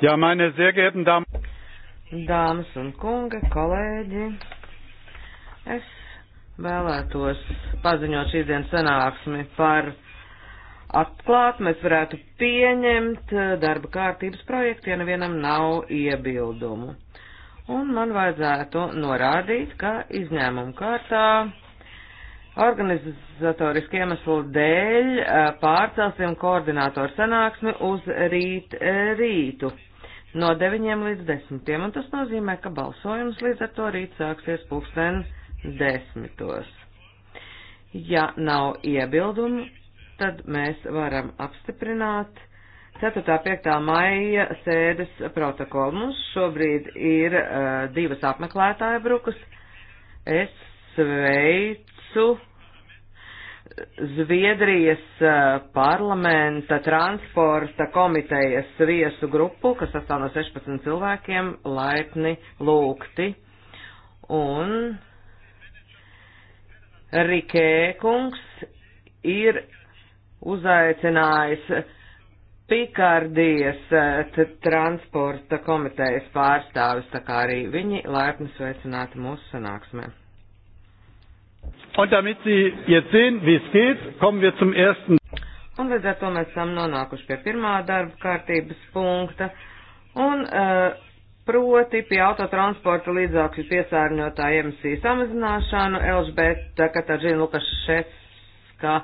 Jā, ja, meine sehr geehrten Damen. Dāmas un kungi, kolēģi, es vēlētos paziņot šīs dienas sanāksmi par atklāt, mēs varētu pieņemt darba kārtības projektu, ja nevienam nav iebildumu. Un man vajadzētu norādīt, ka izņēmuma kārtā organizatoriski iemeslu dēļ eh, pārcelsim koordinātoru sanāksmi uz rīt eh, rītu no 9 līdz 10, un tas nozīmē, ka balsojums līdz ar to rīt sāksies pulksten 10. Ja nav iebildumu, tad mēs varam apstiprināt 4. 5. maija sēdes protokolu. Mums šobrīd ir uh, divas apmeklētāja brukas. Es sveicu Zviedrijas eh, parlamenta transporta komitejas viesu grupu, kas sastāv no 16 cilvēkiem, laipni lūgti. Un Rikē kungs ir uzaicinājis Pikardijas eh, transporta komitejas pārstāvis, tā kā arī viņi laipni sveicināti mūsu sanāksmē. Un, damit Sie jetzt sehen, wie es geht, kommen wir zum ersten. Un līdz ar to mēs esam nonākuši pie pirmā darba kārtības punkta, un uh, proti pie autotransporta līdzākļu piesārņotāju emisiju samazināšanu Elžbeta Katažina Lukaševska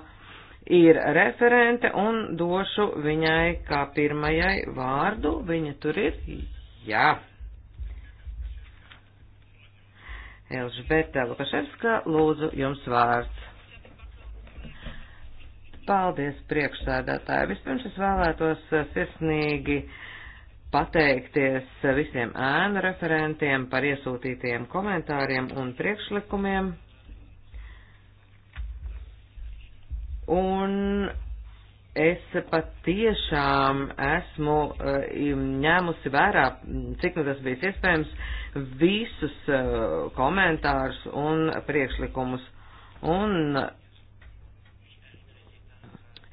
ir referente un došu viņai kā pirmajai vārdu. Viņa tur ir? Jā. Elžbeta Lukaševska, lūdzu jums vārds. Paldies priekšsēdētāji. Vispirms es vēlētos eh, sirsnīgi pateikties eh, visiem ēnu referentiem par iesūtītiem komentāriem un priekšlikumiem. Un es patiešām esmu eh, ņēmusi vērā, cik nu tas bijis iespējams, uh, visus uh, komentārus un priekšlikumus. Un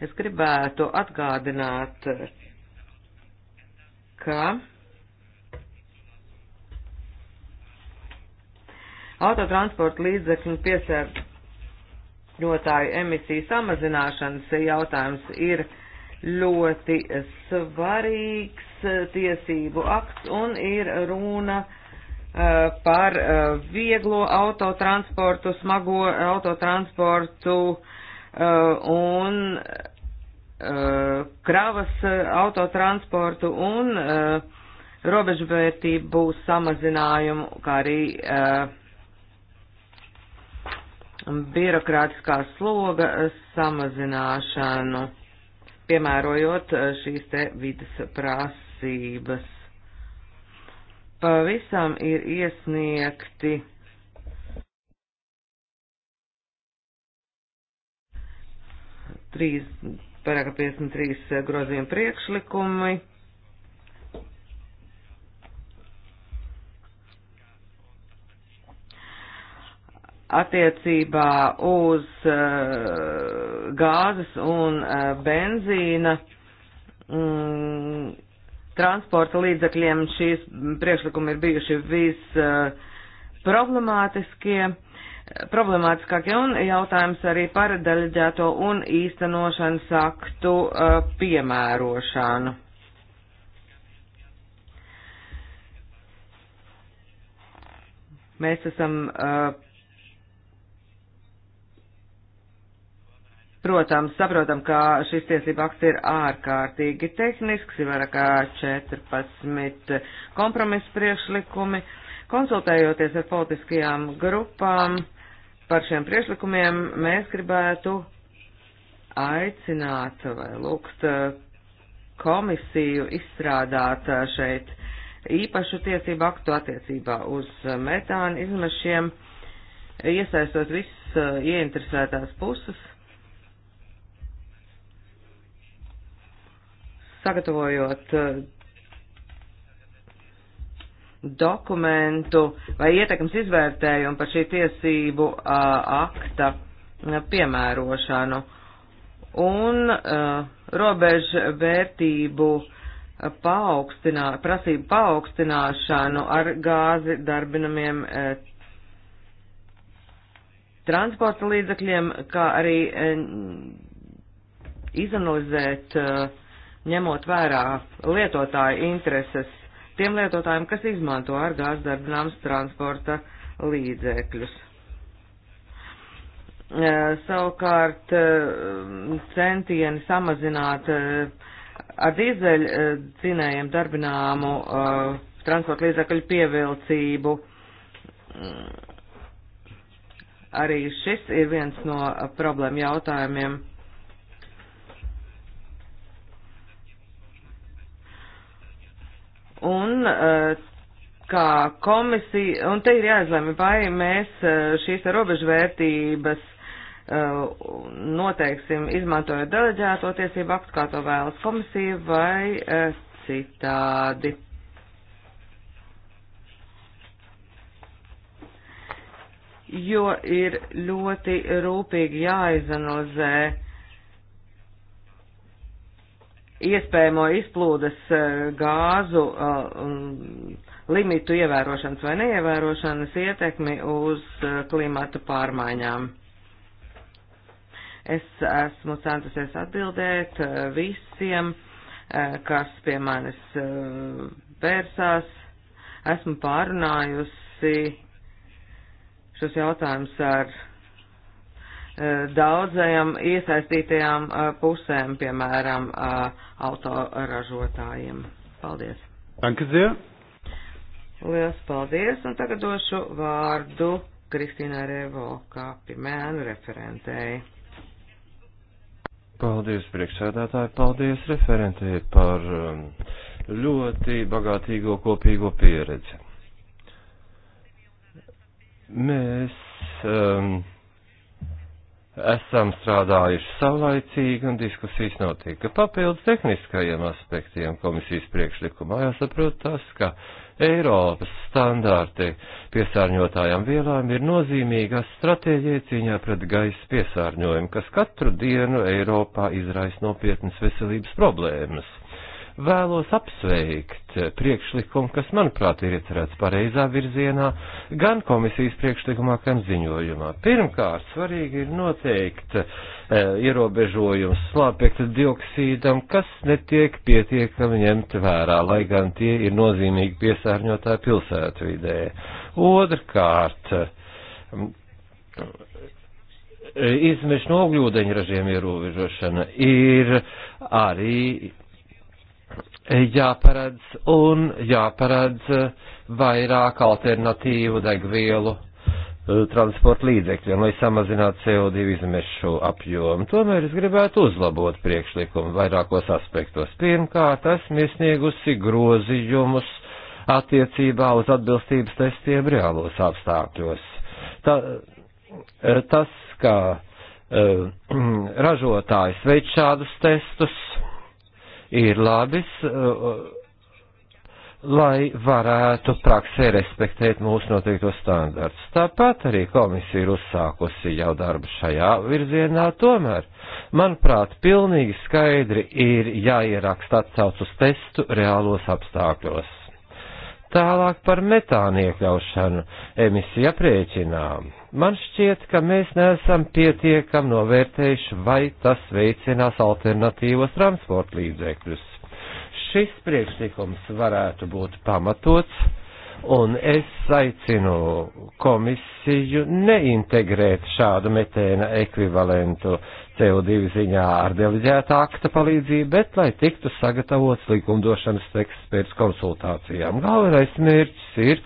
es gribētu atgādināt, ka autotransporta līdzekļu piesārņotāju emisiju samazināšanas jautājums ir ļoti svarīgs tiesību akts un ir runa Uh, par uh, vieglo autotransportu, smago autotransportu uh, un kravas autotransportu un robežvērtību samazinājumu, kā arī birokrātiskā sloga samazināšanu, piemērojot šīs te vidas prasības pavisam ir iesniegti trīs, parāga 53 eh, grozījuma priekšlikumi. Attiecībā uz uh, gāzes un uh, benzīna mm, transporta līdzakļiem šīs priekšlikumi ir bijuši visproblemātiskie. Uh, problemātiskākie un jautājums arī par daļģēto un īstenošanas aktu uh, piemērošanu. Mēs esam uh, Protams, saprotam, ka šis tiesība akts ir ārkārtīgi tehnisks, ir vairāk kā 14 kompromisu priekšlikumi. Konsultējoties ar politiskajām grupām par šiem priekšlikumiem, mēs gribētu aicināt vai lūgt komisiju izstrādāt šeit īpašu tiesību aktu attiecībā uz metāna izmešiem, iesaistot visas ieinteresētās puses sagatavojot eh, dokumentu vai ietekmes izvērtējumu par šī tiesību eh, akta eh, piemērošanu un robežu vērtību paaugstinā, prasību paaugstināšanu ar gāzi darbinamiem transporta līdzakļiem, kā arī izanalizēt uh, ņemot vērā lietotāju intereses tiem lietotājiem, kas izmanto ar gāzdarbināms transporta līdzēkļus. Eh, savukārt eh, centieni samazināt eh, ar dīzeļu dzinējiem darbināmu transporta līdzekļu pievilcību. Mm, arī šis ir viens no problēma jautājumiem. Un, eh, kā komisija, un te ir jāizlēma, vai mēs eh, šīs robežvērtības eh, noteiksim, izmantojot deleģēto tiesību aktu, kā to vēlas komisija, vai citādi. Jo ir ļoti rūpīgi jāizanalizē iespējamo izplūdes eh, gāzu eh, limitu ievērošanas vai neievērošanas ietekmi uz eh, klimatu pārmaiņām. Es esmu centusies atbildēt visiem, kas pie manis vērsās. Esmu pārunājusi šos jautājumus ar Eh, daudzajām iesaistītajām eh, pusēm, piemēram, eh, autoražotājiem. Paldies! Danke sehr! Lielas paldies, un tagad došu vārdu Kristīnai Revo, kā pimēnu referentēji. Paldies, priekšsēdētāji, paldies referentēji par um, ļoti bagātīgo kopīgo pieredzi. Mēs um, esam strādājuši savlaicīgi un diskusijas notiek. Papildus tehniskajiem aspektiem komisijas priekšlikumā jāsaprot tas, ka Eiropas standārti piesārņotājām vielām ir nozīmīga stratēģija cīņā pret gaisa piesārņojumu, kas katru dienu Eiropā izraisa nopietnas veselības problēmas vēlos apsveikt priekšlikumu, kas, manuprāt, ir iecerēts pareizā virzienā, gan komisijas priekšlikumā, gan ziņojumā. Pirmkārt, svarīgi ir noteikt e, eh, ierobežojums slāpekļa dioksīdam, kas netiek pietiekami ņemt vērā, lai gan tie ir nozīmīgi piesārņotāji pilsētvidē. Otrkārt, eh, izmešana ogļūdeņražiem ierobežošana ir arī jāparedz un jāparedz vairāk alternatīvu degvielu e, transporta līdzekļiem, lai samazinātu CO2 izmešu apjomu. Tomēr es gribētu uzlabot priekšlikumu vairākos aspektos. Pirmkārt, esmu iesniegusi grozījumus attiecībā uz atbilstības testiem reālos apstākļos. Ta, e, tas, kā e, ražotājs veic šādus testus, ir labis, uh, lai varētu praksē respektēt mūsu noteikto standarts. Tāpat arī komisija ir uzsākusi jau darbu šajā virzienā, tomēr, manuprāt, pilnīgi skaidri ir jāieraksta atsauc uz testu reālos apstākļos. Tālāk par metānu iekļaušanu emisiju aprēķinām. Man šķiet, ka mēs neesam pietiekam novērtējuši, vai tas veicinās alternatīvos transportlīdzekļus. Šis priekšlikums varētu būt pamatots Un es aicinu komisiju neintegrēt šādu metēna ekvivalentu CO2 ziņā ar deleģēta akta palīdzību, bet lai tiktu sagatavots likumdošanas teksts pēc konsultācijām. Galvenais mērķis ir,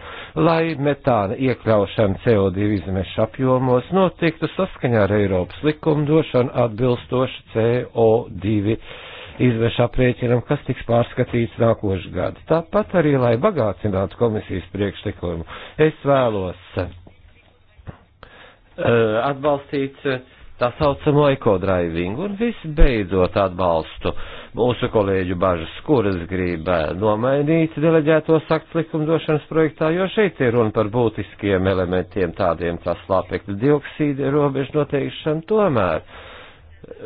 lai metāna iekļaušana CO2 izmešu apjomos notiktu saskaņā ar Eiropas likumdošanu atbilstoši CO2 izvešu aprēķinam, kas tiks pārskatīts nākošu gadu. Tāpat arī, lai bagācinātu komisijas priekšlikumu, es vēlos uh, atbalstīt uh, tā saucamo ekodrivingu un visbeidzot atbalstu mūsu kolēģu bažas, kuras grib eh, nomainīt deleģētos akts likumdošanas projektā, jo šeit ir runa par būtiskiem elementiem tādiem kā slāpekļu dioksīda robežu noteikšana tomēr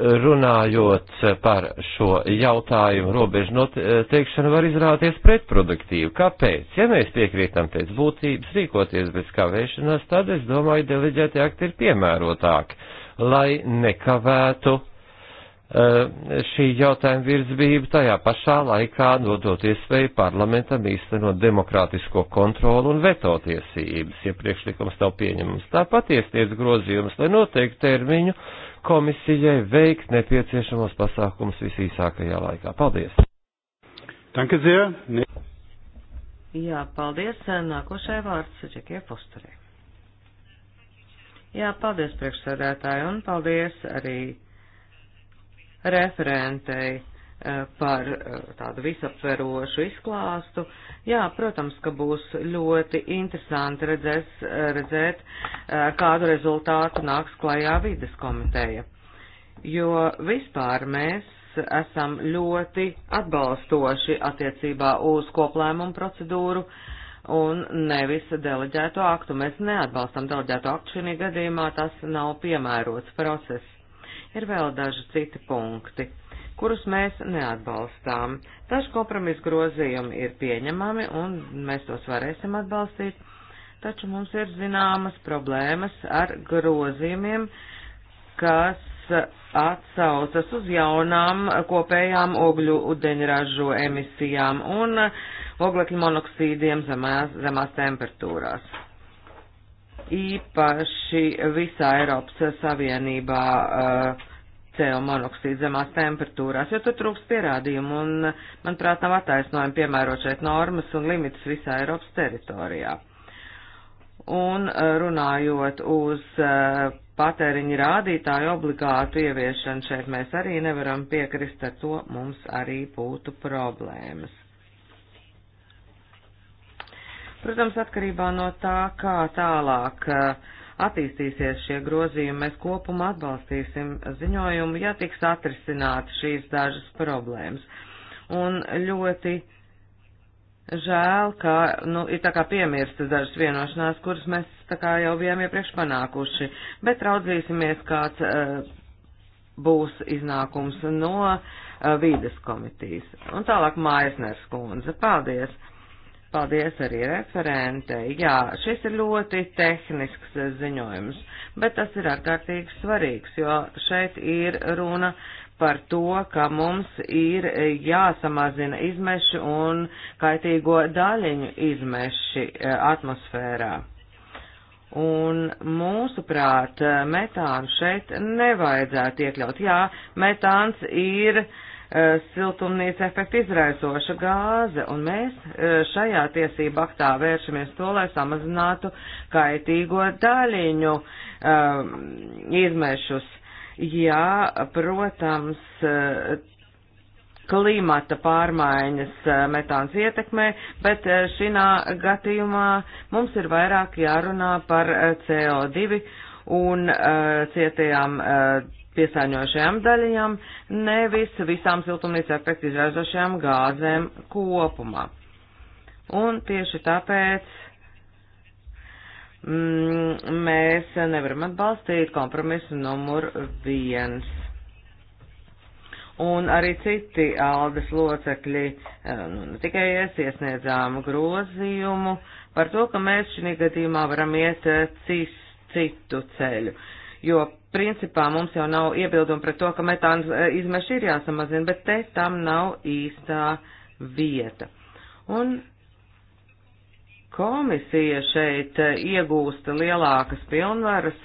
runājot par šo jautājumu robežu noteikšanu var izrādīties pretproduktīvi. Kāpēc? Ja mēs piekrītam pēc būtības rīkoties bez kavēšanās, tad es domāju, deleģēti akti ir piemērotāki, lai nekavētu uh, Eh, šī jautājuma virzība tajā pašā laikā nodot iespēju parlamentam īstenot demokrātisko kontroli un veto tiesības, ja priekšlikums nav pieņemams. Tāpat iesniedz grozījumus, lai noteiktu termiņu komisijai veikt nepieciešamos pasākumus visīsākajā laikā. Paldies! Danke sehr. Ne Jā, paldies. Nākošai vārds Čekie Fosterē. Jā, paldies priekšsēdētāji un paldies arī referentei eh, par eh, tādu visaptverošu izklāstu. Jā, protams, ka būs ļoti interesanti redzēs, eh, redzēt, kādu rezultātu nāks klajā vides komiteja. Jo vispār mēs esam ļoti atbalstoši attiecībā uz koplēmumu procedūru un nevis deleģēto aktu. Mēs neatbalstam deleģēto aktu šī gadījumā, tas nav piemērots process Ir vēl daži citi punkti, kurus mēs neatbalstām. Daži kompromisu grozījumi ir pieņemami un mēs tos varēsim atbalstīt, taču mums ir zināmas problēmas ar grozījumiem, kas atsaucas uz jaunām kopējām ogļu udeņražu emisijām un oglekļa monoksīdiem zemās, zemās temperatūrās īpaši visā Eiropas Savienībā eh, CO monoksīdu zemās temperatūrās, jo tur trūks pierādījumu un, manuprāt, nav attaisnojumi piemērot šeit normas un limitus visā Eiropas teritorijā. Un eh, runājot uz eh, patēriņa rādītāju obligātu ieviešanu, šeit mēs arī nevaram piekrist, ar to mums arī būtu problēmas. Protams, atkarībā no tā, kā tālāk uh, attīstīsies šie grozījumi, mēs kopumā atbalstīsim ziņojumu, ja tiks atrisināt šīs dažas problēmas. Un ļoti žēl, ka nu, ir tā kā piemirstas dažas vienošanās, kuras mēs tā kā jau bijām iepriekš panākuši, bet raudzīsimies, kāds uh, būs iznākums no uh, vīdes komitīs. Un tālāk Maisners kundze. Paldies! Paldies arī referente. Jā, šis ir ļoti tehnisks ziņojums, bet tas ir ārkārtīgi svarīgs, jo šeit ir runa par to, ka mums ir jāsamazina izmeši un kaitīgo daļiņu izmeši e, atmosfērā. Un mūsuprāt, e, metānu šeit nevajadzētu iekļaut. Jā, metāns ir uh, Eh, siltumnīca efektu izraisoša gāze, un mēs eh, šajā tiesību aktā vēršamies to, lai samazinātu kaitīgo daļiņu um, izmešus. Jā, protams, klimata pārmaiņas metāns ietekmē, bet šinā gadījumā mums ir vairāk jārunā par CO2 un uh, cietajām uh, piesārņojušajām daļiņām, nevis visām siltumnīca efektu izraizošajām gāzēm kopumā. Un tieši tāpēc mm, mēs nevaram atbalstīt kompromisu numur viens. Un arī citi aldes locekļi, eh, nu, ne tikai es iesniedzām grozījumu par to, ka mēs šī gadījumā varam iet eh, cis, citu ceļu. Uh, jo principā mums jau nav iebildumi pret to, ka metāna e, izmeši ir jāsamazina, bet te tam nav īstā vieta. Un komisija šeit e, iegūsta lielākas pilnvaras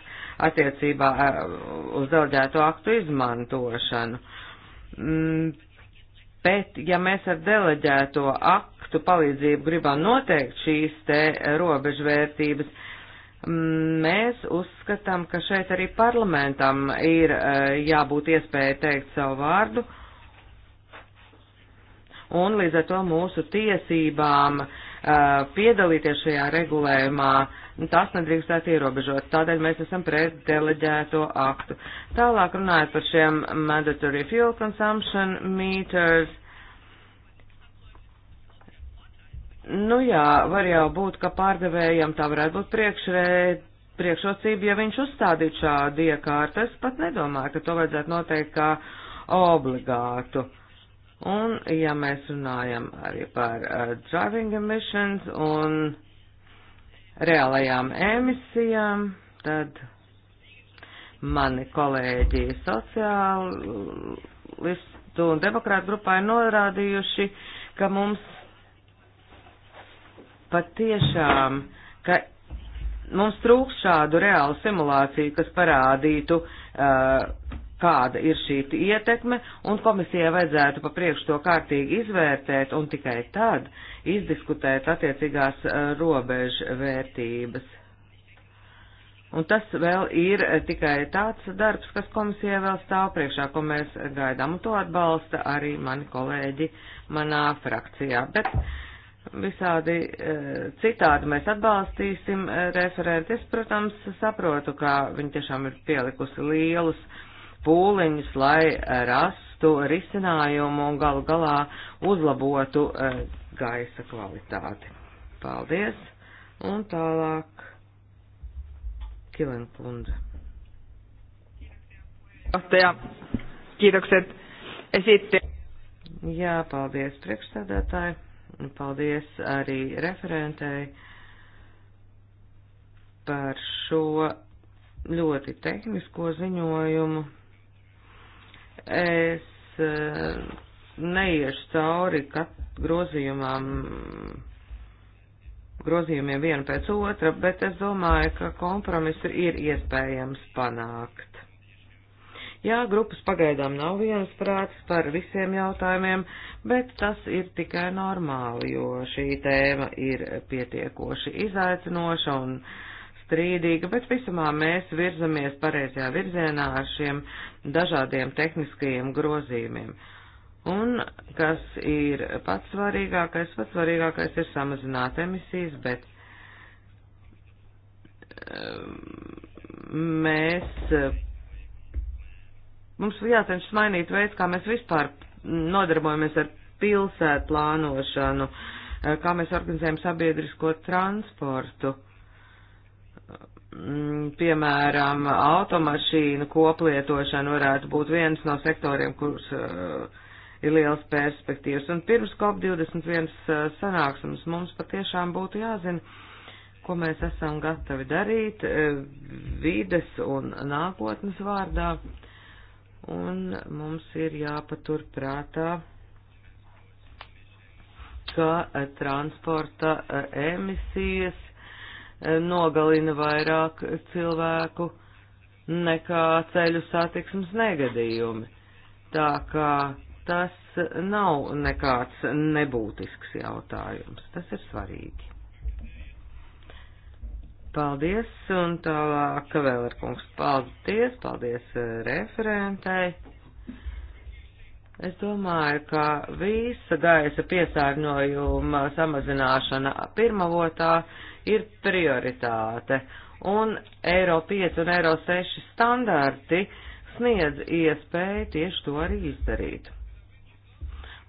attiecībā e, uz delģēto aktu izmantošanu. Mm, bet, ja mēs ar deleģēto aktu palīdzību gribam noteikt šīs te robežvērtības, Mēs uzskatām, ka šeit arī parlamentam ir eh, jābūt iespēja teikt savu vārdu, un līdz ar to mūsu tiesībām eh, piedalīties šajā regulējumā, tas nedrīkstētu ierobežot. Tādēļ mēs esam pret deleģēto aktu. Tālāk runājot par šiem mandatory fuel consumption meters, Nu jā, var jau būt, ka pārdevējam tā varētu būt priekšrē, priekšrocība, ja viņš uzstādītu šādu iekārtu. Es pat nedomāju, ka to vajadzētu noteikt kā obligātu. Un, ja mēs runājam arī par uh, driving emissions un reālajām emisijām, tad mani kolēģi sociālistu un demokrātu grupā ir norādījuši, ka mums patiešām, ka mums trūks šādu reālu simulāciju, kas parādītu, uh, kāda ir šī ietekme, un komisijai vajadzētu pa priekš to kārtīgi izvērtēt un tikai tad izdiskutēt attiecīgās uh, robežu vērtības. Un tas vēl ir uh, tikai tāds darbs, kas komisijai vēl stāv priekšā, ko mēs gaidām, un to atbalsta arī mani kolēģi manā frakcijā. Bet uh, visādi e, citādi mēs atbalstīsim e, referentis. Protams, saprotu, ka viņi tiešām ir pielikusi lielus pūliņus, lai e, rastu risinājumu un galu galā uzlabotu gaisa kvalitāti. Paldies! Un tālāk Kilenkundze. Johtaja, kiitokset esitti. Jā, paldies priekšsēdētāji. Nu, paldies arī referentei par šo ļoti tehnisko ziņojumu. Es eh, neiešu cauri grozījumam, grozījumiem vienu pēc otra, bet es domāju, ka kompromisu ir iespējams panākt. Jā, grupas pagaidām nav vienas prātas par visiem jautājumiem, bet tas ir tikai normāli, jo šī tēma ir pietiekoši izaicinoša un strīdīga, bet visumā mēs virzamies pareizajā virzienā ar šiem dažādiem tehniskajiem grozījumiem. Un, kas ir pats svarīgākais, pats svarīgākais ir samazināt emisijas, bet um, mēs Mums jācenšas mainīt veids, kā mēs vispār nodarbojamies ar pilsētu plānošanu, eh, kā mēs organizējam sabiedrisko transportu. Mm, piemēram, automašīnu koplietošana varētu būt viens no sektoriem, kurus eh, ir liels perspektīvas. Un pirms COP21 eh, sanāksmes mums patiešām būtu jāzina, ko mēs esam gatavi darīt vides un nākotnes vārdā un mums ir jāpatur prātā, ka eh, transporta eh, emisijas eh, nogalina vairāk cilvēku nekā ceļu satiksmes negadījumi. Tā kā tas nav nekāds nebūtisks jautājums, tas ir svarīgi. Paldies, un tālāk vēl ir kungs. Paldies, paldies eh, referentai. Es domāju, ka visa gaisa piesārņojuma samazināšana pirmavotā ir prioritāte, un Eiro 5 un Eiro 6 standarti sniedz iespēju tieši to arī izdarīt.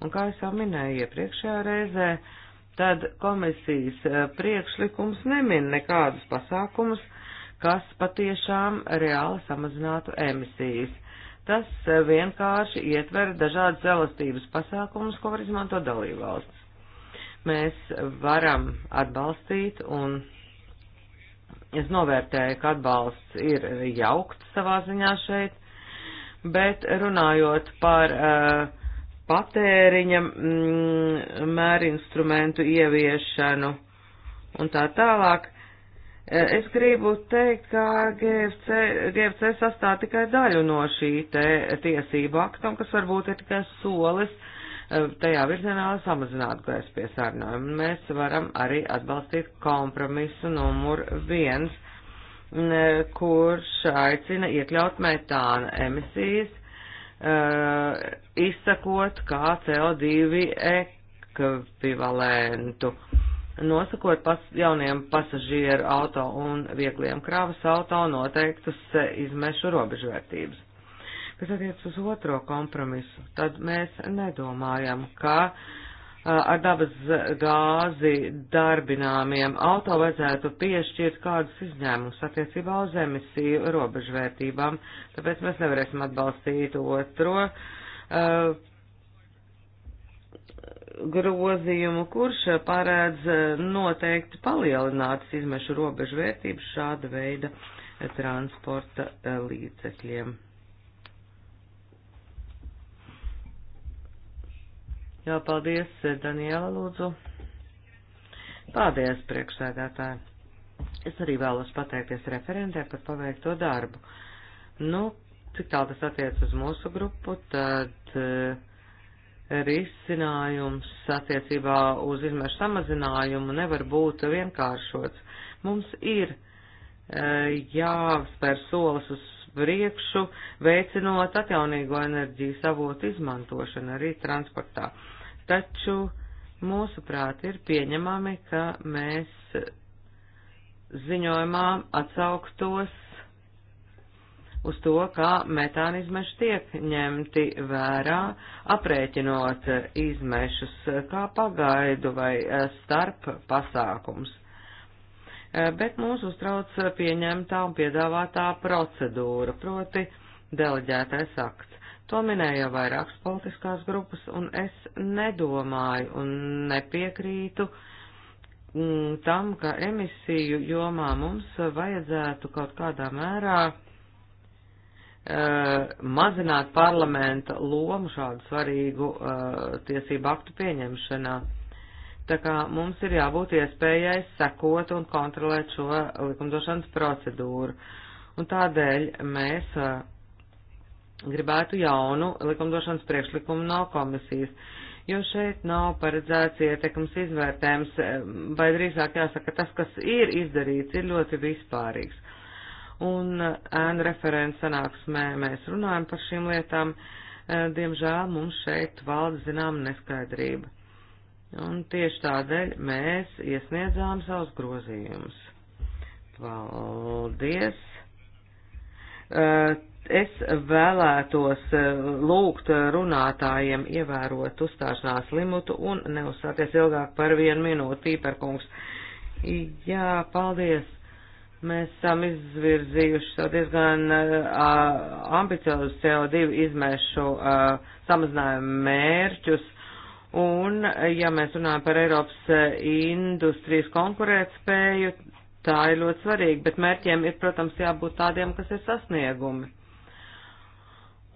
Un kā es jau minēju iepriekšējā reizē, uh, tad komisijas eh, priekšlikums nemin nekādus pasākumus, kas patiešām reāli samazinātu emisijas. Tas eh, vienkārši ietver dažādas elastības pasākumus, ko var izmantot dalībvalsts. Mēs varam atbalstīt un es novērtēju, ka atbalsts ir jaukts savā ziņā šeit, bet runājot par uh, patēriņa mm, mērinstrumentu ieviešanu un tā tālāk. E, es gribu teikt, ka GFC, GFC sastāv tikai daļu no šī te tiesību aktam, kas varbūt ir tikai solis e, tajā virzienā, lai samazinātu gaisa piesārņojumu. Mēs varam arī atbalstīt kompromisu numur viens, kurš aicina iekļaut metāna emisijas Uh, izsakot kā CO2 ekvivalentu, nosakot pas, jauniem pasažieru auto un viegliem kravas auto noteiktas izmešu robežvērtības. Kas attiec uz otro kompromisu, tad mēs nedomājam, ka uh, ar dabas gāzi darbināmiem auto vajadzētu piešķirt kādus izņēmumus attiecībā uz emisiju robežvērtībām, tāpēc mēs nevarēsim atbalstīt otro uh, grozījumu, kurš parēdz noteikti palielinātas izmešu robežvērtības šāda veida transporta līdzekļiem. Jā, paldies, eh, Daniela, lūdzu. Paldies, priekšsēdētāji. Es arī vēlos pateikties referentē par paveikto darbu. Nu, cik tālu tas attiec uz mūsu grupu, tad uh, risinājums attiecībā uz izmešu samazinājumu nevar būt vienkāršots. Mums ir uh, jāspēr solis uz priekšu, veicinot atjaunīgo enerģijas avotu izmantošanu arī transportā. Uh, taču mūsuprāt ir pieņemami, ka mēs ziņojumā atsauktos uz to, kā metāna izmeši tiek ņemti vērā, aprēķinot izmešus kā pagaidu vai e, starp pasākums. E, bet mūs uztrauc pieņemtā un piedāvātā procedūra, proti deleģētais akts. To minēja vairākas politiskās grupas, un es nedomāju un nepiekrītu mm, tam, ka emisiju jomā mums vajadzētu kaut kādā mērā uh, mazināt parlamenta lomu šādu svarīgu uh, tiesību aktu pieņemšanā. Tā kā mums ir jābūt iespējai sekot un kontrolēt šo likumdošanas procedūru. Un tādēļ mēs uh, gribētu jaunu likumdošanas priekšlikumu no komisijas, jo šeit nav paredzēts ietekmes izvērtējums, vai drīzāk jāsaka, tas, kas ir izdarīts, ir ļoti vispārīgs. Un eh, ēnu referents sanāksmē mēs runājam par šīm lietām, eh, diemžēl mums šeit valda zinām neskaidrība. Un tieši tādēļ mēs iesniedzām savus grozījumus. Paldies! Eh, Es vēlētos eh, lūgt runātājiem ievērot uzstāšanās limitu un neuzstāties ilgāk par vienu minūti, Pīperkungs. Jā, paldies. Mēs esam izvirzījuši savu diezgan uh, ambiciozu CO2 izmešu uh, samazinājumu mērķus. Un, ja mēs runājam par Eiropas industrijas konkurētspēju, tā ir ļoti svarīga, bet mērķiem ir, protams, jābūt tādiem, kas ir sasniegumi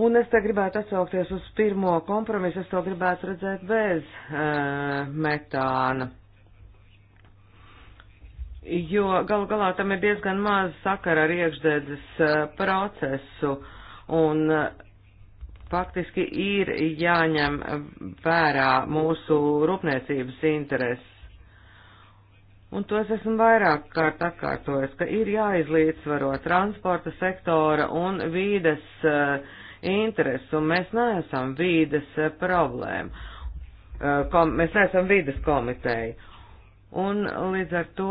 Un es te gribētu atsaukties uz pirmo kompromisu, es to gribētu redzēt bez uh, metāna. Jo galu galā tam ir diezgan maz sakara ar iekšdedzes uh, procesu, un uh, faktiski ir jāņem vērā mūsu rūpniecības intereses. Un to es esmu vairāk kārt atkārtojis, ka ir jāizlīdzvaro transporta sektora un vīdes uh, interesi, un mēs neesam vīdes eh, problēma. Eh, kom, mēs neesam vīdes komiteja. Un līdz ar to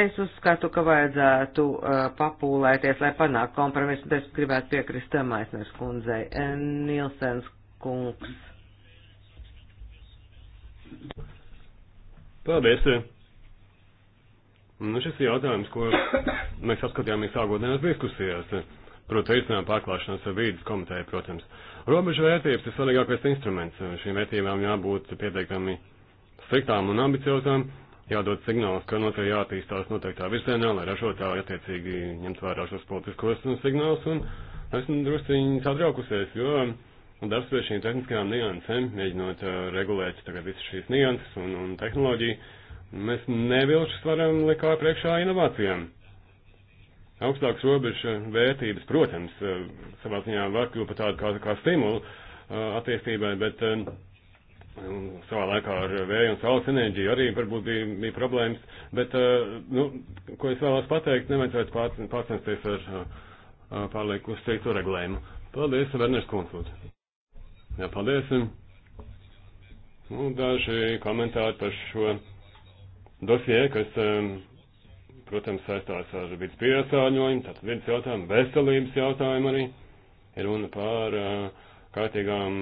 es uzskatu, ka vajadzētu uh, papūlēties, lai panāktu kompromisu, bet es gribētu piekrist Maisners kundzei. Nilsens kungs. Paldies! Nu, šis ir jautājums, ko mēs saskatījāmies sākotnējās diskusijās. Protams, risinājām pārklāšanos ar vīdes komiteju, protams. Robežu vērtības ir svarīgākais instruments. Šīm vērtībām jābūt pietiekami striktām un ambiciozām, jādod signāls, ka noteikti jātīstās noteiktā virzienā, lai ražotāji attiecīgi ņemt vērā šos politiskos signālus. Un esmu drusciņi satraukusies, jo darbs pie šīm tehniskajām niansēm, mēģinot eh, regulēt tagad visas šīs nianses un, un tehnoloģiju Mēs nevilšus varam likāt priekšā inovācijām. Augstāks robeža vērtības, protams, eh, savā ziņā var kļūt par tādu kā, kā stimulu eh, attīstībai, bet eh, savā laikā ar vēju un saules enerģiju arī varbūt bija, bija problēmas, bet, nu, ko es vēlos pateikt, nevajadzētu pār, pārcensties ar pārlieku striktu regulējumu. Paldies, Verners Kunslūds. Jā, paldies. Nu, daži komentāri par šo dosie, kas, protams, saistās ar vidas piesārņojumu, tātad vidas jautājumu, veselības jautājumu arī, ir runa par kārtīgām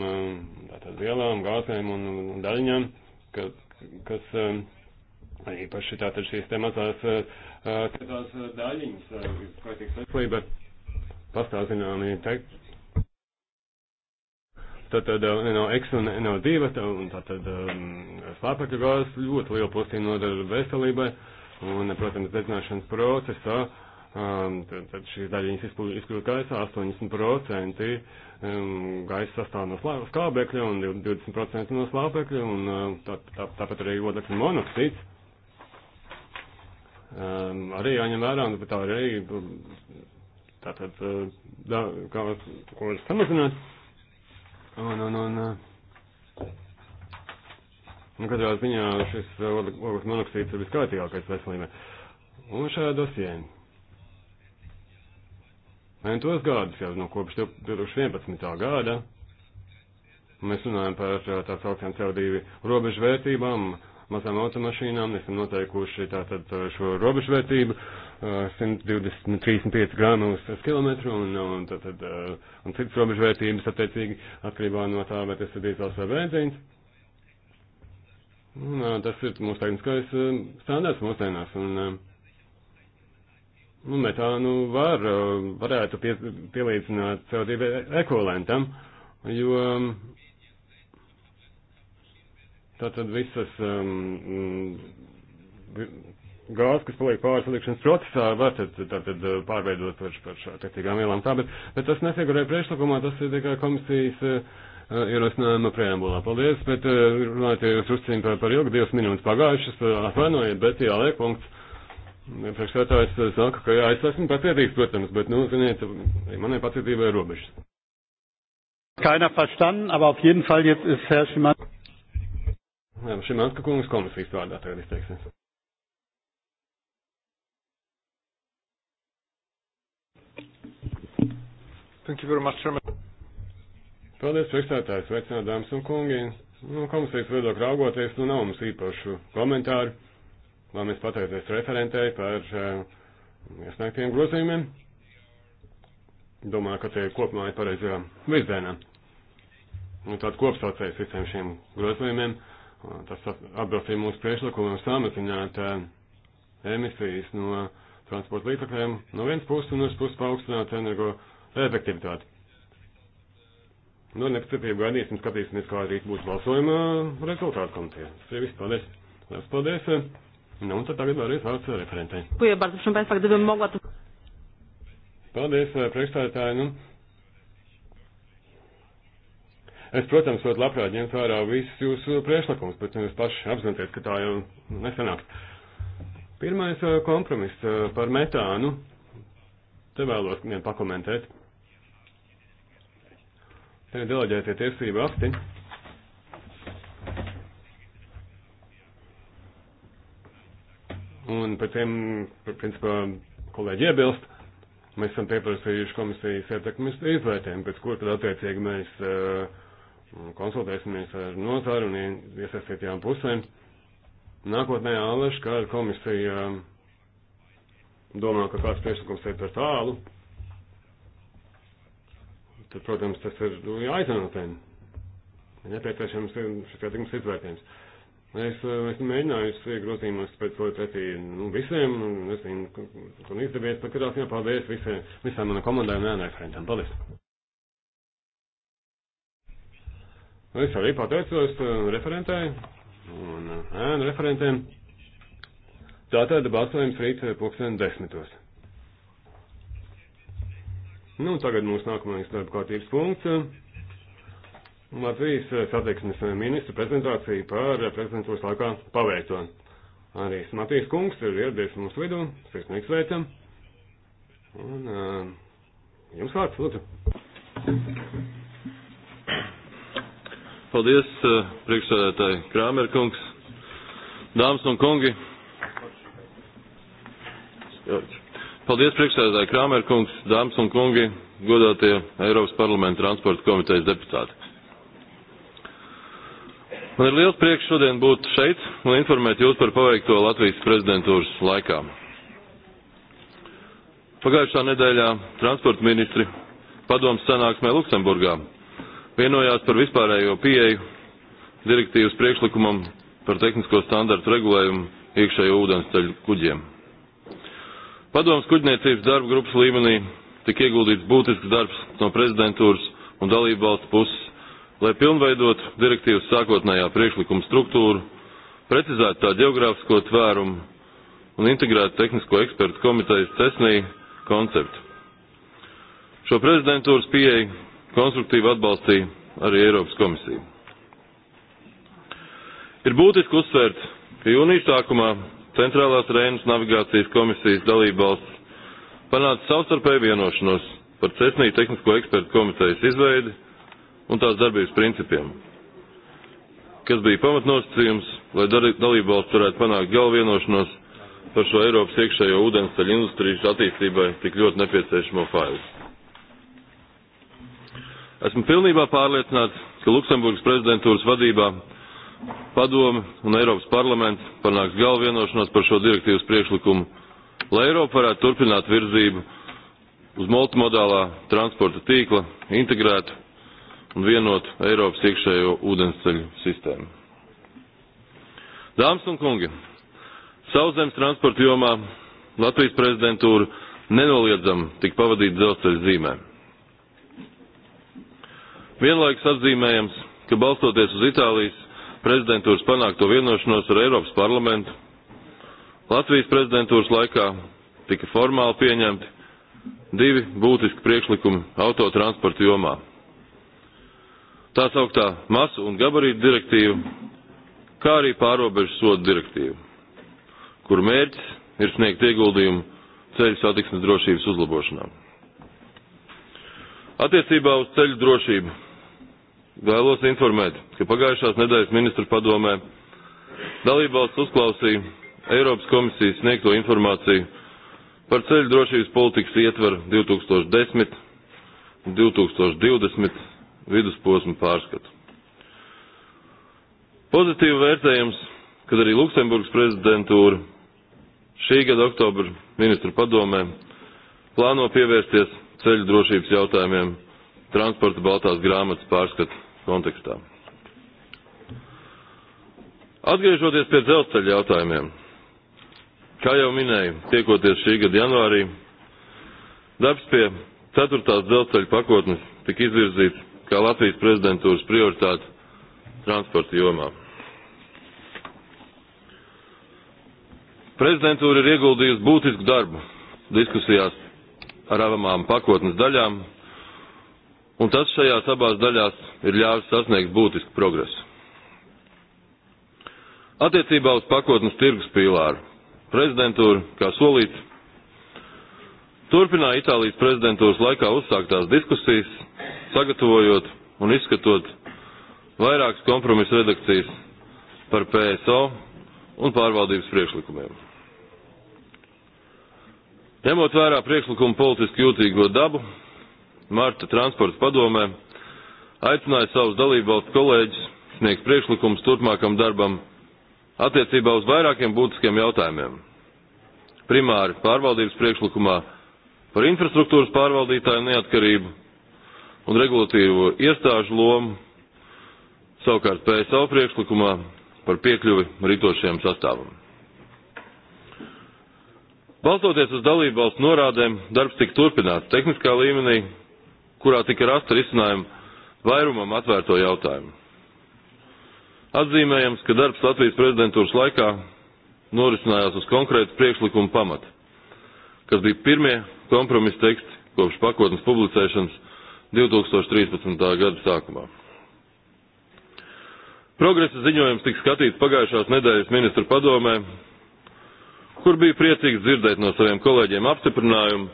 tātad vielām, gāzēm un daļiņām, ka, kas īpaši tātad šīs te mazās eh, eh, tās eh, daļiņas, kārtīgas veselība, pastāv zināmi teikt Tātad eh, NO1 un NO2, eh, un tātad um, slāpekļa gāzes ļoti lielu postīnu nodara veselībai, un, protams, dedzināšanas procesā, um, tad, tad šīs daļiņas izkļūt gaisā 80% um, gaisa sastāv no skābekļa un 20% no slāpekļa, un tā, tā, tāpat arī odekļa monoksīds. Um, arī jāņem vērā, un tā arī tātad, uh, da, kā, ko var samazināt. Un, un, un, eh, un nu, katrā ziņā šis eh, ogles monoksīds ir viskārtīgākais veselībai. Un šajā dosijē. Un nu tos gadus jau no kopš 2011. gada mēs runājam par eh, tā saucamām CO2 robežvērtībām, mazām automašīnām, esam noteikuši tātad šo robežvērtību, 135 gramus uz kilometru un, un, tad, tad, eh, un citas robežvērtības attiecīgi atkarībā no tā, vai tas ir dīzels vai benzīns. Un, eh, tas ir mūsu tehniskais eh, standarts mūsdienās. Un, nu, metānu var, varētu pie, pielīdzināt CO2 ekvivalentam, jo tātad visas um, gāzi, kas paliek pārsalikšanas procesā, var tad, tad, tad eh, pārveidot par, par šā tekstīgām vielām tā, bet, bet tas nefigurē priekšlikumā, tas ir tikai komisijas uh, ierosinājuma preambulā. Paldies, bet uh, runājot, ja jūs uzcīnīt par, par ilgu, divas minūtes pagājušas, atvainojiet, bet jāliek punkts. Priekšsētājs saka, ka jā, es esmu pacietīgs, protams, bet, nu, ziniet, manai pacietībai ir robežas. Keiner verstanden, aber auf jeden Fall jetzt ist Herr Schimanski. Jā, Šimanska kungs komisijas vārdā tagad izteiksies. Thank you very much, Chairman. Paldies, priekšstādājs, veicināt dāmas un kungi. Nu, komisijas viedokļu raugoties, nu nav mums īpašu komentāru. Vēlamies pateikties referentei par uh, iesniegtiem grozījumiem. Domāju, ka tie kopumā ir pareizajā virzienā. Nu, tāds kopsaucējs visiem šiem grozījumiem. Uh, tas atbilstīja mūsu priešlikumam samazināt uh, emisijas no transporta līdzakļiem no vienas puses un no otras puses paaugstināt energo. Uh, efektivitāti. Nu, nepacietību gaidīsim, skatīsimies, kā arī būs balsojuma uh, rezultātu komitē. Tas ir viss, paldies. Lielas paldies. Nu, un tad tagad vēlreiz vārds uh, referentei. Dziękuję bardzo. Proszę Państwa, gdybym mogła to... Paldies, uh, priekšstādātāji. Nu, es, protams, ļoti labprāt ņemtu vērā visus jūsu priekšlikumus, bet jūs paši apzināties, ka tā jau nesanāk. Pirmais kompromiss par metānu. Te vēlos vien pakomentēt deleģētie tiesību akti. Un par tiem, principā, kolēģi iebilst, mēs esam pieprasījuši komisijas ietekmes izvērtējumu, pēc kur tad attiecīgi mēs uh, konsultēsimies ar nozaru un iesaistītajām pusēm. Nākotnē Āleša, kā komisija domā, ka kāds priekšlikums iet par tālu, tad, protams, tas ir jāizanotē. Nepieciešams ir šis gadījums izvērtējums. Es, es eh, mēģināju šie grozījumus pēc to pretī nu, visiem, un es zinu, ka izdevies, bet katrā ziņā paldies visiem, visām manam komandai un referentam. Paldies! Es arī pateicos eh, referentai un eh, ēnu referentiem. Tātad balsojums rīt pulksten desmitos. Nu, tagad mūsu nākamais darba kārtības punkts. Latvijas eh, satiksmes eh, ministra prezentācija par eh, prezidentūras laikā paveikto. Arī Matīs Kungs ir ieradies mūsu vidū, sirsnīgi sveicam. Un uh, jums vārds, lūdzu. Paldies, uh, priekšsēdētāji Krāmer Kungs, dāmas un kungi. Jorģi. Paldies, priekšsēdētāji Krāmerkungs, dāmas un kungi, godātie Eiropas parlamenta transporta komitejas deputāti. Man ir liels prieks šodien būt šeit un informēt jūs par paveikto Latvijas prezidentūras laikā. Pagājušā nedēļā transporta ministri padomas sanāksmē Luksemburgā vienojās par vispārējo pieeju direktīvas priekšlikumam par tehnisko standartu regulējumu iekšējo ūdens ceļu kuģiem. Padomas kuģniecības darba grupas līmenī tika ieguldīts būtisks darbs no prezidentūras un dalību valstu puses, lai pilnveidot direktīvas sākotnējā priekšlikuma struktūru, precizētu tā geogrāfisko tvērumu un integrētu tehnisko ekspertu komitejas cesnī konceptu. Šo prezidentūras pieeju konstruktīvi atbalstīja arī Eiropas komisija. Ir būtiski uzsvērt, ka jūnijas sākumā Centrālās Reinas navigācijas komisijas dalībvalsts panāca savstarpēju vienošanos par cesnīju tehnisko ekspertu komitejas izveidi un tās darbības principiem, kas bija pamatnosacījums, lai dalībvalsts varētu panākt galvienošanos par šo Eiropas iekšējo ūdensceļu industrijas attīstībai tik ļoti nepieciešamo failu. Esmu pilnībā pārliecināts, ka Luksemburgas prezidentūras vadībā Padome un Eiropas parlaments panāks galvienošanos par šo direktīvas priekšlikumu, lai Eiropa varētu turpināt virzību uz multimodālā transporta tīkla integrētu un vienotu Eiropas iekšējo ūdensceļu sistēmu. Dāmas un kungi, sauszemes transporta jomā Latvijas prezidentūra nenoliedzami tika pavadīta dzelzceļa zīmē. Vienlaikus atzīmējams, ka balstoties uz Itālijas prezidentūras panākto vienošanos ar Eiropas parlamentu. Latvijas prezidentūras laikā tika formāli pieņemti divi būtiski priekšlikumi autotransporta jomā. Tā sauktā masu un gabarītu direktīva, kā arī pārobežu sodu direktīva, kur mērķis ir sniegt ieguldījumu ceļu satiksmes drošības uzlabošanā. Attiecībā uz ceļu drošību Vēlos informēt, ka pagājušās nedēļas ministru padomē dalībvalsts uzklausīja Eiropas komisijas sniegto informāciju par ceļu drošības politikas ietveru 2010 un 2020 vidusposmu pārskatu. Pozitīvi vērtējams, kad arī Luksemburgas prezidentūra šī gada oktobra ministru padomē plāno pievērsties ceļu drošības jautājumiem transporta baltās grāmatas pārskatu kontekstā. Atgriežoties pie dzelzceļa jautājumiem, kā jau minēju, tiekoties šī gada janvārī, darbs pie ceturtās dzelzceļa pakotnes tika izvirzīts kā Latvijas prezidentūras prioritāte transporta jomā. Prezidentūra ir ieguldījusi būtisku darbu diskusijās ar abām pakotnes daļām un tas šajās abās daļās ir ļāvis sasniegt būtisku progresu. Attiecībā uz pakotnes tirgus pīlāru prezidentūra, kā solīts, turpināja Itālijas prezidentūras laikā uzsāktās diskusijas, sagatavojot un izskatot vairākas kompromisa redakcijas par PSO un pārvaldības priekšlikumiem. Ņemot vērā priekšlikumu politiski jūtīgo dabu, Marta transporta padomē aicināja savus dalībvalstu kolēģus sniegt priekšlikumus turpmākam darbam attiecībā uz vairākiem būtiskiem jautājumiem. Primāri pārvaldības priekšlikumā par infrastruktūras pārvaldītāju neatkarību un regulatīvo iestāžu lomu, savukārt PSO priekšlikumā par piekļuvi rītošajam sastāvam. Balstoties uz dalībvalstu norādēm, darbs tika turpināts tehniskā līmenī kurā tika rasta risinājuma vairumam atvērto jautājumu. Atzīmējams, ka darbs Latvijas prezidentūras laikā norisinājās uz konkrētu priekšlikumu pamata, kas bija pirmie kompromisa teksti kopš pakotnes publicēšanas 2013. gada sākumā. Progresa ziņojums tika skatīts pagājušās nedēļas ministru padomē, kur bija priecīgs dzirdēt no saviem kolēģiem apstiprinājumu,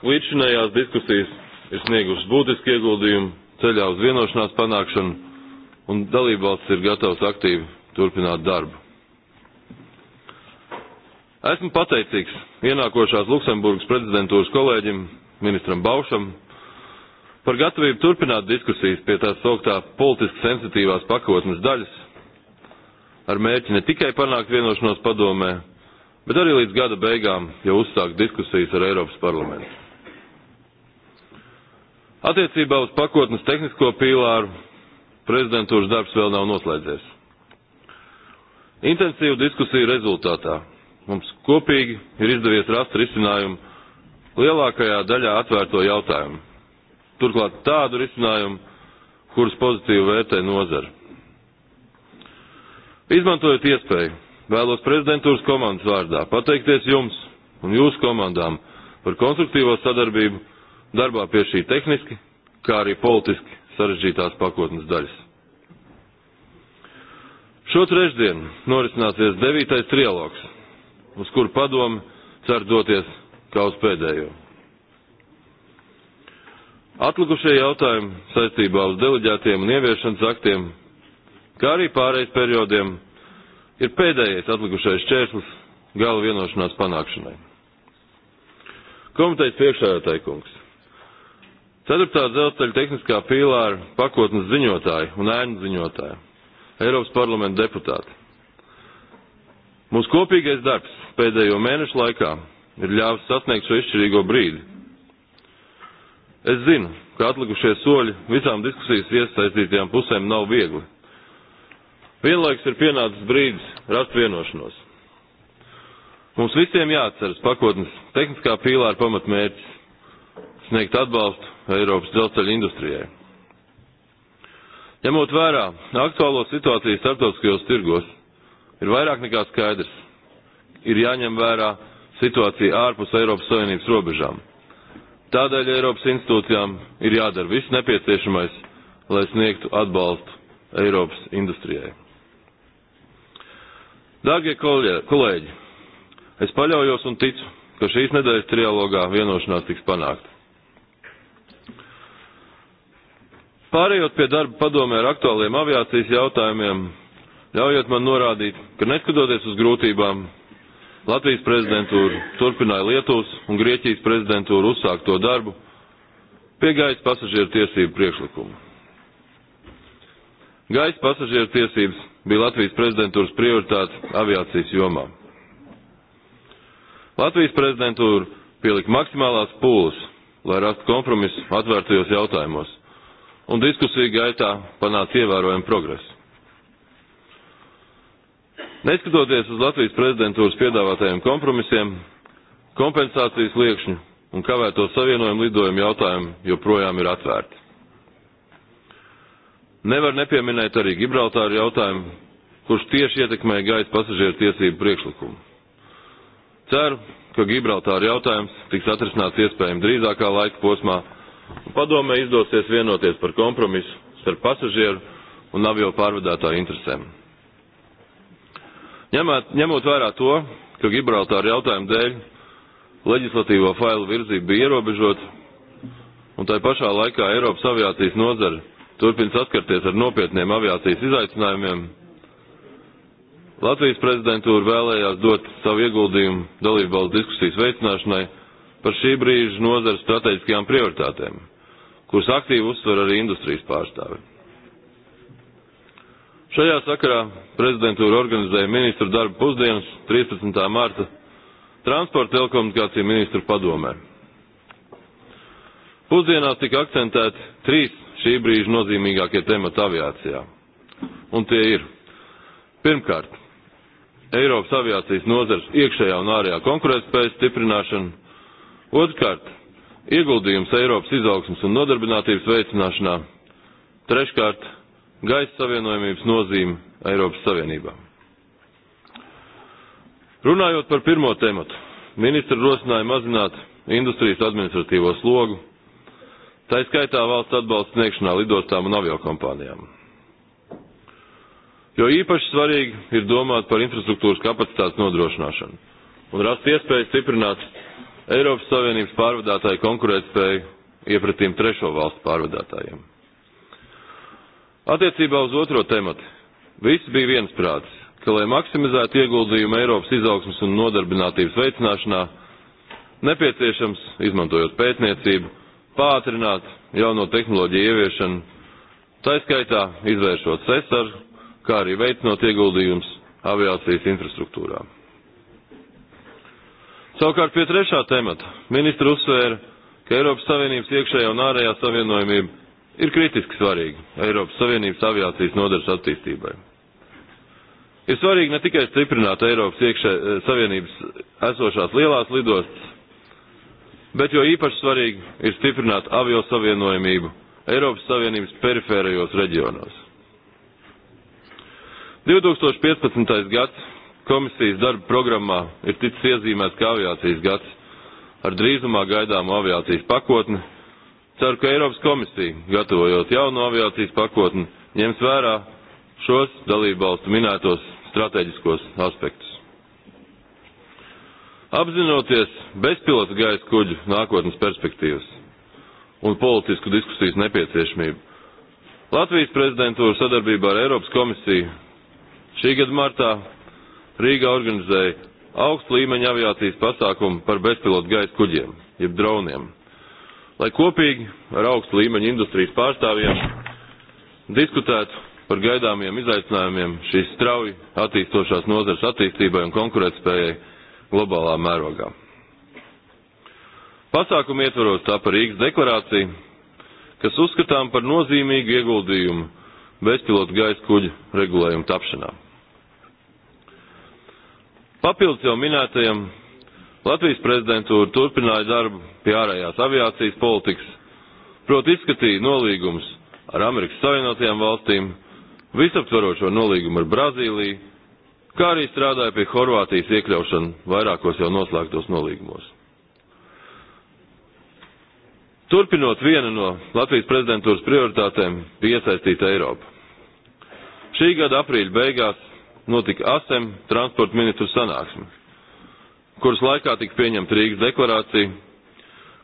ka līdzinējās diskusijas ir sniegusi būtiski ieguldījumu ceļā uz vienošanās panākšanu, un dalībvalsts ir gatavs aktīvi turpināt darbu. Esmu pateicīgs ienākošās Luksemburgas prezidentūras kolēģim, ministram Baušam, par gatavību turpināt diskusijas pie tās sauktā politiski sensitīvās pakotnes daļas, ar mērķi ne tikai panākt vienošanos padomē, bet arī līdz gada beigām jau uzsākt diskusijas ar Eiropas parlamentu. Attiecībā uz pakotnes tehnisko pīlāru prezidentūras darbs vēl nav noslēdzies. Intensīvu diskusiju rezultātā mums kopīgi ir izdevies rast risinājumu lielākajā daļā atvērto jautājumu. Turklāt tādu risinājumu, kurus pozitīvi vērtē nozara. Izmantojot iespēju, vēlos prezidentūras komandas vārdā pateikties jums un jūsu komandām par konstruktīvo sadarbību darbā pie šī tehniski, kā arī politiski sarežģītās pakotnes daļas. Šo trešdienu norisināsies devītais trialogs, uz kuru padomu cer doties kā uz pēdējo. Atlikušie jautājumi saistībā uz deleģētiem un ieviešanas aktiem, kā arī pārējais periodiem, ir pēdējais atlikušais čērslis gala vienošanās panākšanai. Komitejas priekšsēdētāji kungs, Ceturtā dzelzceļa tehniskā pīlāra pakotnes ziņotāji un ēnu ziņotāji, Eiropas parlamenta deputāti. Mūsu kopīgais darbs pēdējo mēnešu laikā ir ļāvis sasniegt šo izšķirīgo brīdi. Es zinu, ka atlikušie soļi visām diskusijas iesaistītajām pusēm nav viegli. Vienlaiks ir pienācis brīdis rast vienošanos. Mums visiem jāatceras pakotnes tehniskā pīlāra pamatmērķis sniegt atbalstu Eiropas dzelzceļa industrijai. Ņemot vērā aktuālo situāciju starptautiskajos tirgos, ir vairāk nekā skaidrs. Ir jāņem vērā situācija ārpus Eiropas Savienības robežām. Tādēļ Eiropas institūcijām ir jādara viss nepieciešamais, lai sniegtu atbalstu Eiropas industrijai. Dārgie kolēģi, es paļaujos un ticu, ka šīs nedēļas trialogā vienošanās tiks panākta. Pārējot pie darba padomē ar aktuāliem aviācijas jautājumiem, ļaujiet man norādīt, ka neskatoties uz grūtībām, Latvijas prezidentūra turpināja Lietuvas un Grieķijas prezidentūru uzsākto darbu pie gaisa pasažieru tiesību priekšlikumu. Gaisa pasažieru tiesības bija Latvijas prezidentūras prioritāte aviācijas jomā. Latvijas prezidentūra pielika maksimālās pūles, lai rastu kompromisu atvērtajos jautājumos, un diskusiju gaitā panāca ievērojama progresa. Neskatoties uz Latvijas prezidentūras piedāvātajiem kompromisiem, kompensācijas liekšņu un kavēto savienojumu lidojumu jautājumu joprojām ir atvērti. Nevar nepieminēt arī Gibraltāru jautājumu, kurš tieši ietekmē gaisa pasažieru tiesību priekšlikumu. Ceru, ka Gibraltāra jautājums tiks atrisināts iespējami drīzākā laika posmā, Padomē izdosies vienoties par kompromisu starp pasažieru un avio pārvadātāju interesēm. Ņemot, ņemot vērā to, ka Gibraltāra jautājuma dēļ leģislatīvo failu virzība bija ierobežota, un tai pašā laikā Eiropas aviācijas nozara turpina saskarties ar nopietniem aviācijas izaicinājumiem, Latvijas prezidentūra vēlējās dot savu ieguldījumu dalībvalsts diskusijas veicināšanai par šī brīža nozares strateģiskajām prioritātēm, kuras aktīvi uzsver arī industrijas pārstāvi. Šajā sakarā prezidentūra organizēja ministru darba pusdienas 13. marta transporta telekomunikāciju ministru padomē. Pusdienās tika akcentēti trīs šī brīža nozīmīgākie temati aviācijā. Un tie ir pirmkārt Eiropas aviācijas nozars iekšējā un ārējā konkurētspējas stiprināšana, Otrkārt, ieguldījums Eiropas izaugsmas un nodarbinātības veicināšanā. Treškārt, gaisa savienojumības nozīme Eiropas Savienībā. Runājot par pirmo tematu, ministra rosināja mazināt industrijas administratīvo slogu, tā skaitā valsts atbalsts sniegšanā lidostām un aviokompānijām. Jo īpaši svarīgi ir domāt par infrastruktūras kapacitātes nodrošināšanu un rast iespējas stiprināt Eiropas Savienības pārvadātāju konkurētspēju iepratīm trešo valstu pārvadātājiem. Attiecībā uz otro tematu visi bija viensprāts, ka, lai maksimizētu ieguldījumu Eiropas izaugsmas un nodarbinātības veicināšanā, nepieciešams, izmantojot pētniecību, pātrināt jauno tehnoloģiju ieviešanu, taiskaitā izvēršot sesaru, kā arī veicinot ieguldījumus aviācijas infrastruktūrām. Savukārt pie trešā temata ministra uzsvēra, ka Eiropas Savienības iekšējā un ārējā savienojumība ir kritiski svarīga Eiropas Savienības aviācijas nodaras attīstībai. Ir svarīgi ne tikai stiprināt Eiropas iekšē, eh, Savienības esošās lielās lidostas, bet jo īpaši svarīgi ir stiprināt avio savienojumību Eiropas Savienības perifērajos reģionos. 2015. gads Komisijas darba programmā ir ticis iezīmēts kā aviācijas gads ar drīzumā gaidāmu aviācijas pakotni. Ceru, ka Eiropas komisija, gatavojot jaunu aviācijas pakotni, ņems vērā šos dalībvalstu minētos strateģiskos aspektus. Apzinoties bezpilota gaisa kuģu nākotnes perspektīvas un politisku diskusijas nepieciešamību, Latvijas prezidentūra sadarbībā ar Eiropas komisiju šī gada martā Rīgā organizēja augstu līmeņa aviācijas pasākumu par bezpilotu gaisa kuģiem, jeb droniem, lai kopīgi ar augstu līmeņa industrijas pārstāvjiem diskutētu par gaidāmiem izaicinājumiem šīs strauji attīstošās nozares attīstībai un konkurētspējai globālā mērogā. Pasākumu ietvaros tapa Rīgas deklarācija, kas uzskatām par nozīmīgu ieguldījumu bezpilotu gaisa kuģu regulējumu tapšanā. Papildus jau minētajam Latvijas prezidentūra turpināja darbu pie ārējās aviācijas politikas, proti izskatīja nolīgums ar Amerikas Savienotajām valstīm, visaptvarošo nolīgumu ar Brazīliju, kā arī strādāja pie Horvātijas iekļaušana vairākos jau noslēgtos nolīgumos. Turpinot vienu no Latvijas prezidentūras prioritātēm, piesaistīta Eiropa. Šī gada aprīļa beigās notika ASEM transporta ministru sanāksme, kuras laikā tika pieņemta Rīgas deklarācija,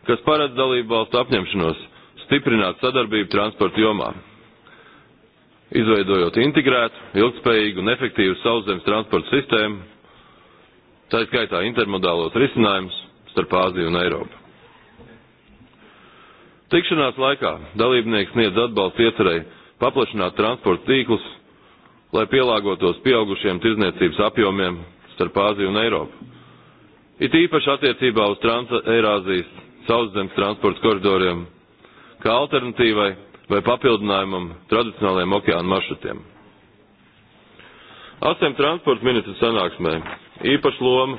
kas paredz dalību valstu apņemšanos stiprināt sadarbību transporta jomā, izveidojot integrētu, ilgspējīgu un efektīvu sauszemes transporta sistēmu, tā skaitā intermodālos risinājumus starp Āziju un Eiropu. Tikšanās laikā dalībnieks sniedz atbalstu iecerēji paplašināt transporta tīklus lai pielāgotos pieaugušiem tirzniecības apjomiem starp Āziju un Eiropu. It īpaši attiecībā uz Trans-Eirāzijas sauszemes transporta koridoriem, kā alternatīvai vai papildinājumam tradicionālajiem okeāna maršrutiem. ASEM transporta ministru sanāksmē īpaši loma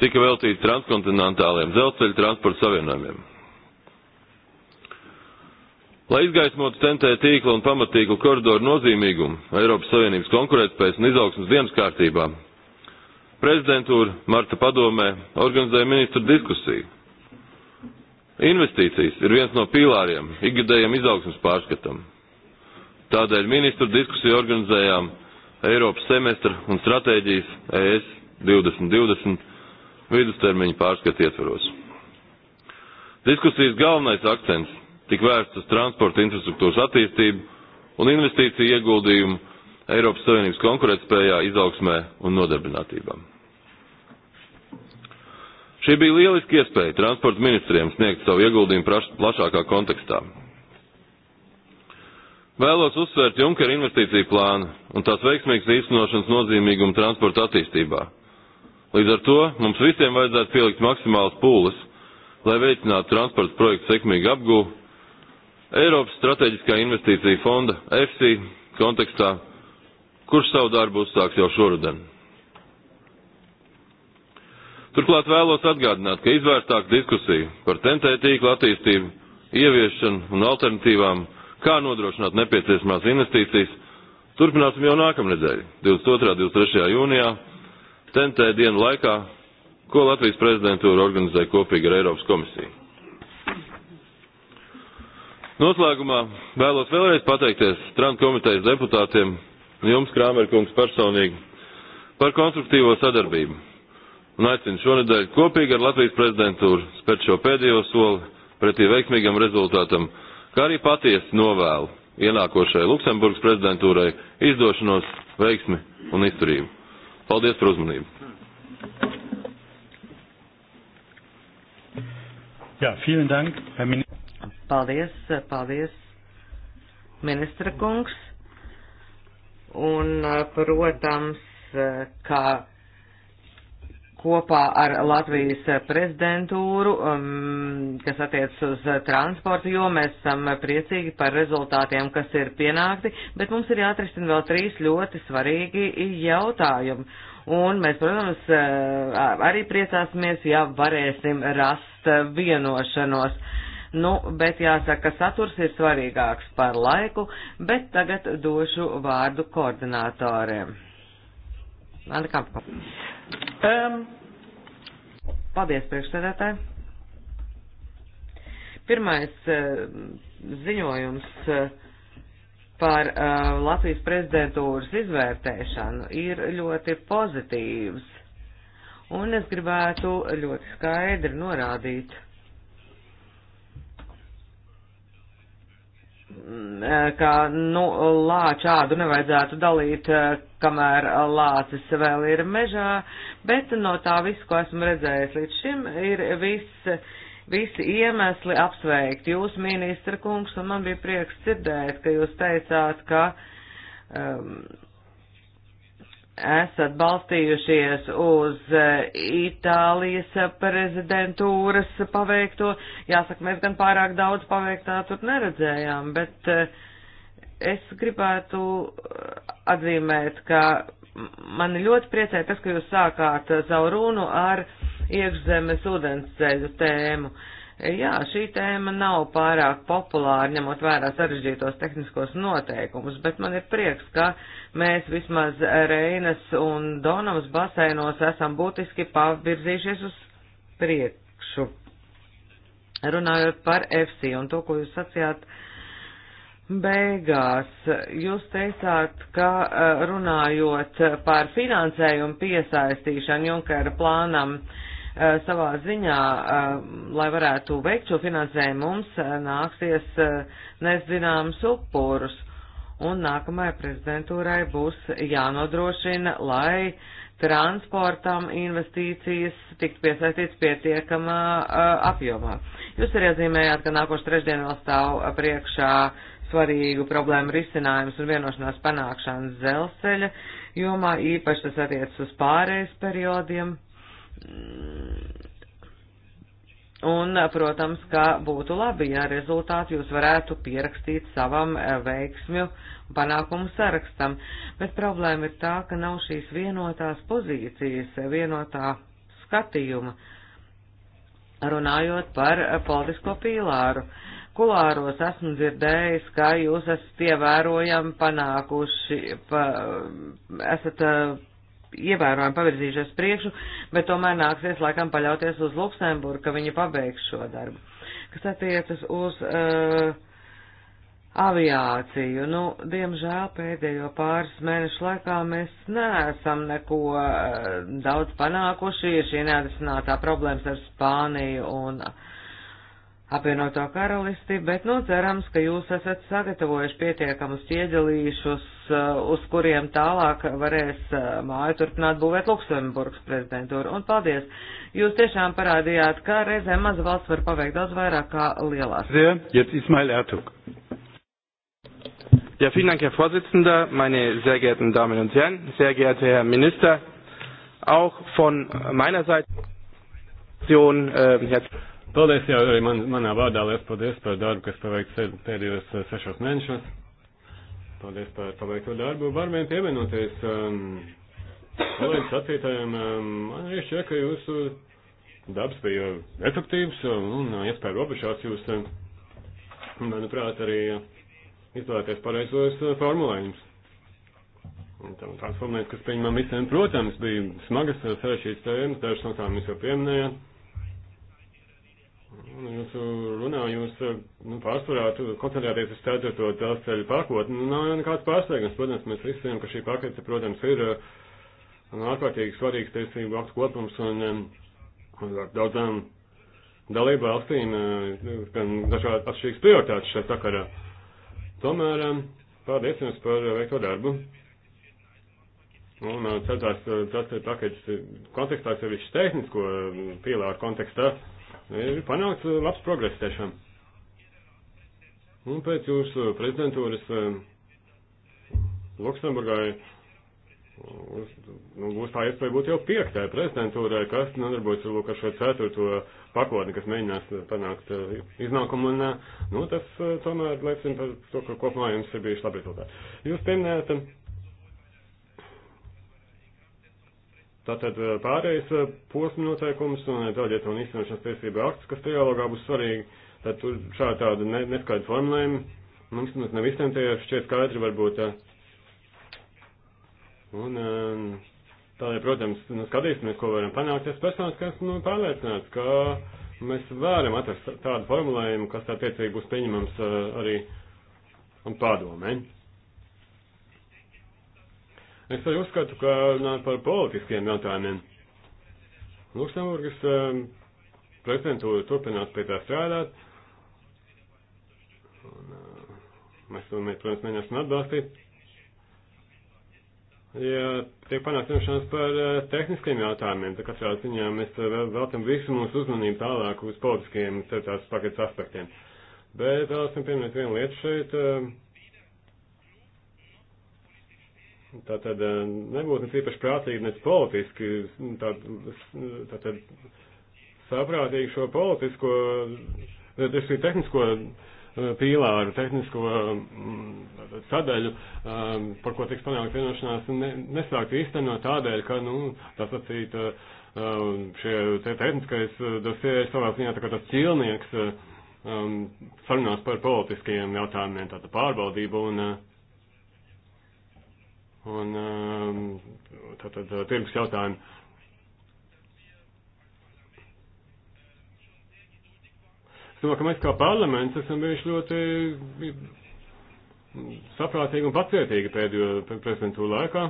tika veltīta transkontinentāliem dzelzceļa transporta savienojumiem. Lai izgaismotu TNT tīkla un pamatīgu koridoru nozīmīgumu Eiropas Savienības konkurētspējas un izaugsmas dienas kārtībā, prezidentūra Marta padomē organizēja ministru diskusiju. Investīcijas ir viens no pīlāriem ikgadējiem izaugsmas pārskatam. Tādēļ ministru diskusiju organizējām Eiropas semestra un stratēģijas e ES 2020 vidustermiņa pārskatu ietvaros. Diskusijas galvenais akcents tik vērsts uz transporta infrastruktūras attīstību un investīciju ieguldījumu Eiropas Savienības konkurētspējā, izaugsmē un nodarbinātībā. Šī bija lieliski iespēja transporta ministriem sniegt savu ieguldījumu plašākā kontekstā. Vēlos uzsvērt Junkera investīciju plānu un tās veiksmīgas īstenošanas nozīmīgumu transporta attīstībā. Līdz ar to mums visiem vajadzētu pielikt maksimālas pūles, lai veicinātu transporta projektu sekmīgu apgūvu Eiropas Strateģiskā investīcija fonda EFSI kontekstā, kurš savu darbu uzsāks jau šoruden. Turklāt vēlos atgādināt, ka izvērstāka diskusija par TNT tīkla attīstību, ieviešanu un alternatīvām, kā nodrošināt nepieciešamās investīcijas, turpināsim jau nākamnedēļ, 22. un 23. jūnijā, TNT dienu laikā, ko Latvijas prezidentūra organizē kopīgi ar Eiropas komisiju. Noslēgumā vēlos vēlreiz pateikties Trump komitejas deputātiem un jums, Krāmerkungs, personīgi par konstruktīvo sadarbību un aicinu šonedēļ kopīgi ar Latvijas prezidentūru spērt šo pēdējo soli pretī veiksmīgam rezultātam, kā arī patiesi novēlu ienākošai Luksemburgas prezidentūrai izdošanos, veiksmi un izturību. Paldies par uzmanību! Ja, vielen Dank, Herr Minister. Paldies, paldies, ministra kungs. Un, eh, protams, eh, kā kopā ar Latvijas prezidentūru, um, kas attiec uz transportu, jo mēs esam priecīgi par rezultātiem, kas ir pienākti, bet mums ir jāatrisina vēl trīs ļoti svarīgi jautājumi. Un mēs, protams, eh, arī priecāsimies, ja varēsim rast vienošanos. Nu, bet jāsaka, saturs ir svarīgāks par laiku, bet tagad došu vārdu koordinātoriem. Anna Kampka. Um. Paldies, priekšsēdētāji. Pirmais eh, ziņojums eh, par eh, Latvijas prezidentūras izvērtēšanu ir ļoti pozitīvs. Un es gribētu ļoti skaidri norādīt, ka, nu, lāčādu nevajadzētu dalīt, kamēr lācis vēl ir mežā, bet no tā viss, ko esmu redzējis līdz šim, ir viss, visi iemesli apsveikt jūs, ministra kungs, un man bija prieks dzirdēt, ka jūs teicāt, ka um, esat balstījušies uz eh, Itālijas prezidentūras paveikto. Jāsaka, mēs gan pārāk daudz paveiktā tur neredzējām, bet eh, es gribētu eh, atzīmēt, ka mani ļoti priecē tas, ka jūs sākāt savu runu ar iekšzemes ūdensceļu tēmu. Uh, Jā, šī tēma nav pārāk populāra, ņemot vērā sarežģītos tehniskos noteikumus, bet man ir prieks, ka mēs vismaz Reinas un Donavas basēnos esam būtiski pavirzījušies uz priekšu. Runājot par FC un to, ko jūs sacījāt beigās, jūs teicāt, ka eh, runājot par finansējumu piesaistīšanu Junkera plānam, uh, Eh, savā ziņā, eh, lai varētu veikt šo finansējumu, mums eh, nāksies nezināms upurus. Un nākamajai prezidentūrai būs jānodrošina, lai transportam investīcijas tikt piesaistīts pietiekamā apjomā. Jūs arī atzīmējāt, ka nākošais trešdien vēl stāv priekšā svarīgu problēmu risinājums un vienošanās panākšanas dzelzceļa jomā, īpaši tas attiecas uz pārējais periodiem. Mm. Un, protams, ka būtu labi, ja rezultātu jūs varētu pierakstīt savam e, veiksmju panākumu sarakstam, bet problēma ir tā, ka nav šīs vienotās pozīcijas, vienotā skatījuma, runājot par e, politisko pīlāru. Kulāros esmu dzirdējis, ka jūs esat ievērojami panākuši, pa, esat e, ievērojami pavirzījušies priekšu, bet tomēr nāksies laikam paļauties uz Luksemburgu, ka viņi pabeigs šo darbu. Kas attiecas uz uh, aviāciju, nu, diemžēl pēdējo pāris mēnešu laikā mēs neesam neko uh, daudz panākuši, ir šī neatrisinātā problēmas ar Spāniju un uh, apvienoto karalisti, bet nu cerams, ka jūs esat sagatavojuši pietiekamus ķieģelīšus, uh, uz kuriem tālāk varēs uh, māju turpināt būvēt Luksemburgas prezidentūru. Un paldies! Jūs tiešām parādījāt, ka reizē maza valsts var paveikt daudz vairāk kā lielās. Ja, vielen Dank, Herr Vorsitzender, meine sehr geehrten Damen und Herren, sehr geehrter Herr Minister, auch von meiner Seite. Äh, herzlichen Paldies jau arī man, manā vārdā, liels paldies par darbu, kas paveikts pēdējos eh, sešos mēnešos. Paldies par paveikto darbu. Var vien pievienoties um, ehm, kolēģis sacītājiem, um, man arī šķiet, ka jūsu darbs bija efektīvs un, un eh, iespēja robežās jūs, eh, manuprāt, arī izvēlēties pareizos formulējumus. Tās formulējumas, kas pieņemam visiem, protams, bija smagas, sarežģītas tēmas, dažas no tām jūs jau pieminējāt. Un nu, jūs runā, jūs nu, pārsvarā koncentrēties uz ceturto dzelzceļa pakotni. Nu, nav nekāds pārsteigums. Protams, mēs visi zinām, ka šī pakete, protams, ir uh, nu, ārkārtīgi svarīgs tiesību aktu kopums un um, daudzām dalību valstīm uh, gan dažādi atšķirīgas prioritātes šajā sakarā. Tomēr um, paldies jums par uh, veikto darbu. Un ceturtās dzelzceļa paketes kontekstā sevišķi tehnisko pielāgu kontekstā. Uh, ir panākts labs progress tiešām. Un pēc jūsu prezidentūras Luksemburgai uz, nu, būs tā iespēja būt jau piektajai prezidentūrai, kas nodarbojas nu, ar šo ceturto pakotni, kas mēģinās panākt iznākumu. Un, nu, tas tomēr liecina par to, ka kopumā jums ir bijuši labi rezultāti. Jūs pieminējat Tātad eh, pārējais eh, posma noteikums un eh, daļiet un izcenošanas tiesība akts, kas trialogā būs svarīgi, tad tur šādi tāda ne, neskaidra formulējuma, mums nu, ne visiem tie šķiet skaidri varbūt. Un ehm, tādēļ, protams, nu, skatīsimies, ko varam panākt. Es personīgi esmu nu, pārliecināts, ka mēs varam atrast tādu formulējumu, kas tā tiecīgi būs pieņemams arī padomē. Es arī uzskatu, ka runājot par politiskiem jautājumiem. Luksemburgas um, prezidentūra turpinās pie tā strādāt. Un, uh, mēs to, protams, mēģināsim atbalstīt. Ja tiek panākt vienošanās par uh, tehniskiem jautājumiem, tad katrā ziņā mēs uh, veltam visu mūsu uzmanību tālāk uz politiskiem ceturtās paketes aspektiem. Bet vēlasim pieminēt vienu lietu šeit. Uh, Tātad eh, nebūtu nes īpaši prātīgi, nes politiski, tātad saprātīgi šo politisko, eh, šī tehnisko eh, pīlāru, tehnisko mm, sadaļu, par ko tiks panākt vienošanās, nesākt īstenot tādēļ, ka, nu, tas acīt, šie te tehniskais dosie savā ziņā, tā kā tas ķilnieks sarunās par politiskajiem jautājumiem, tātad pārbaudību un. Uh, un um, tātad tirgus uh, jautājumu. Es domāju, ka mēs kā parlaments esam bijuši ļoti saprātīgi un pacietīgi pēdējo prezidentūru laikā.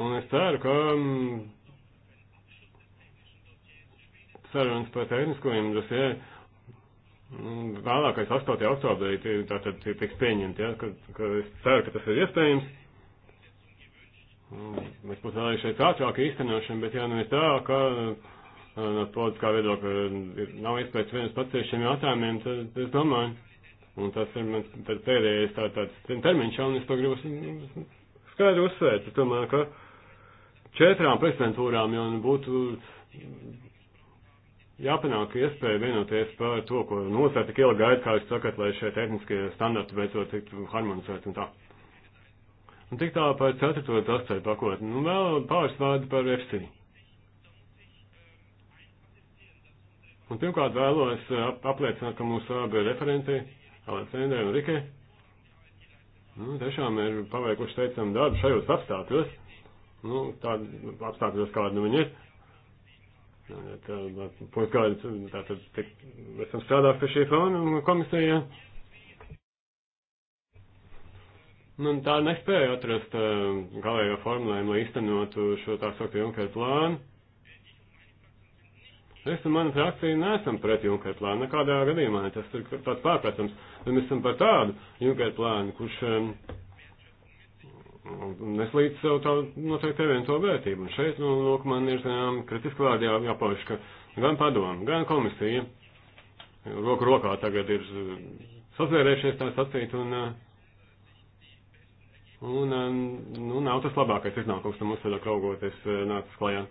Un es ceru, ka um, sarunas par tehniskajiem dosiem Nu, vēlākais 8. oktobrī tātad tiks pieņemti, ja, ka, ka es ceru, ka tas ir iespējams. Mēs būtu vēlējušies ātrāk īstenošanu, bet jā, nu ir tā, ka no politiskā viedokļa nav iespējas viens pats šiem jautājumiem, tad es domāju. Un tas ir mans pēdējais tā, tāds termiņš, un es to gribu skaidri uzsvērt. Es domāju, ka četrām prezidentūrām jau nu būtu jāpanāk iespēja vienoties par to, ko nozara tik ilgi gaida, kā jūs sakat, lai šie tehniskie standarti beidzot tiktu harmonizēti un tā. Un tik tā par 4. dzelzceļa pakotni. Nu, vēl pāris vārdi par FC. Un pirmkārt vēlos uh, apliecināt, ka mūsu abi referenti, Aleksandra un Rike, nu, tiešām ir paveikuši teicam darbu šajos apstākļos. Nu, tādi apstākļos, kādi nu viņi ir. Pirms kādas, tātad, tik, esam strādājuši pie šī fona un komisija. Nu, tā nespēja atrast galējo formulējumu, lai īstenotu šo tā sauktu Junkera plānu. Es un mana frakcija neesam pret Junkera plānu, nekādā gadījumā, tas ir tāds pārpratams, bet mēs esam par tādu Junkera plānu, kurš um, nes līdz sev tā noteikti pievienoto vērtību. Un šeit, nu, lūk, man ir, zinām, kritiski vārdi jā, jāpauž, ka gan padomu, gan komisija roku rokā tagad ir sazvērējušies tā sacīt, un, uh, un, uh, nu, nav tas labākais iznākums, nu, mums vairāk raugoties uh, nācis klajā.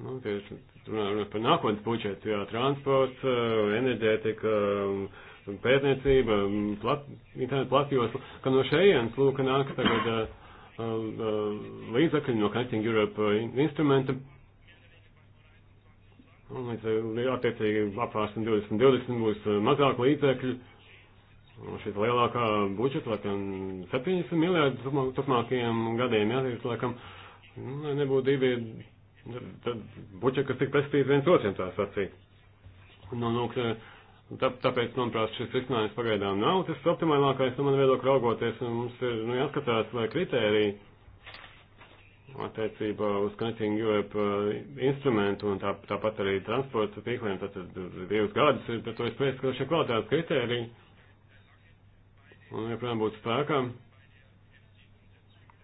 Nu, tieši runājot par nākotnes budžetu, jā, transports, enerģētika, um, pētniecība, plat, internetu platījos, ka no šejienes, lūk, nāk tagad uh, uh, uh līdzakļi no Connecting Europe uh, instrumenta. Un līdz uh, attiecīgi apvārsim 2020 būs mazāk līdzekļu. Šis lielākā budžeta, laikam, 700 miljārdu turpmākajiem gadiem, jā, ir, laikam, nu, nebūtu divi budžeti, kas tik prasīti viens otram tā sacīt. Nonākt nu, tā, tāpēc, manuprāt, šis risinājums pagaidām nav tas optimālākais, nu, man viedokļu raugoties, un mums ir, nu, jāskatās, vai kritērija attiecībā uz Connecting Europe instrumentu un tā, tāpat arī transporta tīkliem, tad divus gadus ir, bet to es pēc, ka šie kvalitātes kritēriji, un, joprojām būtu spēkā,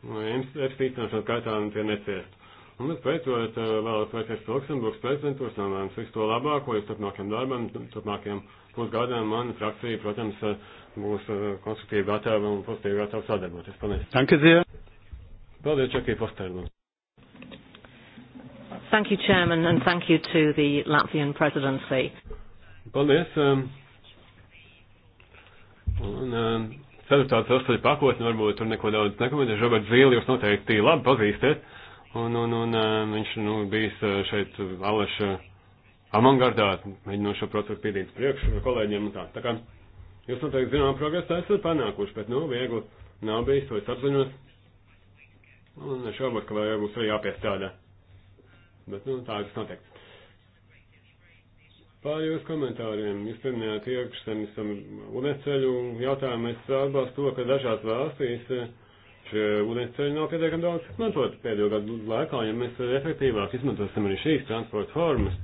nu, no, FC cīnāšanas gaitā, un tie neciest. Un es beidzot vēlos sveicēt Luksemburgas prezidentūras un vēlams eh, visu to labāko jūs turpmākajam darbam, turpmākajam pusgadam. Mana frakcija, protams, eh, būs eh, konstruktīvi gatava un pozitīvi gatava sadarboties. Paldies. Danke sehr. Paldies, Čekija Postēlu. Thank you, Chairman, and thank you to the Latvian presidency. Paldies. Um, un um, ceturtā ceturtā pakotne varbūt tur neko daudz nekomendē. Žobar Zīli jūs noteikti labi pazīstat. Un, un, un viņš nu, bijis šeit Aleša avangardā, mēģinot šo procesu pīdīt priekšu ar kolēģiem un tā. Tā kā jūs noteikti zinām progresu esat panākuši, bet nu, viegli nav bijis, to es apzinos. Un šobrīd, ka vēl būs arī jāpiestrādā. Bet, nu, tā tas notiek. Pār jūs komentāriem. Jūs pieminējāt iekšzemes un ceļu jautājumu. Es atbalstu to, ka dažās valstīs. Uh, šie eh, ūdensceļi nav pietiekami daudz izmantot nu, pēdējo gadu laikā, ja mēs efektīvāk izmantosim arī šīs transporta formas.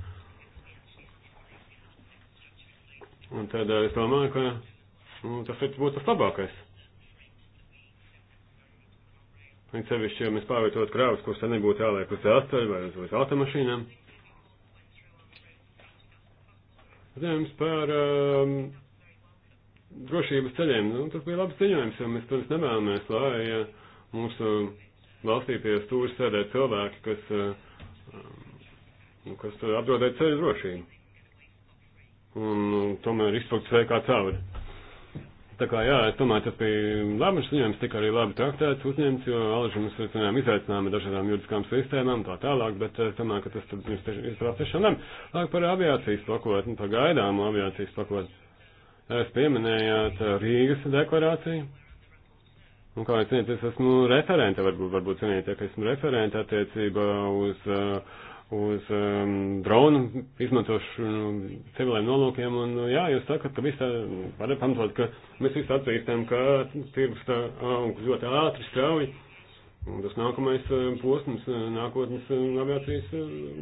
Un tad eh, es domāju, ka nu, tas būtu tas labākais. Un sevišķi, ja mēs pārvietot krāvas, kurus tad nebūtu jāliek uz dzelzceļa vai uz, uz automašīnām. Zināms par um, drošības ceļiem. Nu, tas bija labs ziņojums, jo mēs, protams, nevēlamies, lai mūsu valstī pie stūra sēdē cilvēki, kas, nu, kas apdraudē ceļu drošību. Un nu, tomēr izpaukt svei kā cauri. Tā kā jā, es domāju, tas bija labs ziņojums, tika arī labi traktēts, uzņemts, jo alaži mēs secinājām izaicinājumi dažādām juridiskām sistēmām, tā tālāk, bet eh, es domāju, ka tas tad mums izrādās tiešām labi. Lāk par aviācijas pakotni, pagaidām aviācijas pakotni. Jūs pieminējāt Rīgas deklarāciju. Un kā jūs zināt, es esmu referente, varbūt, varbūt zināt, ka esmu referente attiecībā uz, uh, uz um, dronu izmantošanu civiliem nolūkiem. Un jā, jūs sakat, ka viss tā, varat pamatot, ka mēs visi atzīstam, ka tirgus tā uh, aug ļoti ātri, strauji. Un tas nākamais uh, posms nākotnes aviācijas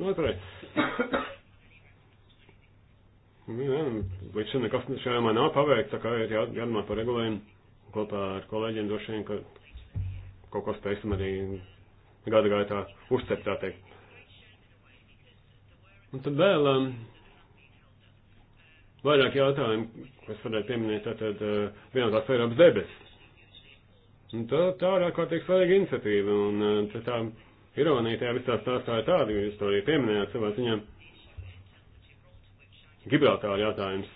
nozarei. Nu, jā, līdz šim nekas šajā jomā nav paveikts, tā kā ir jā, jādomā par regulējumu kopā ar kolēģiem droši vien, ka kaut ko spēsim arī gada gaitā uzcept, tā teikt. Un tad vēl um, vairāk jautājumu, ko es varētu pieminēt, tātad uh, vienotās Eiropas debesis. Un tā, tā ir ārkārtīgi svarīga iniciatīva, un uh, tā ironija tajā visā stāstā ir tāda, jūs to arī pieminējāt savā ziņā. Uh, Gibraltāra jautājums.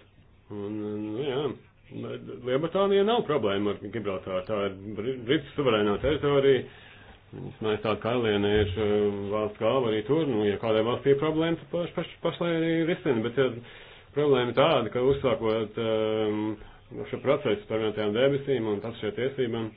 Un, nu, jā, Lielbritānija nav problēma ar Gibraltāru. Tā ir Britu suverēnā teritorija. Viņas mēs tāda kailiena ir eh, valsts galva arī tur. Nu, ja kādai valstī ir problēma, tad paš, paš, pašlai arī risina. Bet ja problēma tāda, ka uzsākot um, šo procesu par vienotajām debesīm un tas šie tiesībām.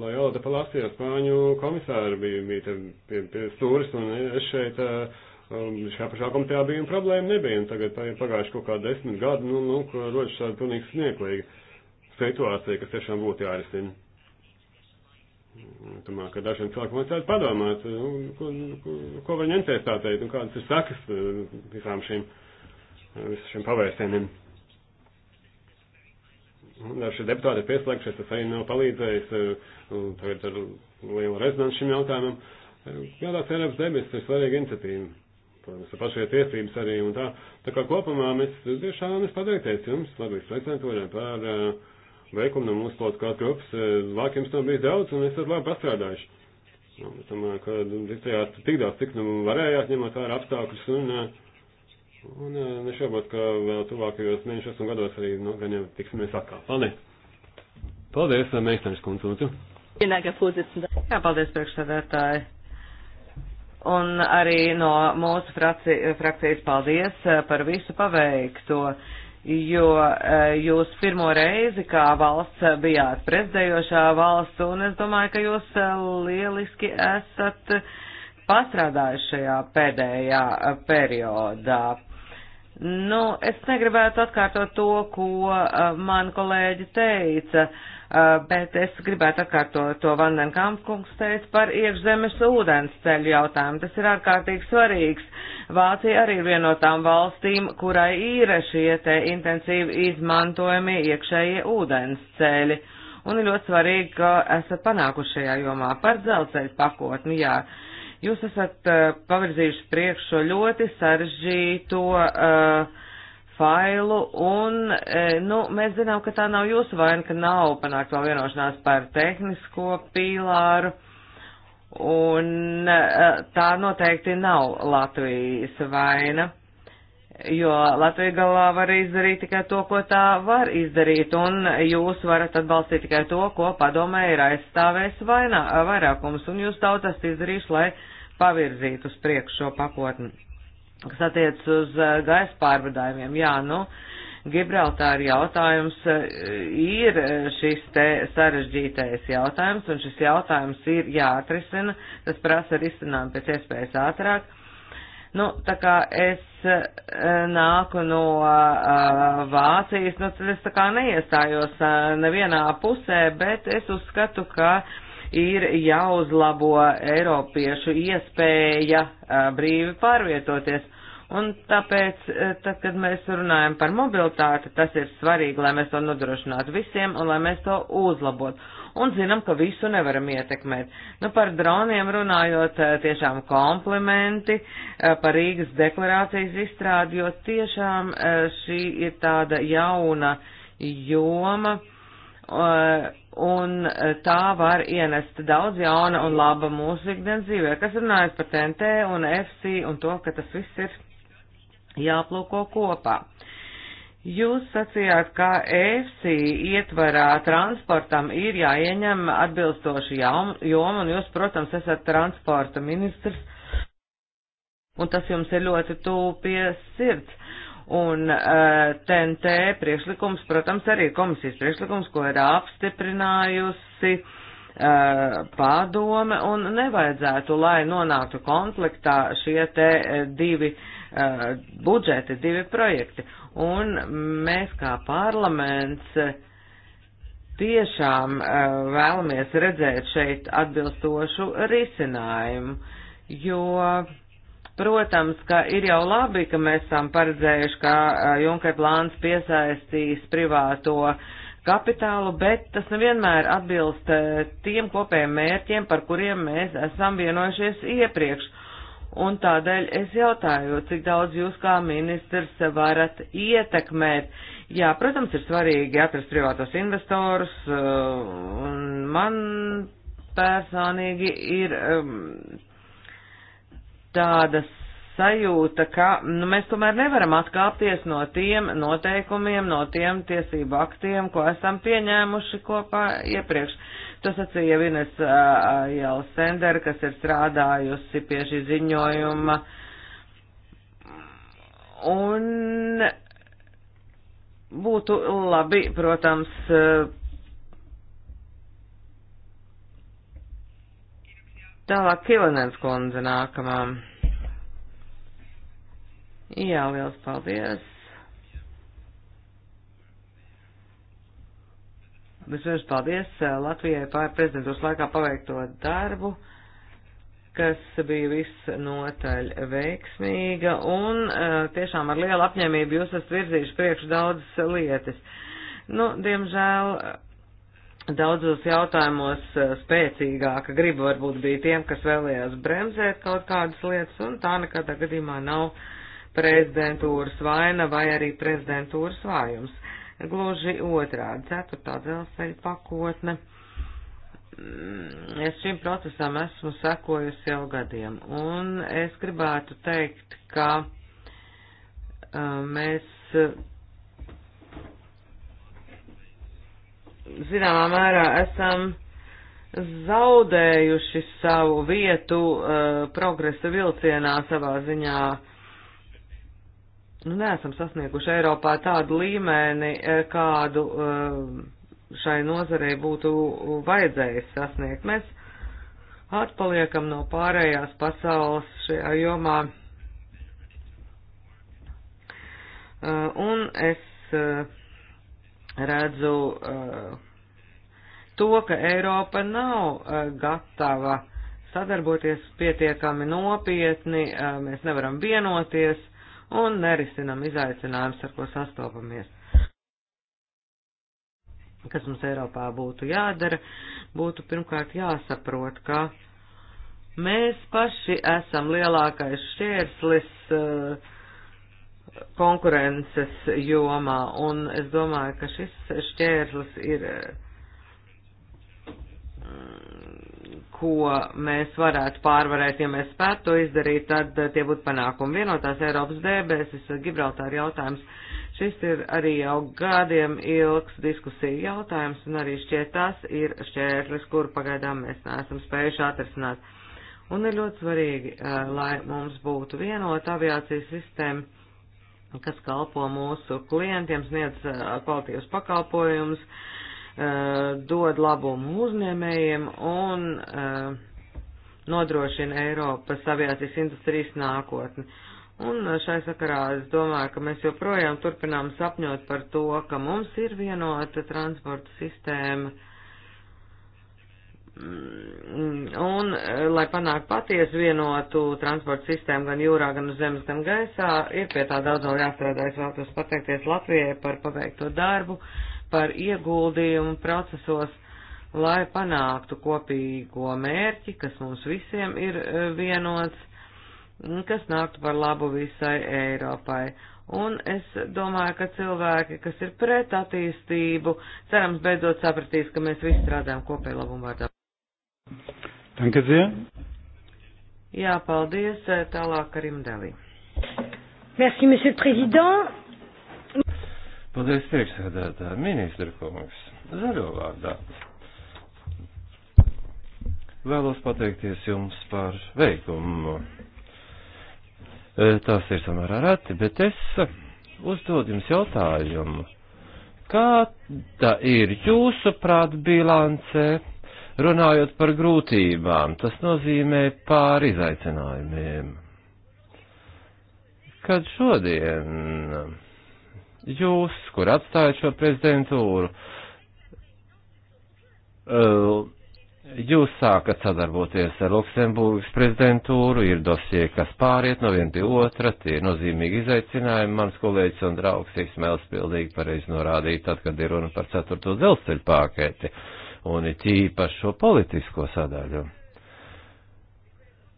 Lojola de Palacio, Spāņu komisāra bija, bija pie, pie stūris, un es šeit uh, šajā pašā komitejā bija un problēma nebija, un tagad tā ir pagājuši kaut kā desmit gadi, nu, nu, ka rodas šāda pilnīgi smieklīga situācija, kas tiešām būtu jārisina. Tomēr, ka dažiem cilvēkiem vajadzētu padomāt, nu, ko, ko, ko var ņemties tā teikt, un kādas ir sakas eh, visām šīm, eh, visu šiem pavērsieniem. Daži deputāti ir pieslēgšies, tas arī nav palīdzējis, eh, tagad ar lielu rezonanci šim jautājumam. Jā, tās Eiropas debesis ir svarīga iniciatīva protams, ar pašai tiesības arī un tā. Tā kā kopumā mēs tiešām es pateikties jums, Latvijas prezidentūriem par uh, veikumu no mūsu politiskās grupas. Vāk eh, jums nav bijis daudz un esat labi pastrādājuši. Nu, es domāju, ka visajās tik daudz, cik nu varējāt ņemot vērā apstākļus un, eh, un nešaubot, ka vēl tuvākajos mēnešos un gados arī nu, gan jau tiksimies atkal. Paldies! Paldies, Meistaris Kundzūdzu! Jā, paldies, priekšsēdētāji! Un arī no mūsu fraci, frakcijas paldies eh, par visu paveikto, jo eh, jūs pirmo reizi kā valsts bijāt prezidējošā valsts, un es domāju, ka jūs eh, lieliski esat pastrādājuši šajā pēdējā periodā. Nu, es negribētu atkārtot to, ko uh, man kolēģi teica. Uh, Uh, bet es gribētu atkārtot to Vandenkamp kungs teica par iekšzemes ūdens ceļu jautājumu. Tas ir ārkārtīgi svarīgs. Vācija arī ir viena no tām valstīm, kurai ir šie te intensīvi izmantojami iekšējie ūdens ceļi. Un ir ļoti svarīgi, ka esat panākuši šajā jomā par dzelzceļu pakotni, jā. Jūs esat uh, pavirzījuši priekšo ļoti sarežģīto uh, failu, un, e, nu, mēs zinām, ka tā nav jūsu vaina, ka nav panākt vēl vienošanās par tehnisko pīlāru, un e, tā noteikti nav Latvijas vaina, jo Latvija galā var izdarīt tikai to, ko tā var izdarīt, un jūs varat atbalstīt tikai to, ko padomē ir aizstāvējis vairākums, un jūs tautas izdarīšu, lai pavirzītu uz priekšu šo pakotni kas attiec uz eh, gaisa pārvadājumiem. Jā, nu, Gibraltāra jautājums eh, ir eh, šis te sarežģītais jautājums, un šis jautājums ir jāatrisina, tas prasa risinājumu pēc iespējas ātrāk. Nu, tā kā es nāku no uh, Vācijas, nu, tad es tā kā neiestājos uh, nevienā pusē, bet es uzskatu, ka uh, ir jāuzlabo Eiropiešu iespēja brīvi pārvietoties. Un tāpēc, tad, kad mēs runājam par mobilitāti, tas ir svarīgi, lai mēs to nodrošinātu visiem un lai mēs to uzlabotu. Un zinām, ka visu nevaram ietekmēt. Nu, par droniem runājot, tiešām komplimenti par Rīgas deklarācijas izstrādi, jo tiešām šī ir tāda jauna joma Eh, un tā var ienest daudz jauna un laba mūsu ikdienas dzīvē, kas runājas par TNT un FC un to, ka tas viss ir jāplūko kopā. Jūs sacījāt, ka EFSI ietvarā transportam ir jāieņem atbilstoši joma, un jūs, protams, esat transporta ministrs, un tas jums ir ļoti tūpies sirds. Un uh, TNT priekšlikums, protams, arī ir komisijas priekšlikums, ko ir apstiprinājusi uh, padome, un nevajadzētu, lai nonāktu konfliktā šie te eh, divi uh, budžeti, divi projekti. Un mēs kā parlaments eh, tiešām uh, vēlamies redzēt šeit atbilstošu risinājumu, jo Protams, ka ir jau labi, ka mēs esam paredzējuši, ka Junker plāns piesaistīs privāto kapitālu, bet tas nevienmēr atbilst tiem kopējiem mērķiem, par kuriem mēs esam vienojušies iepriekš. Un tādēļ es jautāju, cik daudz jūs kā ministrs varat ietekmēt. Jā, protams, ir svarīgi atrast privātos investorus, un man personīgi ir tāda sajūta, ka nu, mēs tomēr nevaram atkāpties no tiem noteikumiem, no tiem tiesību aktiem, ko esam pieņēmuši kopā iepriekš. To sacīja Vines uh, Jelsender, kas ir strādājusi pie šī ziņojuma. Un būtu labi, protams, uh, Tālāk Kilenens kundze nākamā. Jā, liels paldies. Vispirms paldies eh, Latvijai pār prezidentūras laikā paveikto darbu, kas bija viss notaļ veiksmīga un eh, tiešām ar lielu apņēmību jūs esat virzījuši priekš daudzas lietas. Nu, diemžēl daudzos jautājumos eh, spēcīgāka griba varbūt bija tiem, kas vēlējās bremzēt kaut kādas lietas, un tā nekādā gadījumā nav prezidentūras vaina vai arī prezidentūras vājums. Gluži otrādi, ceturtā dzelzceļa pakotne. Mm, es šim procesam esmu sekojusi jau gadiem, un es gribētu teikt, ka eh, mēs zināmā mērā esam zaudējuši savu vietu uh, progresa vilcienā savā ziņā. Nu, neesam sasnieguši Eiropā tādu līmeni, eh, kādu uh, šai nozarei būtu vajadzējis sasniegt. Mēs atpaliekam no pārējās pasaules šajā jomā. Uh, un es uh, redzu eh, to, ka Eiropa nav eh, gatava sadarboties pietiekami nopietni, eh, mēs nevaram vienoties un nerisinam izaicinājumus, ar ko sastopamies. Kas mums Eiropā būtu jādara, būtu pirmkārt jāsaprot, ka mēs paši esam lielākais šķērslis uh, konkurences jomā, un es domāju, ka šis šķērslis ir, mm, ko mēs varētu pārvarēt, ja mēs spētu to izdarīt, tad tie būtu panākumi. Vienotās Eiropas dēbēs, Gibraltāra jautājums, šis ir arī jau gadiem ilgs diskusiju jautājums, un arī šķiet tas ir šķērslis, kur pagaidām mēs neesam spējuši atrasināt. Un ir ļoti svarīgi, eh, lai mums būtu vienota aviācijas sistēma kas kalpo mūsu klientiem, sniedz uh, kvalitīvas pakalpojumus, uh, dod labumu uzņēmējiem un uh, nodrošina Eiropas aviācijas industrijas nākotni. Un šai sakarā es domāju, ka mēs joprojām turpinām sapņot par to, ka mums ir vienota transporta sistēma Mm, un, eh, lai panāktu patiesu vienotu transporta sistēmu gan jūrā, gan uz zemes, gan gaisā, ir pie tā daudz vēl jāstrādā. Es vēlos pateikties Latvijai par paveikto darbu, par ieguldījumu procesos, lai panāktu kopīgo mērķi, kas mums visiem ir eh, vienots, kas nāktu par labu visai Eiropai. Un es domāju, ka cilvēki, kas ir pret attīstību, cerams beidzot sapratīs, ka mēs visi strādājam kopēju labumu vārdā. Danke sehr. Jā, paldies. Eh, tālāk Karim Deli. Merci, monsieur le président. Paldies, priekšsēdētāji, ministra kungs, zaļo vārdā. Vēlos pateikties jums par veikumu. Eh, Tas ir samērā reti, bet es uzdod jums jautājumu. Kāda ir jūsu prāt bilance Runājot par grūtībām, tas nozīmē pāri izaicinājumiem. Kad šodien jūs, kur atstājat šo prezidentūru, eh, jūs sākat sadarboties ar Luksemburgas prezidentūru, ir dosie, kas pāriet no viena pie otra, tie ir nozīmīgi izaicinājumi. Mans kolēģis un draugs Ismēls pildīgi pareizi norādīja tad, kad ir runa par ceturto dzelzceļu pākēti. Uh, un it īpaši šo politisko sadaļu.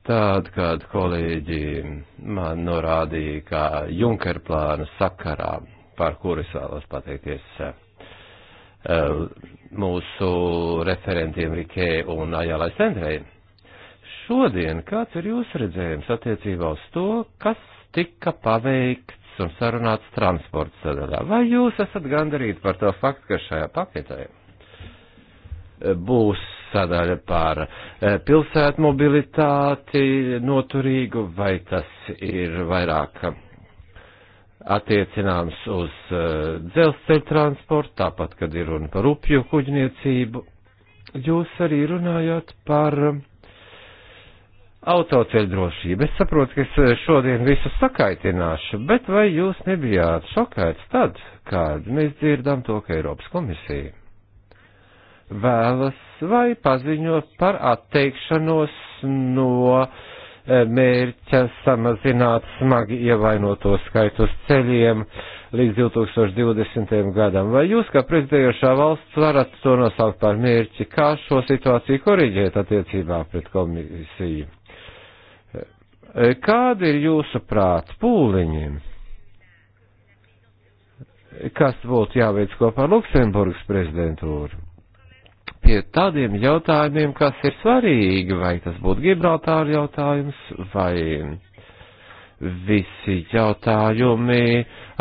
Tāda, kāda kolēģi man norādīja, kā Junker plāna sakarā, par kuru es vēlos pateikties eh, mūsu referentiem Rikē un Ajālai Sendrei. Šodien kāds ir jūsu redzējums attiecībā uz to, kas tika paveikts un sarunāts transporta sadaļā? Vai jūs esat gandarīti par to faktu, ka šajā paketē būs sadaļa par e, pilsētu mobilitāti noturīgu, vai tas ir vairāk attiecināms uz e, dzelzceļa transportu, tāpat, kad ir runa par upju kuģniecību. Jūs arī runājāt par autoceļu drošību. Es saprotu, ka es e, šodien visu sakaitināšu, bet vai jūs nebijāt šokēts tad, kad mēs dzirdam to, ka Eiropas komisija vēlas vai paziņo par atteikšanos no e, mērķa samazināt smagi ievainoto skaitu uz ceļiem līdz 2020. gadam. Vai jūs, kā prezidējošā valsts, varat to nosaukt par mērķi, kā šo situāciju koriģēt attiecībā pret komisiju? E, kādi ir jūsu prāt pūliņiem, kas būtu jāveic kopā Luksemburgas prezidentūru? pie tādiem jautājumiem, kas ir svarīgi, vai tas būtu Gibraltāra jautājums, vai visi jautājumi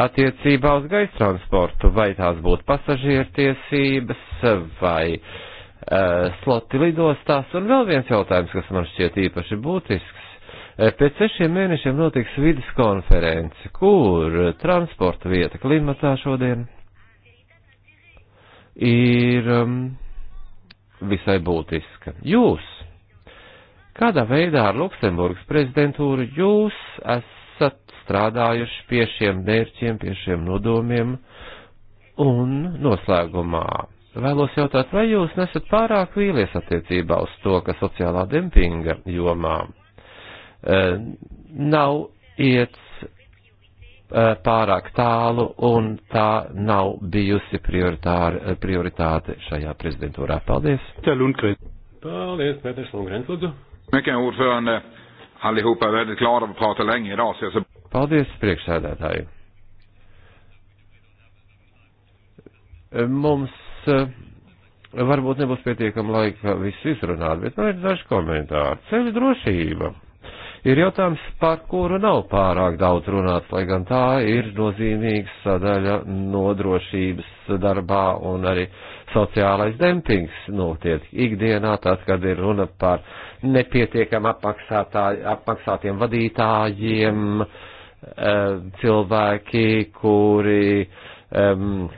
attiecībā uz gaisa transportu, vai tās būtu pasažiertiesības, vai uh, sloti lidostās, un vēl viens jautājums, kas man šķiet īpaši būtisks. Eh, pēc sešiem mēnešiem notiks vidas konference, kur transporta vieta klimatā šodien ir um, visai būtiska. Jūs, kādā veidā ar Luksemburgas prezidentūru jūs esat strādājuši pie šiem mērķiem, pie šiem nodomiem un noslēgumā? Vēlos jautāt, vai jūs nesat pārāk vīlies attiecībā uz to, ka sociālā dempinga jomā e, nav iets Eh, pārāk tālu, un tā nav bijusi eh, prioritāte šajā prezidentūrā. Paldies! Paldies, Pēters Lundgrens, lūdzu! Eh, Paldies, priekšsēdētāji! Mums varbūt nebūs pietiekama laika visu izrunāt, bet man ir daži komentāri. Ceļu drošība! ir jautājums, par kuru nav pārāk daudz runāts, lai gan tā ir nozīmīga sadaļa nodrošības darbā un arī sociālais dempings notiek ikdienā, tad, kad ir runa par nepietiekam apmaksātiem vadītājiem, eh, cilvēki, kuri um,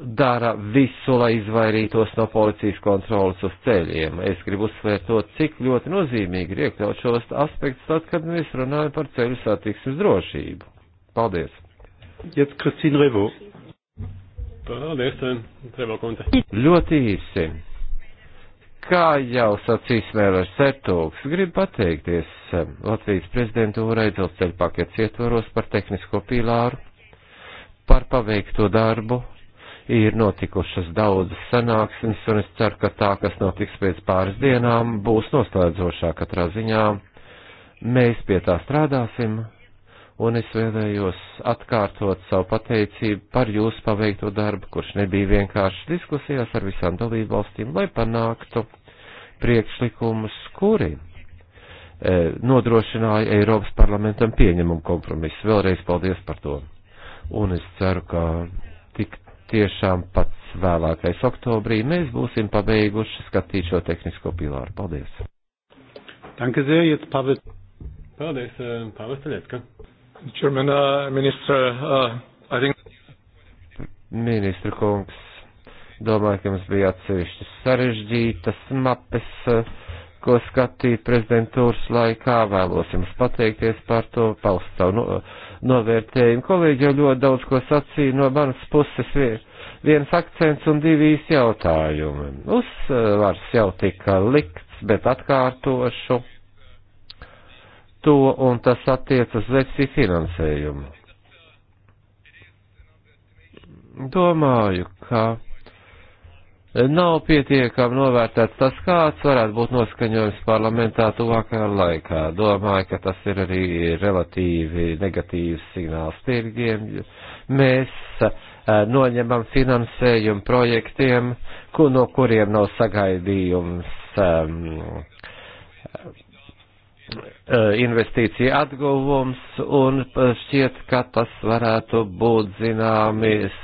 dara visu, lai izvairītos no policijas kontrolas uz ceļiem. Es gribu uzsvērt to, cik ļoti nozīmīgi ir iekļaut šos aspektus tad, kad mēs runājam par ceļu satiksmes drošību. Paldies! Jetzt Christine Revo. Paldies, Revo Konte. Ļoti īsi. Kā jau sacīs Mēlērs Sertūks, grib pateikties um, Latvijas prezidentūrai dzelzceļa paketes ietvaros par tehnisko pīlāru, par paveikto darbu, ir notikušas daudzas sanāksmes, un es ceru, ka tā, kas notiks pēc pāris dienām, būs noslēdzošā katrā ziņā. Mēs pie tā strādāsim, un es vēlējos atkārtot savu pateicību par jūsu paveikto darbu, kurš nebija vienkārši diskusijās ar visām dalību valstīm, lai panāktu priekšlikumus, kuri e, nodrošināja Eiropas parlamentam pieņemumu kompromisu. Vēlreiz paldies par to. Un es ceru, ka tiešām pats vēlākais oktobrī mēs būsim pabeiguši skatīt šo tehnisko pilāru. Paldies! Danke sehr, jetzt Pavel. Paldies, eh, Pavel Staļecka. German uh, minister, uh, I think. Ministra kungs, domāju, ka mums bija atsevišķas sarežģītas mapes. Uh, ko skatīju prezidentūras laikā. Vēlos jums pateikties par to, paust savu no, novērtējumu. Kolēģi jau ļoti daudz ko sacīja no manas puses. Vien, viens akcents un divi īsi jautājumi. Uzsvars jau tika likts, bet atkārtošu to, un tas attiecas veci finansējumu. Domāju, ka nav pietiekami novērtēts tas, kāds varētu būt noskaņojums parlamentā tuvākajā laikā. Domāju, ka tas ir arī relatīvi negatīvs signāls tirgiem. Mēs eh, noņemam finansējumu projektiem, ku, no kuriem nav sagaidījums um, investīcija atguvums, un šķiet, ka tas varētu būt zināmis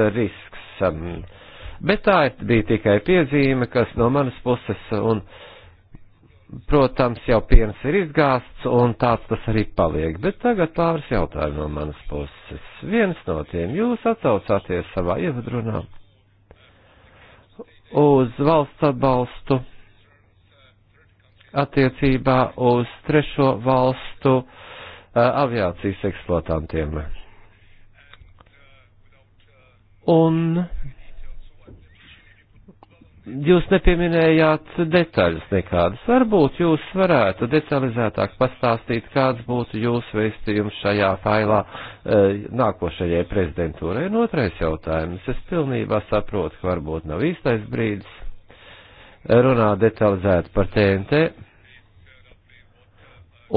risks. Um, Bet tā bija tikai piezīme, kas no manas puses, un, protams, jau piens ir izgāsts, un tāds tas arī paliek. Bet tagad pāris jautājumi no manas puses. Viens no tiem jūs atsaucāties savā ievadrunā uz valsts atbalstu attiecībā uz trešo valstu uh, aviācijas eksploatantiem. Un jūs nepieminējāt detaļas nekādas. Varbūt jūs varētu detalizētāk pastāstīt, kāds būtu jūsu veistījums šajā failā eh, nākošajai prezidentūrai. Un otrais jautājums. Es pilnībā saprotu, ka varbūt nav īstais brīdis runāt detalizēti par TNT.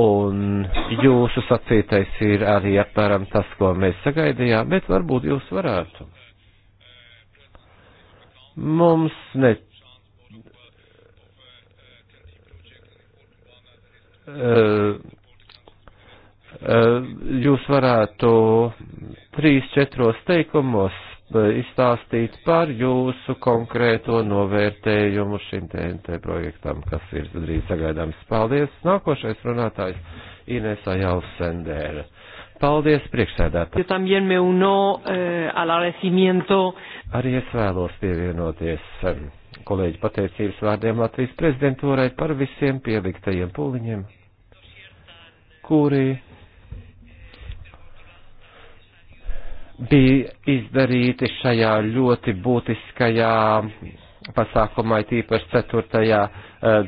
Un jūsu sacītais ir arī apmēram tas, ko mēs sagaidījām, bet varbūt jūs varētu Mums ne. Uh, uh, jūs varētu trīs, četros teikumos izstāstīt par jūsu konkrēto novērtējumu šim TNT projektam, kas ir drīz sagaidāms. Paldies! Nākošais runātājs Inesa Jāls Sendēra. Paldies, priekšsēdētāji. Eh, Arī es vēlos pievienoties eh, kolēģi pateicības vārdiem Latvijas prezidentūrai par visiem pieliktajiem pūliņiem, kuri bija izdarīti šajā ļoti būtiskajā pasākumā, tīpaši ceturtajā eh,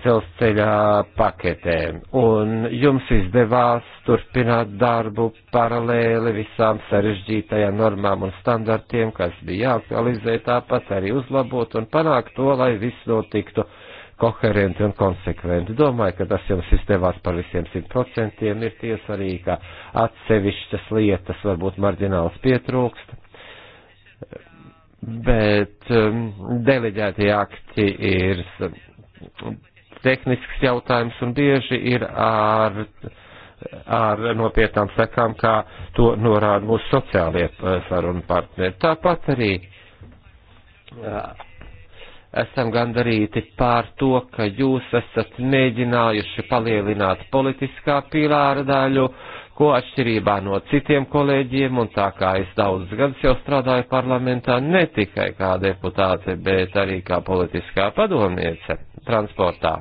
dzelzceļā paketē. Un jums izdevās turpināt darbu paralēli visām sarežģītajām normām un standartiem, kas bija jāaktualizē tāpat arī uzlabot un panākt to, lai viss notiktu koherenti un konsekventi. Domāju, ka tas jums izdevās par visiem simt procentiem. Ir tiesa arī, ka atsevišķas lietas varbūt marģināls pietrūkst bet um, deleģētie akti ir tehnisks jautājums un bieži ir ar, ar nopietnām sekām, kā to norāda mūsu sociālie uh, sarunu partneri. Tāpat arī uh, esam gandarīti pār to, ka jūs esat mēģinājuši palielināt politiskā pīlāra daļu ko atšķirībā no citiem kolēģiem, un tā kā es daudzus gadus jau strādāju parlamentā, ne tikai kā deputāte, bet arī kā politiskā padomniece transportā,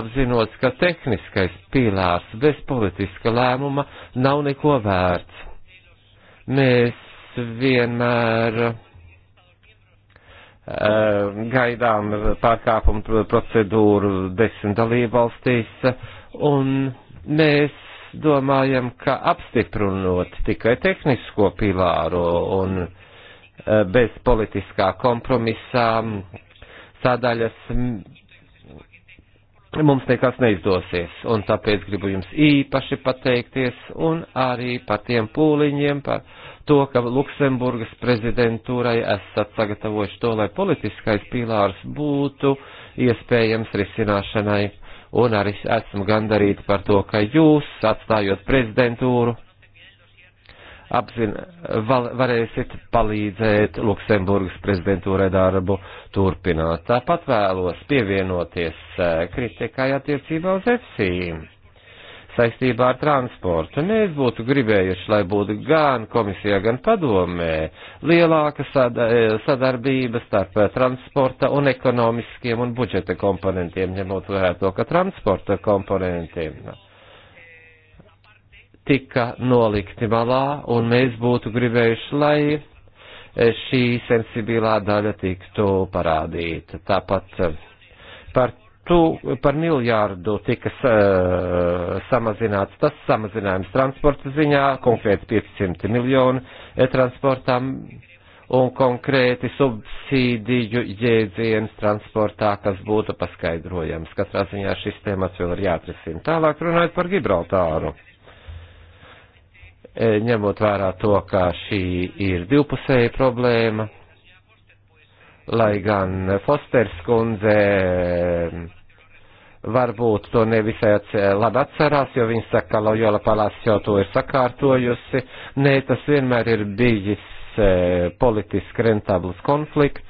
apzinos, ka tehniskais pīlārs bez politiska lēmuma nav neko vērts. Mēs vienmēr gaidām pārkāpumu procedūru desmit dalībvalstīs, un mēs domājam, ka apstiprinot tikai tehnisko pilāru un e, bez politiskā kompromisā sadaļas mums nekas neizdosies, un tāpēc gribu jums īpaši pateikties un arī par tiem pūliņiem, par to, ka Luksemburgas prezidentūrai esat sagatavojuši to, lai politiskais pīlārs būtu iespējams risināšanai un arī esmu gandarīti par to, ka jūs, atstājot prezidentūru, apzin, val, varēsit palīdzēt Luksemburgas prezidentūrai darbu turpināt. Tāpat vēlos pievienoties eh, kritikai attiecībā uz EFSīm saistībā ar transportu. Mēs būtu gribējuši, lai būtu gan komisijā, gan padomē lielāka sada, e, sadarbība starp e, transporta un ekonomiskiem un budžeta komponentiem, ņemot vērā to, ka transporta komponentiem tika nolikti malā, un mēs būtu gribējuši, lai e, šī sensibilā daļa tiktu parādīta. Tāpat par tu, par miljārdu tika uh, eh, samazināts tas samazinājums transporta ziņā, konkrēti 500 miljonu transportām un konkrēti subsīdiju jēdziens transportā, kas būtu paskaidrojams. Katrā ziņā šis temats vēl ir jāatrisina. Tālāk runājot par Gibraltāru. E, ņemot vērā to, ka šī ir divpusēja problēma, lai gan Fosters kundze mm, varbūt to nevisai labi atcerās, jo viņa saka, ka Lojola palās jau to ir sakārtojusi. Nē, tas vienmēr ir bijis e, politiski rentabls konflikts.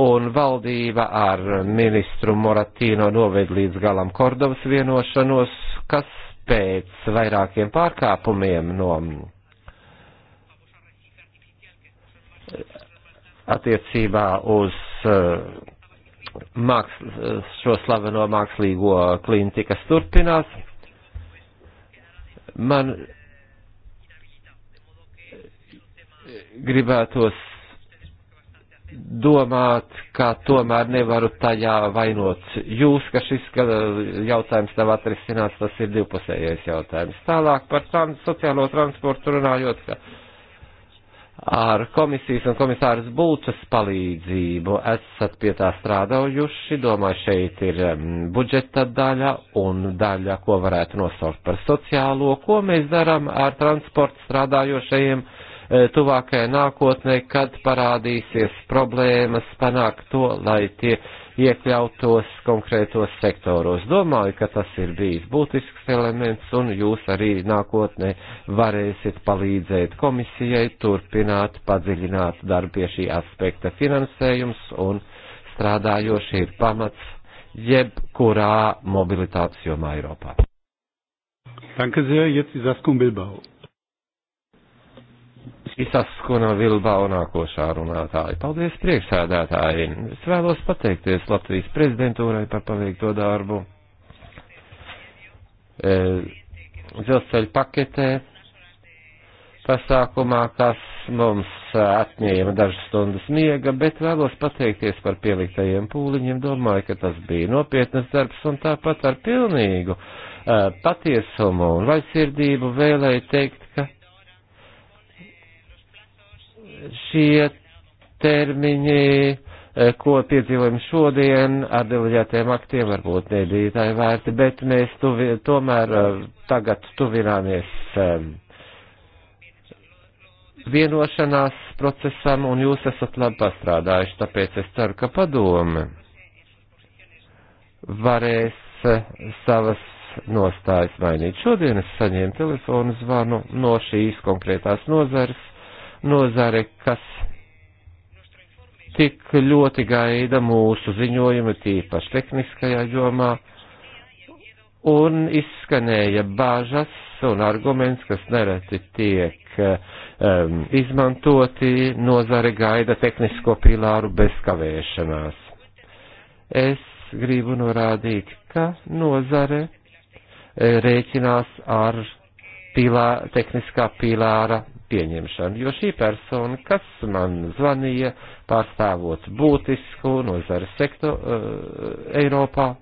Un valdība ar ministru Moratīno noved līdz galam Kordovas vienošanos, kas pēc vairākiem pārkāpumiem no attiecībā uz eh, mākslas, eh, šo slaveno mākslīgo klinti, kas turpinās. Man gribētos domāt, ka tomēr nevaru tajā vainot jūs, ka šis ka eh, jautājums nav atrisināts, tas ir divpusējais jautājums. Tālāk par trans, sociālo transportu runājot, ka ar komisijas un komisāras Bulčas palīdzību esat pie tā strādājuši. Domāju, šeit ir budžeta daļa un daļa, ko varētu nosaukt par sociālo, ko mēs darām ar transportu strādājošajiem e, tuvākajā nākotnē, kad parādīsies problēmas panākt to, lai tie iekļautos konkrētos sektoros. Domāju, ka tas ir bijis būtisks elements, un jūs arī nākotnē varēsiet palīdzēt komisijai turpināt, padziļināt darbu pie šī aspekta finansējums, un strādājoši ir pamats jebkurā mobilitātes jomā Eiropā. Danke sehr, jetzt Saskum Bilbao. Isaskuna Vilbao nākošā runātāja. Paldies priekšsēdētāji. Es vēlos pateikties Latvijas prezidentūrai par paveikto darbu. E, dzelzceļa paketē pasākumā, kas mums atņēma dažas stundas miega, bet vēlos pateikties par pieliktajiem pūliņiem. Domāju, ka tas bija nopietnas darbs un tāpat ar pilnīgu uh, patiesumu un vaļsirdību vēlēju teikt šie termiņi, eh, ko piedzīvojam šodien ar deleģētiem aktiem, varbūt nebija tā vērti, bet mēs tuvi, tomēr eh, tagad tuvināmies eh, vienošanās procesam, un jūs esat labi pastrādājuši, tāpēc es ceru, ka padome varēs savas nostājas mainīt. Šodien es saņēmu telefonu zvanu no šīs konkrētās nozares, nozare, kas tik ļoti gaida mūsu ziņojumu, tīpaši tehniskajā jomā, un izskanēja bāžas un arguments, kas nereti tiek um, izmantoti, nozare gaida tehnisko pilāru bez kavēšanās. Es gribu norādīt, ka nozare eh, rēķinās ar pilā, tehniskā pilāra pieņemšanu, jo šī persona, kas man zvanīja, pārstāvot būtisku nozari sektoru uh, eh, Eiropā, uh,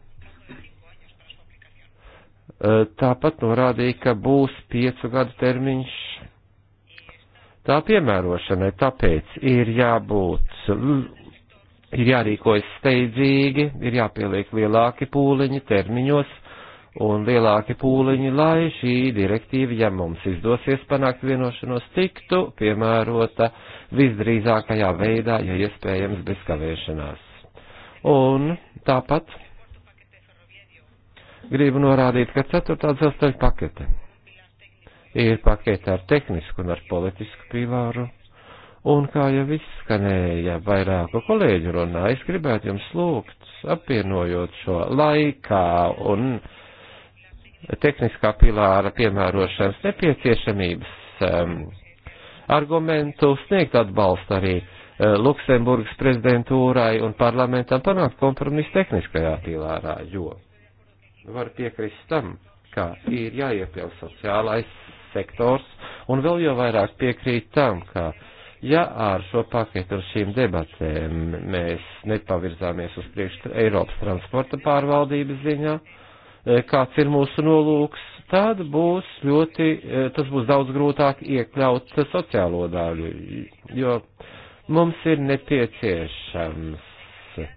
tāpat norādīja, ka būs piecu gadu termiņš tā piemērošanai, tāpēc ir jābūt, ir jārīkojas steidzīgi, ir jāpieliek lielāki pūliņi termiņos, un lielāki pūliņi, lai šī direktīva, ja mums izdosies panākt vienošanos, tiktu piemērota visdrīzākajā veidā, ja iespējams bez kavēšanās. Un tāpat gribu norādīt, ka ceturtā dzelzceļa pakete ir pakete ar tehnisku un ar politisku pīlāru. Un kā jau izskanēja vairāku kolēģu runā, es gribētu jums lūgt, apvienojot šo laikā un uh, tehniskā pilāra piemērošanas nepieciešamības um, argumentu sniegt atbalstu arī uh, Luksemburgas prezidentūrai un parlamentam panākt kompromisu tehniskajā pilārā, jo var piekrist tam, ka ir jāiekļaut sociālais sektors un vēl jau vairāk piekrīt tam, ka ja ar šo paketu un šīm debatēm mēs nepavirzāmies uz priekšu Eiropas transporta pārvaldības ziņā, uh, Eh, kāds ir mūsu nolūks, tad būs ļoti, eh, tas būs daudz grūtāk iekļaut sociālo daļu, jo mums ir nepieciešams eh,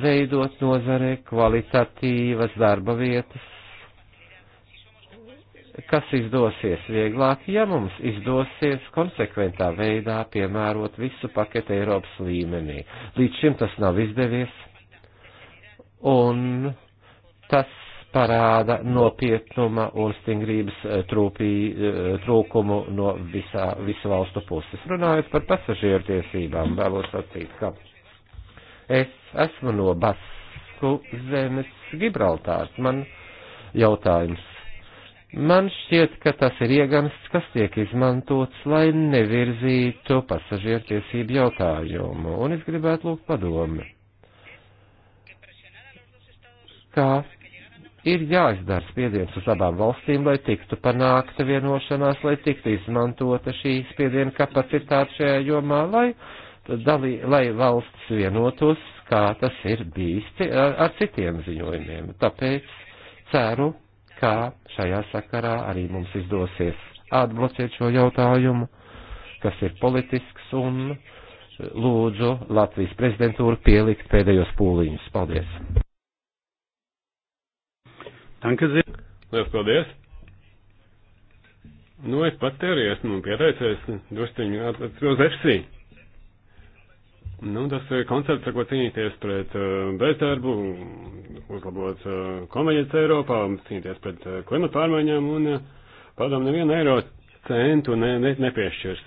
veidot nozarē kvalitatīvas darba vietas, kas izdosies vieglāk, ja mums izdosies konsekventā veidā piemērot visu paketu Eiropas līmenī. Līdz šim tas nav izdevies, un tas parāda nopietnuma un stingrības eh, trūpī, eh, trūkumu no visā, visu valstu puses. Runājot par pasažieru tiesībām, vēlos sacīt, ka es esmu no Basku zemes Gibraltārs. Man jautājums. Man šķiet, ka tas ir iegansts, kas tiek izmantots, lai nevirzītu pasažieru tiesību jautājumu, un es gribētu lūgt padomi. Kā ir jāizdara spiediens uz abām valstīm, lai tiktu panākta vienošanās, lai tiktu izmantota šī spiediena kapacitāte šajā jomā, lai, dalī, lai valsts vienotos, kā tas ir bijis ar, ar citiem ziņojumiem. Tāpēc ceru, kā šajā sakarā arī mums izdosies atbloķēt šo jautājumu, kas ir politisks un lūdzu Latvijas prezidentūru pielikt pēdējos pūliņus. Paldies! Danke sehr. Lielas paldies. Nu, es pat arī esmu nu, pieteicies drusciņu uz FC. Nu, tas ir eh, koncepts, ar ko cīnīties pret uh, bezdarbu, uzlabot uh, konveģents Eiropā, cīnīties pret uh, klimatu pārmaiņām un uh, padomu nevienu eiro centu ne, ne, nepiešķirs.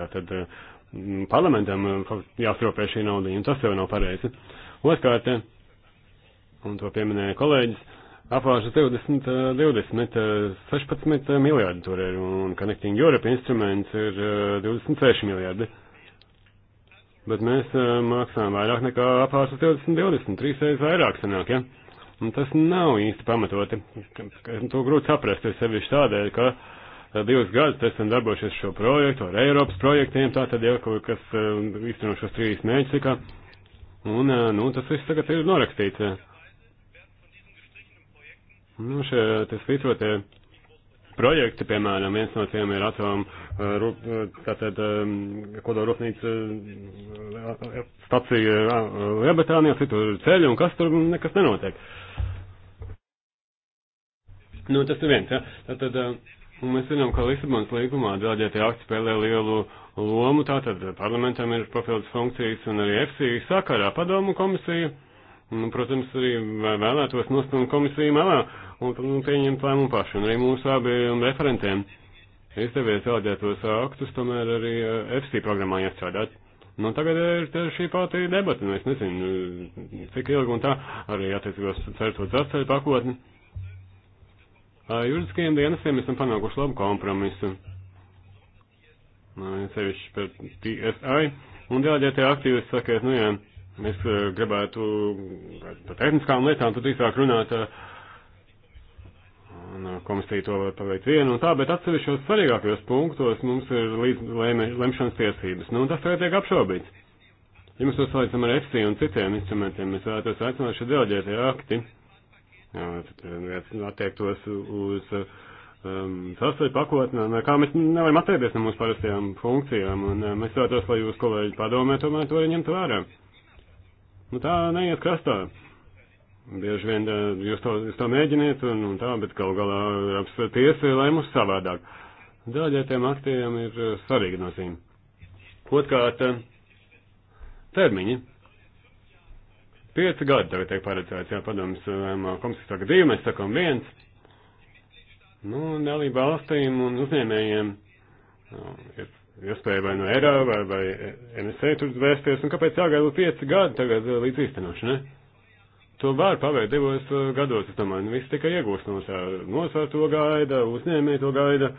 Tātad uh, parlamentam uh, jāstropē šī nauda, un tas jau nav pareizi. Otkārt, un to pieminēja kolēģis, apvāršu 20, 20, 16 miljārdi tur ir, un Connecting Europe instruments ir 26 miljārdi. Bet mēs maksājam vairāk nekā apvāršu 20, 20, trīsreiz vairāk sanāk, ja? Un tas nav īsti pamatoti. To grūti saprast, jo sevišķi tādēļ, ka divus gadus esam darbojušies šo projektu ar Eiropas projektiem, tātad jau kaut kas īstenot šos trīs mēģis, un, nu, tas viss tagad ir norakstīts. Ja? Nu, šie tas visotie projekti, piemēram, viens no tiem ir atom, eh, rūp, eh, tātad ehm, kodolrūpnīca eh, stacija Lielbritānijā, citur ceļi un kas tur nekas nenotiek. Nu, tas ir viens, ja. Tātad mēs zinām, ka Lisabonas līgumā dēļētie akti spēlē lielu lomu, tātad parlamentam ir papildus funkcijas un arī FCI sakarā padomu komisija Un, nu, protams, arī vēlētos nostumt komisiju malā un, un nu, pieņemt lēmumu pašu, un arī mūsu abi referentiem izdevies vēlētos aktus, tomēr arī eh, FC programmā iestrādāt. Nu, tagad ir šī pati debata, nu, es nezinu, cik ilgi un tā, arī attiecībos certot zasēļu pakotni. Juridiskajiem dienestiem esam panākuši labu kompromisu. Sevišķi par TSI. Un dēļ, ja tie aktīvi saka, nu jā, Mēs eh, gribētu mm, par tehniskām lietām tad īsāk runāt, eh, un eh, komisija to var paveikt vienu un tā, bet atsevišķos svarīgākajos punktos mums ir līdz lēme, lemšanas tiesības. Nu, un tas tagad tiek apšaubīts. Ja mēs to salīdzinām ar FC un citiem instrumentiem, mēs vēlētos aicināt šie dēļģētie akti, attiektos uz um, sastāju pakotnē, kā mēs nevaram atteikties no mūsu parastajām funkcijām, un mēs vēlētos, lai jūs, kolēģi, padomē, tomēr to arī ņemtu vērā. Nu tā neiet krastā. Bieži vien jūs to, jūs to mēģiniet un, un tā, bet kaut galā apsver tiesa, lai mums savādāk. Daļai tiem aktiem ir svarīga nozīme. Otkārt, termiņi. Pieci gadi tagad tiek paredzēts, jā, padoms, komisijas tagad divi, mēs sakam viens. Nu, dalība valstīm un uzņēmējiem ir iespēja vai no ERA vai, vai NSA tur vēsties, un kāpēc jāgaida pieci gadi tagad eh, līdz īstenošanai? To var paveikt divos eh, gados, es domāju, un nu, viss tikai iegūst no tā. Nosvar to gaida, uzņēmēji to gaida,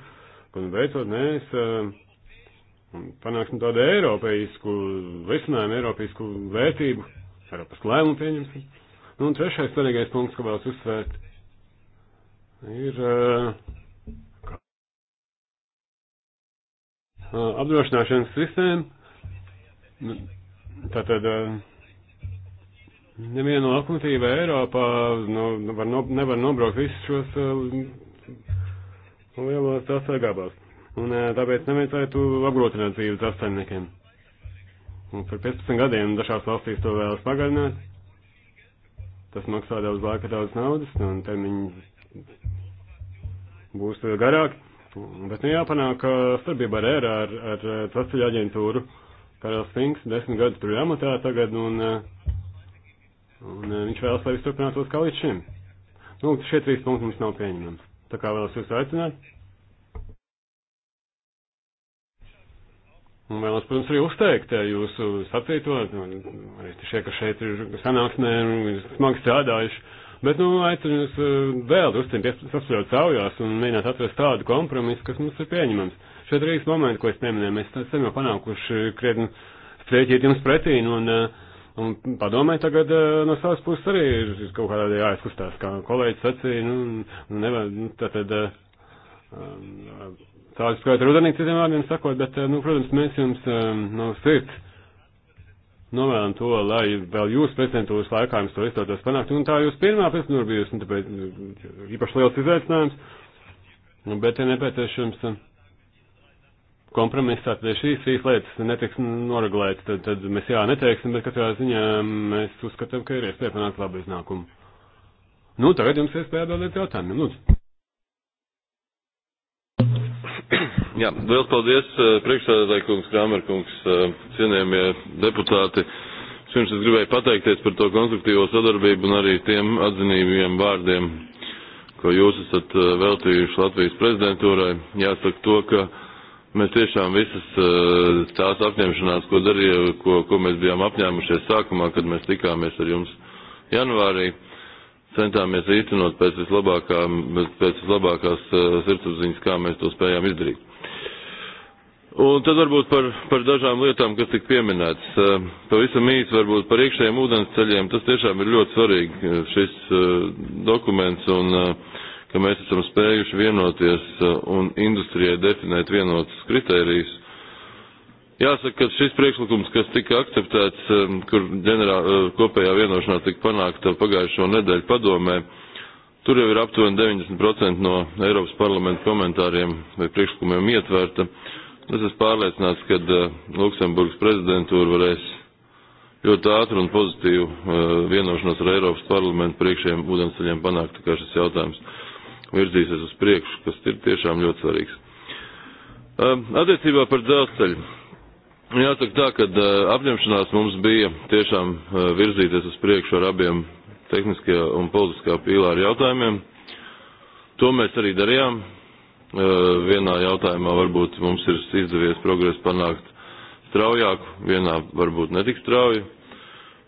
un beidzot mēs eh, panāksim tādu eiropeisku risinājumu, eiropeisku vērtību, Eiropas lēmumu pieņemsim. Nu, un trešais svarīgais punkts, ko vēlas uzsvērt, ir uh, Uh, apdrošināšanas sistēma. Nu, tātad uh, neviena no lokomotīva Eiropā no, var no, nevar nobraukt visus šos uh, lielos tasē gabals. Un tāpēc nevajadzētu apgrotināt dzīvi tasēmniekiem. Un par 15 gadiem dažās valstīs to vēlas pagarināt. Tas maksā daudz laika, daudz naudas, un termiņi būs garāki. Bet nu jāpanāk starpība ar ERA, ar, ar Traceļa aģentūru. Karls Finks desmit gadus tur ir amatā tagad, un, un viņš vēlas, lai viss turpinātos kā līdz šim. Nu, šie trīs punkti mums nav pieņemami. Tā kā vēlos jūs aicināt. Un vēlos, protams, arī uzteikt jūsu sacītot, arī šie, ka šeit ir sanāksmē, ir smagi strādājuši. Bet, nu, aicinu jūs eh, vēl drusciņ sapsļaut caujās un mēģināt atrast tādu kompromisu, kas mums ir pieņemams. Šeit ir īsts momenti, ko es pieminēju, mēs esam jau panākuši krietni strēķīt jums pretī, nu, un, eh, un, un padomāju tagad eh, no savas puses arī ir kaut kādā jāizkustās, kā kolēģis sacīja, nu, nevar, nu, tātad. Um, Tādas skaita rudenī, citiem vārdiem sakot, bet, nu, protams, mēs jums um, no sirds novēlam to, lai vēl jūsu prezidentūras laikā jums to izdotos panākt. Un tā jūs pirmā prezidentūra bijusi, un tāpēc mm, īpaši liels izaicinājums, bet ir nepieciešams uh, kompromiss, tad šīs trīs lietas netiks noregulētas, tad, tad mēs jā neteiksim, bet katrā ziņā mēs uzskatām, ka ir iespēja panākt labu iznākumu. Nu, tagad jums iespēja atbildēt jautājumiem, lūdzu. Jā, liels paldies, eh, priekšsēdētāji kungs, Kramer kungs, eh, cienījamie deputāti. Pirms es gribēju pateikties par to konstruktīvo sadarbību un arī tiem atzinīgiem vārdiem, ko jūs esat eh, veltījuši Latvijas prezidentūrai. Jāsaka to, ka mēs tiešām visas tās apņemšanās, ko darīja, ko, ko mēs bijām apņēmušies sākumā, kad mēs tikāmies ar jums janvārī, uh, centāmies īstenot pēc, vislabākā, pēc vislabākās eh, sirdsapziņas, kā mēs to spējām izdarīt. Un tad varbūt par, par dažām lietām, kas tika pieminētas. Eh, pavisam īsi varbūt par iekšējiem ūdensceļiem. Tas tiešām ir ļoti svarīgi eh, šis dokuments un ka mēs esam spējuši vienoties un industrijai definēt vienotus kritērijus Jāsaka, ka šis priekšlikums, kas tika akceptēts, um, kur ģenerā, uh, kopējā vienošanās tika panākta pagājušo nedēļu padomē, tur jau ir aptuveni 90% no Eiropas parlamenta komentāriem vai priekšlikumiem ietvērta. Es esmu pārliecināts, ka uh, Luksemburgas prezidentūra varēs ļoti ātru un pozitīvu uh, vienošanos ar Eiropas parlamentu priekšējiem ūdensceļiem panākt, kā šis jautājums virzīsies uz priekšu, kas ir tiešām ļoti svarīgs. Um, attiecībā par dzelzceļu Jāsaka tā, ka apņemšanās mums bija tiešām virzīties uz priekšu ar abiem tehniskajā un politiskā pīlāra jautājumiem. To mēs arī darījām. Vienā jautājumā varbūt mums ir izdevies progresu panākt straujāk, vienā varbūt netik strauji.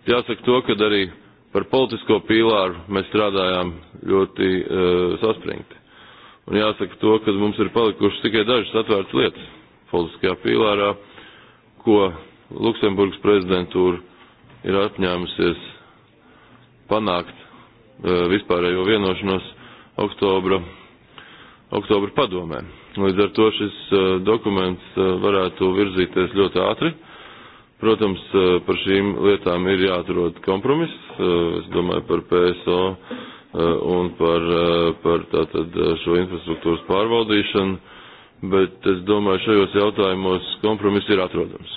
Jāsaka to, ka arī par politisko pīlāru mēs strādājām ļoti uh, saspringti. Un jāsaka to, ka mums ir palikušas tikai dažas atvērtas lietas politiskajā pīlārā. Uh, ko Luksemburgas prezidentūra ir apņēmusies panākt e, vispārējo vienošanos oktobra, oktobra padomē. Līdz ar to šis e, dokuments e, varētu virzīties ļoti ātri. Protams, par šīm lietām ir jāatrod kompromiss. Es domāju par PSO un par, par tātad šo infrastruktūras pārvaldīšanu bet es domāju, šajos jautājumos kompromiss ir atrodams.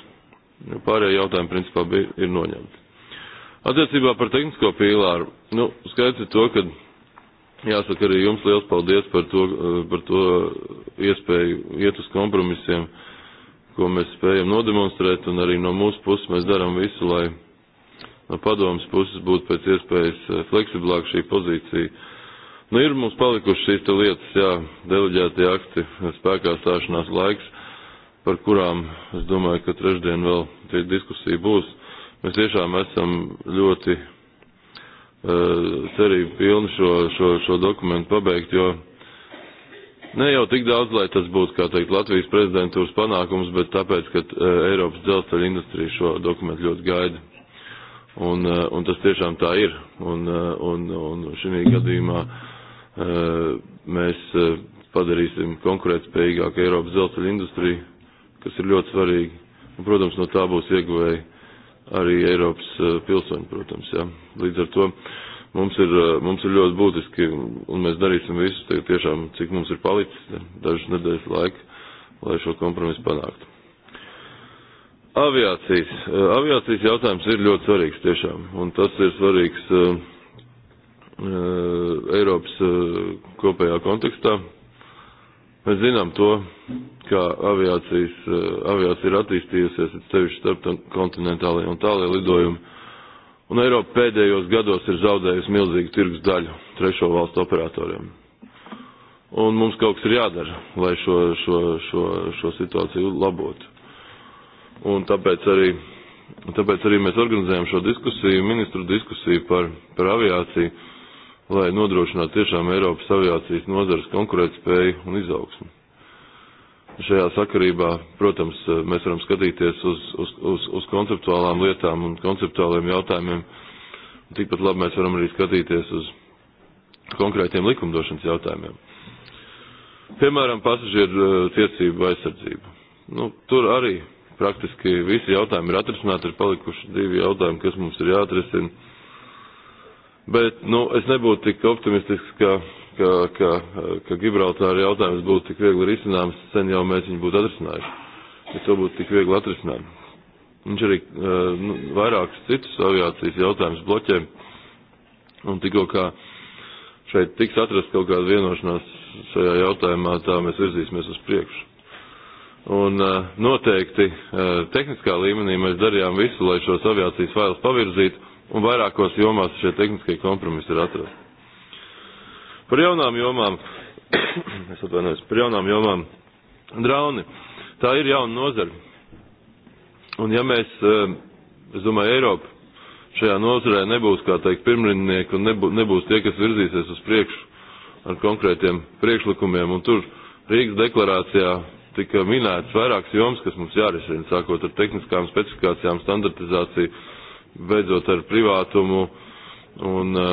Nu, pārējie jautājumi, principā, bija, ir noņemti. Attiecībā par tehnisko pīlāru, nu, skaidrs ir to, ka jāsaka arī jums liels paldies par to, eh, par to iespēju iet uz kompromisiem, ko mēs spējam nodemonstrēt, un arī no mūsu puses mēs darām visu, lai no padomas puses būtu pēc iespējas eh, fleksiblāk šī pozīcija Nu, ir mums palikušas šīs lietas, jā, deleģētie akti, spēkā stāšanās laiks, par kurām es domāju, ka trešdien vēl tie diskusija būs. Mēs tiešām esam ļoti uh, eh, cerību pilni šo, šo, šo dokumentu pabeigt, jo ne jau tik daudz, lai tas būtu, kā teikt, Latvijas prezidentūras panākums, bet tāpēc, ka uh, Eiropas dzelzceļa industrija šo dokumentu ļoti gaida. Un, uh, un tas tiešām tā ir. Un, uh, un, un šī gadījumā uh, mēs padarīsim konkurētspējīgāku Eiropas dzelzceļa industriju, kas ir ļoti svarīgi. Un, protams, no tā būs ieguvēji arī Eiropas pilsoņi, protams. Jā. Līdz ar to mums ir, mums ir ļoti būtiski, un mēs darīsim visu, tagad tiešām, cik mums ir palicis, dažas nedēļas laika, lai šo kompromisu panāktu. Aviācijas. Aviācijas jautājums ir ļoti svarīgs tiešām, un tas ir svarīgs uh, Eh, Eiropas eh, kopējā kontekstā. Mēs zinām to, kā aviācijas, eh, aviācija ir attīstījusies, sevišķi starp kontinentālajiem un tālajiem lidojumiem, un Eiropa pēdējos gados ir zaudējusi milzīgu tirgus daļu trešo valstu operatoriem. Un mums kaut kas ir jādara, lai šo, šo, šo, šo situāciju labotu. Un tāpēc arī, tāpēc arī mēs organizējam šo diskusiju, ministru diskusiju par, par aviāciju lai nodrošinātu tiešām Eiropas aviācijas nozares konkurētspēju un izaugsmu. Šajā sakarībā, protams, eh, mēs varam skatīties uz, uz, uz, uz konceptuālām lietām un konceptuāliem jautājumiem. Tikpat labi mēs varam arī skatīties uz konkrētiem likumdošanas jautājumiem. Piemēram, pasažieru eh, tiesību aizsardzību. Nu, tur arī praktiski visi jautājumi ir atrisināti, ir palikuši divi jautājumi, kas mums ir jāatrisina Bet nu, es nebūtu tik optimistisks, ka, ka, ka, ka Gibraltāra jautājums būtu tik viegli risināms, sen jau mēs viņu būtu atrisinājuši. Ja to būtu tik viegli atrisināt. Viņš arī eh, nu, vairākus citus aviācijas jautājumus bloķē. Un tikko kā šeit tiks atrast kaut kāda vienošanās šajā jautājumā, tā mēs virzīsimies uz priekšu. Un eh, noteikti eh, tehniskā līmenī mēs darījām visu, lai šos aviācijas failus pavirzītu un vairākos jomās šie tehniskie kompromisi ir atrasti. Par jaunām jomām, es atvainojos, par jaunām jomām drauni. Tā ir jauna nozara. Un ja mēs, eh, es domāju, Eiropa šajā nozarē nebūs, kā teikt, pirmrindnieki un nebū, nebūs tie, kas virzīsies uz priekšu ar konkrētiem priekšlikumiem. Un tur Rīgas deklarācijā tika minēts vairākas jomas, kas mums jārisina, sākot ar tehniskām specifikācijām, standartizāciju, beidzot ar privātumu un eh,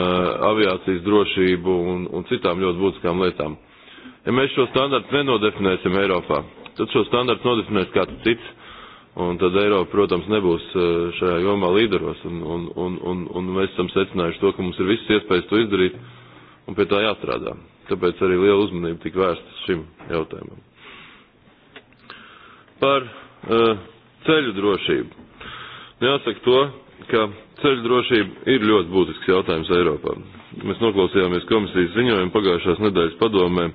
aviācijas drošību un, un citām ļoti būtiskām lietām. Ja mēs šo standartu nenodefinēsim Eiropā, tad šo standartu nodefinēs kāds cits, un tad Eiropa, protams, nebūs eh, šajā jomā līderos, un, un, un, un, un mēs esam secinājuši to, ka mums ir visas iespējas to izdarīt, un pie tā jāstrādā. Tāpēc arī liela uzmanība tika vērsta šim jautājumam. Par uh, ceļu drošību. Jāsaka to, ka ceļu drošība ir ļoti būtisks jautājums Eiropā. Mēs noklausījāmies komisijas ziņojumu pagājušās nedēļas padomē.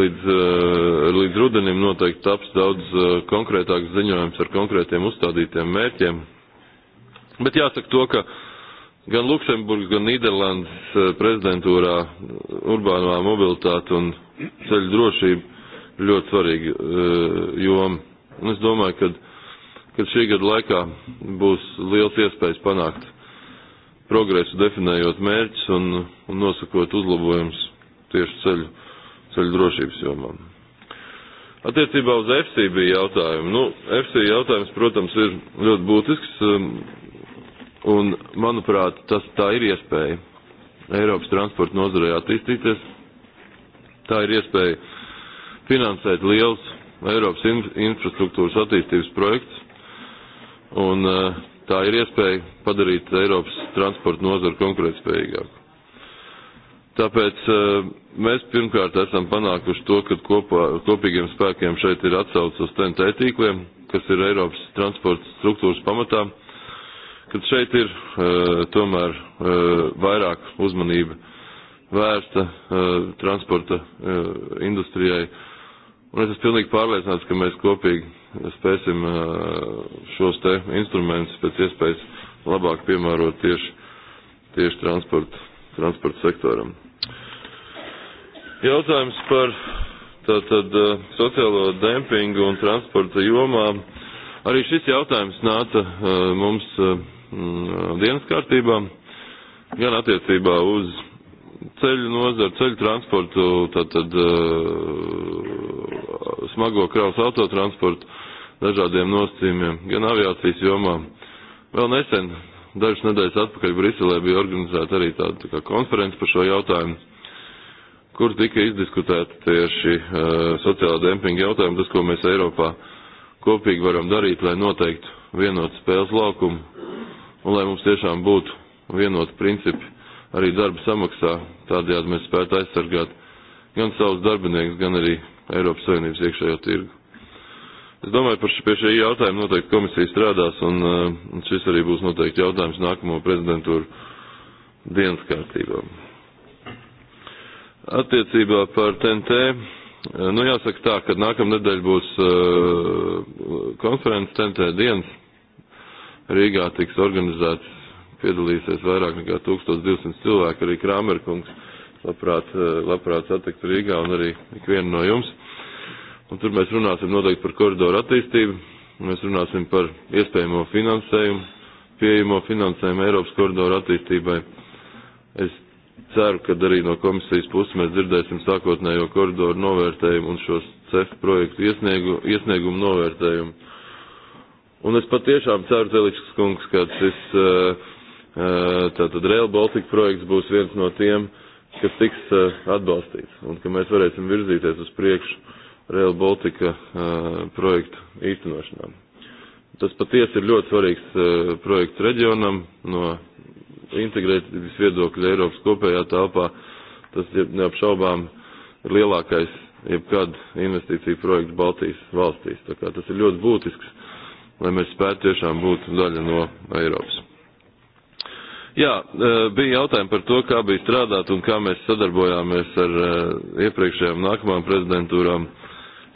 Līdz, eh, līdz rudenim noteikti taps daudz eh, konkrētāks ziņojums ar konkrētiem uzstādītiem mērķiem. Bet jāsaka to, ka gan Luksemburgas, gan Nīderlandes eh, prezidentūrā urbānā mobilitāte un ceļu drošība ļoti svarīga joma. Un es domāju, ka ka šī gada laikā būs liels iespējas panākt progresu, definējot mērķus un, un nosakot uzlabojumus tieši ceļu, ceļu drošības jomā. Attiecībā uz FC bija jautājumi. Nu, FC jautājums, protams, ir ļoti būtisks, um, un, manuprāt, tas tā ir iespēja Eiropas transporta nozarē attīstīties. Tā ir iespēja finansēt liels Eiropas infrastruktūras attīstības projekts, un eh, tā ir iespēja padarīt Eiropas transporta nozaru konkurētspējīgāku. Tāpēc eh, mēs pirmkārt esam panākuši to, ka kopā, kopīgiem spēkiem šeit ir atsaucis uz TNT tīkliem, kas ir Eiropas transporta struktūras pamatā, kad šeit ir eh, tomēr vairāk uzmanība vērsta transporta industrijai. Un es esmu pilnīgi pārliecināts, ka mēs kopīgi spēsim šos te instrumentus pēc iespējas labāk piemērot tieši, tieši transporta, transporta sektoram. Jautājums par tātad sociālo dempingu un transporta jomā. Arī šis jautājums nāca mums dienas kārtībā, gan attiecībā uz ceļu nozaru, ceļu transportu, tātad smago kravas autotransportu, dažādiem nosacījumiem, gan aviācijas jomā. Vēl nesen, dažas nedēļas atpakaļ Briselē bija organizēta arī tāda tā kā konference par šo jautājumu, kur tika izdiskutēta tieši uh, sociāla dempinga jautājuma, tas, ko mēs Eiropā kopīgi varam darīt, lai noteiktu vienotu spēles laukumu un lai mums tiešām būtu vienoti principi arī darba samaksā, tādējādi mēs spētu aizsargāt gan savus darbiniekus, gan arī Eiropas Savienības iekšējo tirgu. Es domāju, par pie šī jautājuma noteikti komisija strādās, un, eh, un šis arī būs noteikti jautājums nākamo prezidentūru dienas kārtībā. Attiecībā par TNT. Eh, nu, jāsaka tā, ka nākamā nedēļa būs uh, konferences TNT dienas. Rīgā tiks organizēts, piedalīsies vairāk nekā 1200 cilvēku, arī Krāmerkungs labprāt, labprāt satikt Rīgā un arī ikvienu no jums. Uh, Un tur mēs runāsim noteikti par koridoru attīstību, mēs runāsim par iespējamo finansējumu, pieejamo finansējumu Eiropas koridoru attīstībai. Es ceru, ka arī no komisijas puses mēs dzirdēsim sākotnējo koridoru novērtējumu un šos CEF projektu iesniegu, iesniegumu novērtējumu. Un es patiešām ceru, Teličs kungs, ka šis eh, eh, tātad Rail Baltica projekts būs viens no tiem, kas tiks eh, atbalstīts un ka mēs varēsim virzīties uz priekšu Rail Baltica uh, projektu īstenošanām. Tas patiesi ir ļoti svarīgs uh, projekts reģionam no integrētības viedokļa Eiropas kopējā telpā. Tas neapšaubām ir lielākais jebkad investīcija projekts Baltijas valstīs. Tā kā tas ir ļoti būtisks, lai mēs spētu tiešām būt daļa no Eiropas. Jā, uh, bija jautājumi par to, kā bija strādāt un kā mēs sadarbojāmies ar iepriekšējām nākamām prezidentūrām. Uh,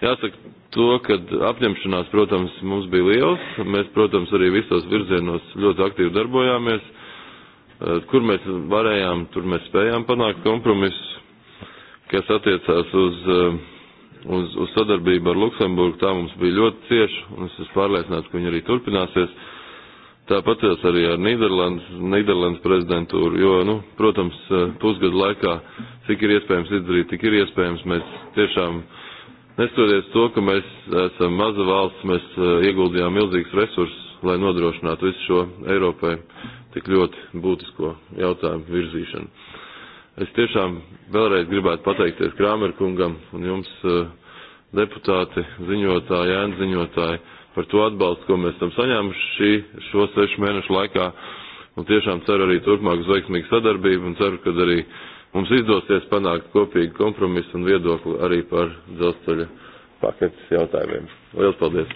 Jāsaka to, ka apņemšanās, protams, mums bija liels. Mēs, protams, arī visos virzienos ļoti aktīvi darbojāmies. Eh, kur mēs varējām, tur mēs spējām panākt kompromisu, kas attiecās uz, eh, uz, uz sadarbību ar Luksemburgu. Tā mums bija ļoti cieša, un es esmu pārliecināts, ka viņi arī turpināsies. Tāpat arī ar Nīderlandes, Nīderlandes prezidentūru, jo, nu, protams, eh, pusgadu laikā, cik ir iespējams izdarīt, tik ir iespējams. Mēs tiešām uh, Nestoties to, ka mēs esam maza valsts, mēs eh, ieguldījām milzīgus resursus, lai nodrošinātu visu šo Eiropai tik ļoti būtisko jautājumu virzīšanu. Es tiešām vēlreiz gribētu pateikties Krāmerkungam un jums, eh, deputāti, ziņotāji, ēnziņotāji, par to atbalstu, ko mēs esam saņēmuši šī, šo sešu mēnešu laikā. Un tiešām ceru arī turpmāk uz veiksmīgu sadarbību un ceru, ka arī uh, Mums izdosies panākt kopīgu kompromisu un viedokli arī par dzelzceļa paketes jautājumiem. Lielas paldies!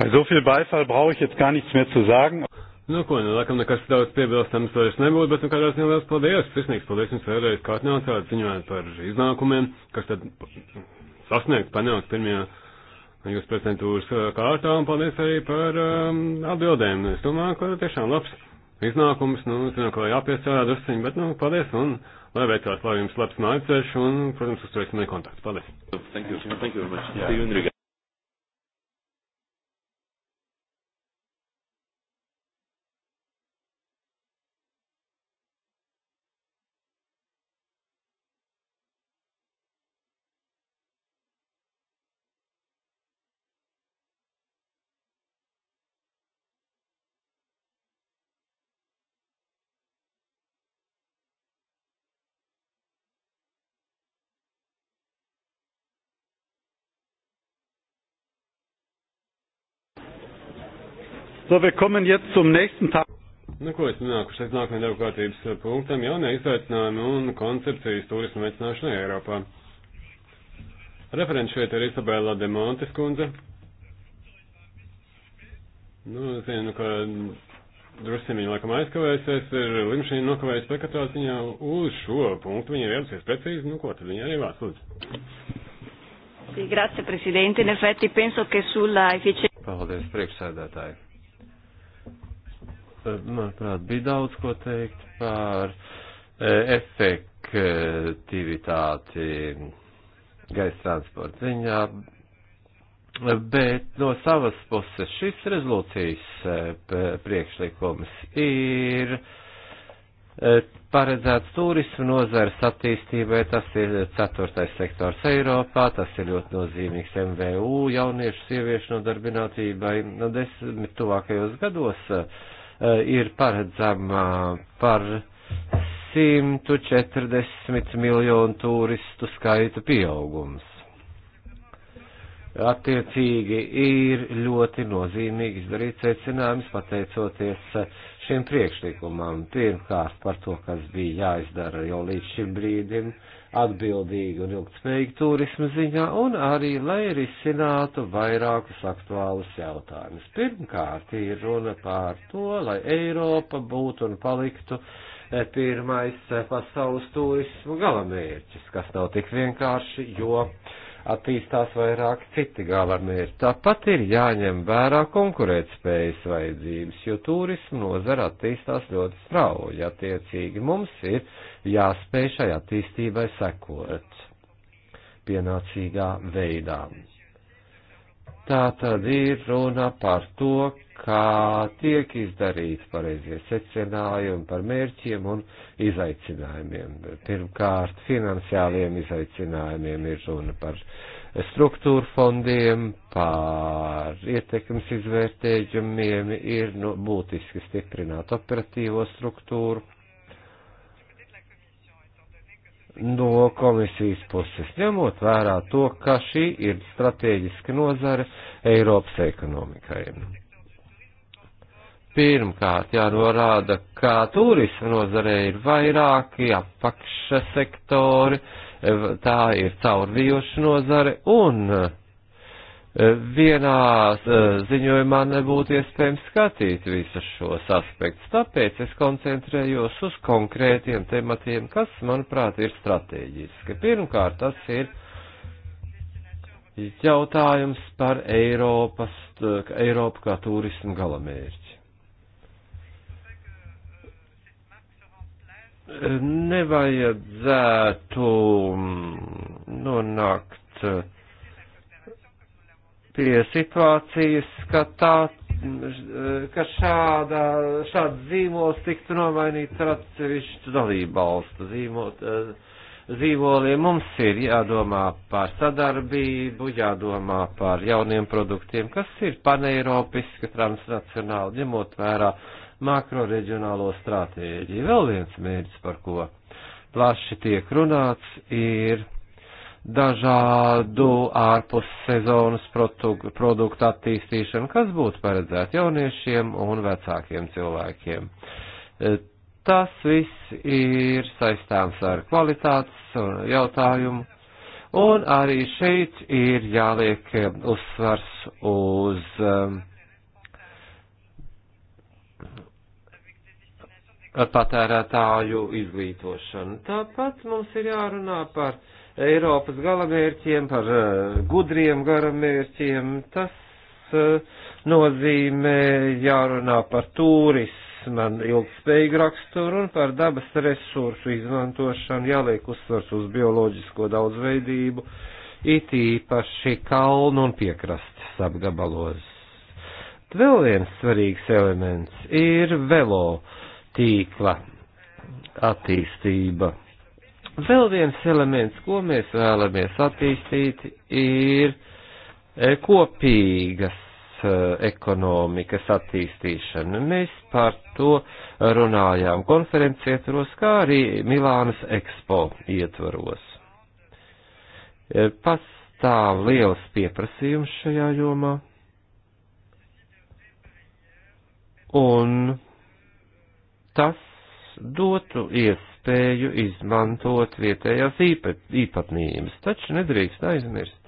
Bei so viel Beifall brauche ich jetzt gar nichts mehr zu sagen. Nu, ko, nu, laikam nekas daudz piebilstams vairs nebūtu, bet, nu, kādā ziņā liels paldies, sirsnīgs paldies jums vēlreiz, kā atnācāt ziņojot par iznākumiem, kas tad sasniegts, panāks pirmajā jūsu prezentūras uh, kārtā, un paldies arī par um, atbildēm. Es domāju, ka tiešām labs iznākums, nu, zinu, ka jāpiestrādā drusciņi, bet, nu, paldies, un lai veicās, lai jums labs mājceļš, un, protams, uzturēsim kontakts. Paldies. Thank you. Thank you very much. Yeah. See you in Riga. So, wir kommen jetzt zum nächsten Tag. Nu, ko esam nākuši līdz nākamajam darba kārtības eh, punktam - jaunie izaicinājumi un koncepcijas turismu veicināšanai Eiropā. Referents šeit ir Isabela de Montes kundze. Nu, zinu, ka drusim viņa laikam aizkavēsies, ir limšīna nokavējusi, bet katrā ziņā uz šo punktu viņa ir ieradusies precīzi, nu ko tad viņa arī vārds lūdzu. Grazie, Presidente. In effetti penso che sulla efficienza. Paldies, priekšsēdētāji manuprāt, bija daudz ko teikt par e, efektivitāti gaisa transporta ziņā, bet no savas puses šis rezolūcijas e, priekšlikums ir e, paredzēts turismu nozares attīstībai, tas ir ceturtais sektors Eiropā, tas ir ļoti nozīmīgs MVU jauniešu sieviešu nodarbinātībai. Nu, desmit tuvākajos gados uh, Eh, ir paredzama par 140 miljonu turistu skaitu pieaugums attiecīgi ir ļoti nozīmīgi izdarīt secinājumus, pateicoties šiem priekšlikumam. Pirmkārt par to, kas bija jāizdara jau līdz šim brīdim atbildīgi un ilgtspējīgi turisma ziņā, un arī, lai risinātu vairākus aktuālus jautājumus. Pirmkārt ir runa par to, lai Eiropa būtu un paliktu eh, pirmais eh, pasaules turismu galamērķis, kas nav tik vienkārši, jo attīstās vairāk citi galamērķi. Tāpat ir jāņem vērā konkurētspējas vajadzības, jo turismu nozara attīstās ļoti strauji. Attiecīgi mums ir jāspēj šai attīstībai sekot pienācīgā veidā. Tā tad ir runa par to, kā tiek izdarīti pareizie secinājumi par mērķiem un izaicinājumiem. Pirmkārt, finansiāliem izaicinājumiem ir runa par struktūra fondiem, par ietekmes izvērtējumiem, ir nu, būtiski stiprināt operatīvo struktūru. No komisijas puses ņemot vērā to, ka šī ir strateģiska nozare Eiropas ekonomikai. Pirmkārt, jānorāda, ka turisma nozarē ir vairāki apakša sektori, tā ir caurvijoša nozare, un e, vienā e, ziņojumā nebūtu iespējams skatīt visus šos aspektus. Tāpēc es koncentrējos uz konkrētiem tematiem, kas, manuprāt, ir strateģiski. Pirmkārt, tas ir jautājums par Eiropas, Eiropu kā turismu galamērķi. nevajadzētu mm, nonākt eh, pie situācijas, ka tā, eh, ka šāda, šāds zīmols tiktu nomainīts ar atsevišķu dalību valstu eh, zīmoliem. Mums ir jādomā par sadarbību, jādomā par jauniem produktiem, kas ir paneiropiski, transnacionāli, ņemot vērā uh, makroreģionālo stratēģiju. Vēl viens mērķis, par ko plaši tiek runāts, ir dažādu ārpus sezonas produktu attīstīšana, kas būtu paredzēts jauniešiem un vecākiem cilvēkiem. E, tas viss ir saistāms ar kvalitātes jautājumu, un arī šeit ir jāliek uzsvars uz um, patērētāju izglītošanu. Tāpat mums ir jārunā par Eiropas galamērķiem, par eh, gudriem galamērķiem. Tas eh, nozīmē jārunā par turismu, ilgspējīgu raksturu un par dabas resursu izmantošanu, jāliek uzsvars uz bioloģisko daudzveidību, it īpaši kalnu un piekrastes apgabalos. Vēl viens svarīgs elements ir velo uh, tīkla attīstība. Vēl viens elements, ko mēs vēlamies attīstīt, ir e, kopīgas e, ekonomikas attīstīšana. Mēs par to runājām konferences ietvaros, kā arī Milānas Expo ietvaros. E, pastāv liels pieprasījums šajā jomā. Un tas dotu iespēju izmantot vietējās īpatnības, taču nedrīkst aizmirst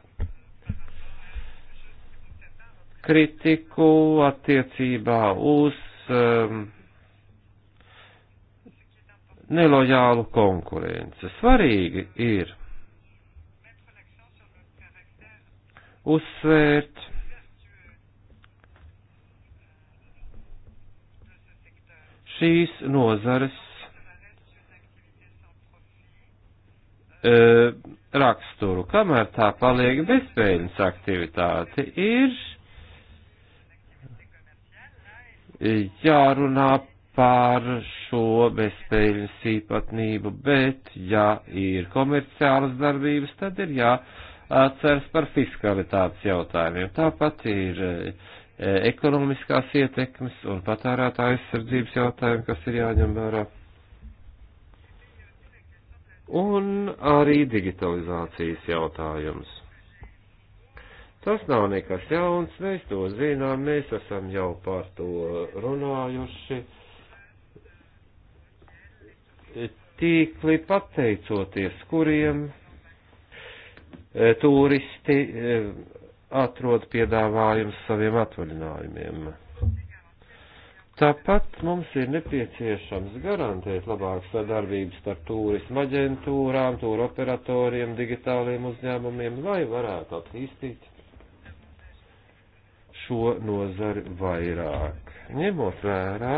kritiku attiecībā uz um, nelojālu konkurenci. Svarīgi ir uzsvērt šīs nozares e, raksturu, kamēr tā paliek bezpēļņas aktivitāte, ir jārunā par šo bezpēļņas īpatnību, bet ja ir komerciālas darbības, tad ir jāatceras par fiskalitātes jautājumiem. Tāpat ir uh, E, ekonomiskās ietekmes un patērētā aizsardzības jautājumi, kas ir jāņem vērā. Un arī digitalizācijas jautājums. Tas nav nekas jauns, mēs to zinām, mēs esam jau par to runājuši. Tīkli pateicoties, kuriem e, turisti e, atrod piedāvājums saviem atvaļinājumiem. Tāpat mums ir nepieciešams garantēt labāku sadarbību starp turisma aģentūrām, tūru operatoriem, digitāliem uzņēmumiem, lai varētu attīstīt šo nozari vairāk, ņemot vērā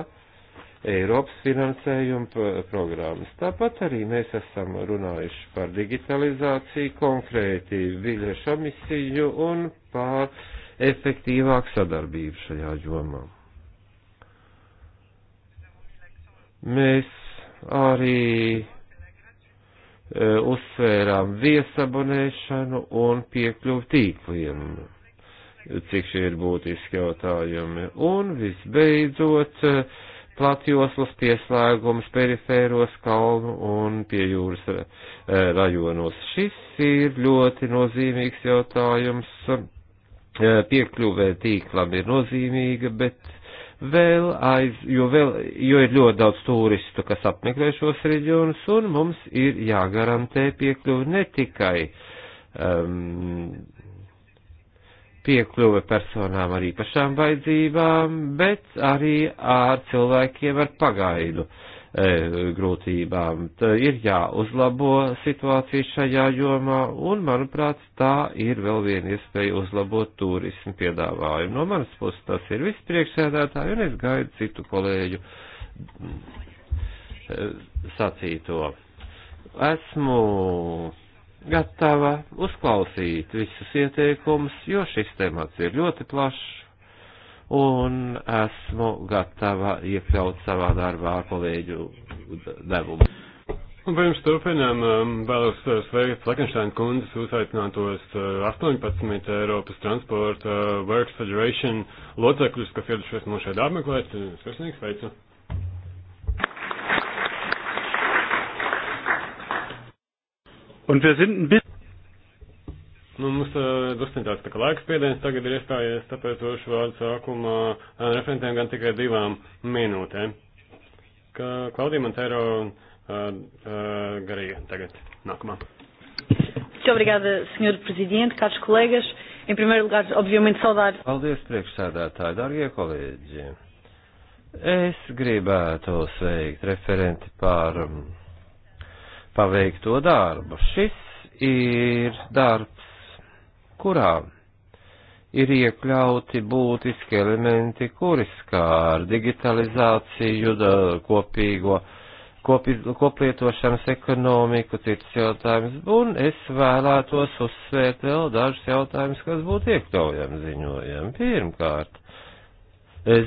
Eiropas finansējuma programmas. Tāpat arī mēs esam runājuši par digitalizāciju, konkrēti biļešu emisiju un pār efektīvāku sadarbību šajā jomā. Mēs arī e, uzsvērām viesabonēšanu un piekļuvu tīkliem, cik šie ir būtiski jautājumi. Un visbeidzot, e, platjoslas pieslēgums perifēros kalnu un pie jūras e, rajonos. Šis ir ļoti nozīmīgs jautājums Eh, piekļuvē tīklam ir nozīmīga, bet vēl aiz, jo, vēl, jo ir ļoti daudz turistu, kas apmeklē šos reģionus, un mums ir jāgarantē piekļuve ne tikai um, piekļuve personām ar īpašām vajadzībām, bet arī ar cilvēkiem ar pagaidu uh, E, grūtībām. Tā ir jāuzlabo situācija šajā jomā, un, manuprāt, tā ir vēl viena iespēja uzlabot turismu piedāvājumu. No manas puses tas ir viss priekšsēdētāji, un es gaidu citu kolēģu e, sacīto. Esmu gatava uzklausīt visus ieteikumus, jo šis temats ir ļoti plašs un esmu gatava iekļaut savā darbā kolēģu devumu. Un pirms turpinām, um, vēlos uh, sveikt Fleckensteina kundzes uzaicinātos 18 uh, Eiropas transporta uh, Works Federation locekļus, kas ieradušies mūs šeit apmeklēt. Sveicināti, sveicu! Un wir sind ein bisschen Nu, mums uh, druskuļi tāds tā kā laiks spiediens tagad ir iestājies, tāpēc došu vārdu sākumā uh, referentiem gan tikai divām minūtēm. Ka Klaudija Montero uh, uh, Garija tagad nākamā. Muito obrigada, Sr. Presidente, caros colegas. Em primeiro lugar, obviamente, saudar. Paldies, priekšsēdētāji, darbie kolēģi. Es gribētu sveikt referenti par um, paveikto darbu. Šis ir darbs kurā ir iekļauti būtiski elementi, kuri skār digitalizāciju, kopīgo, kopi, koplietošanas ekonomiku, citus jautājumus, un es vēlētos uzsvērt vēl dažus jautājumus, kas būtu iekļaujami ziņojami. Pirmkārt,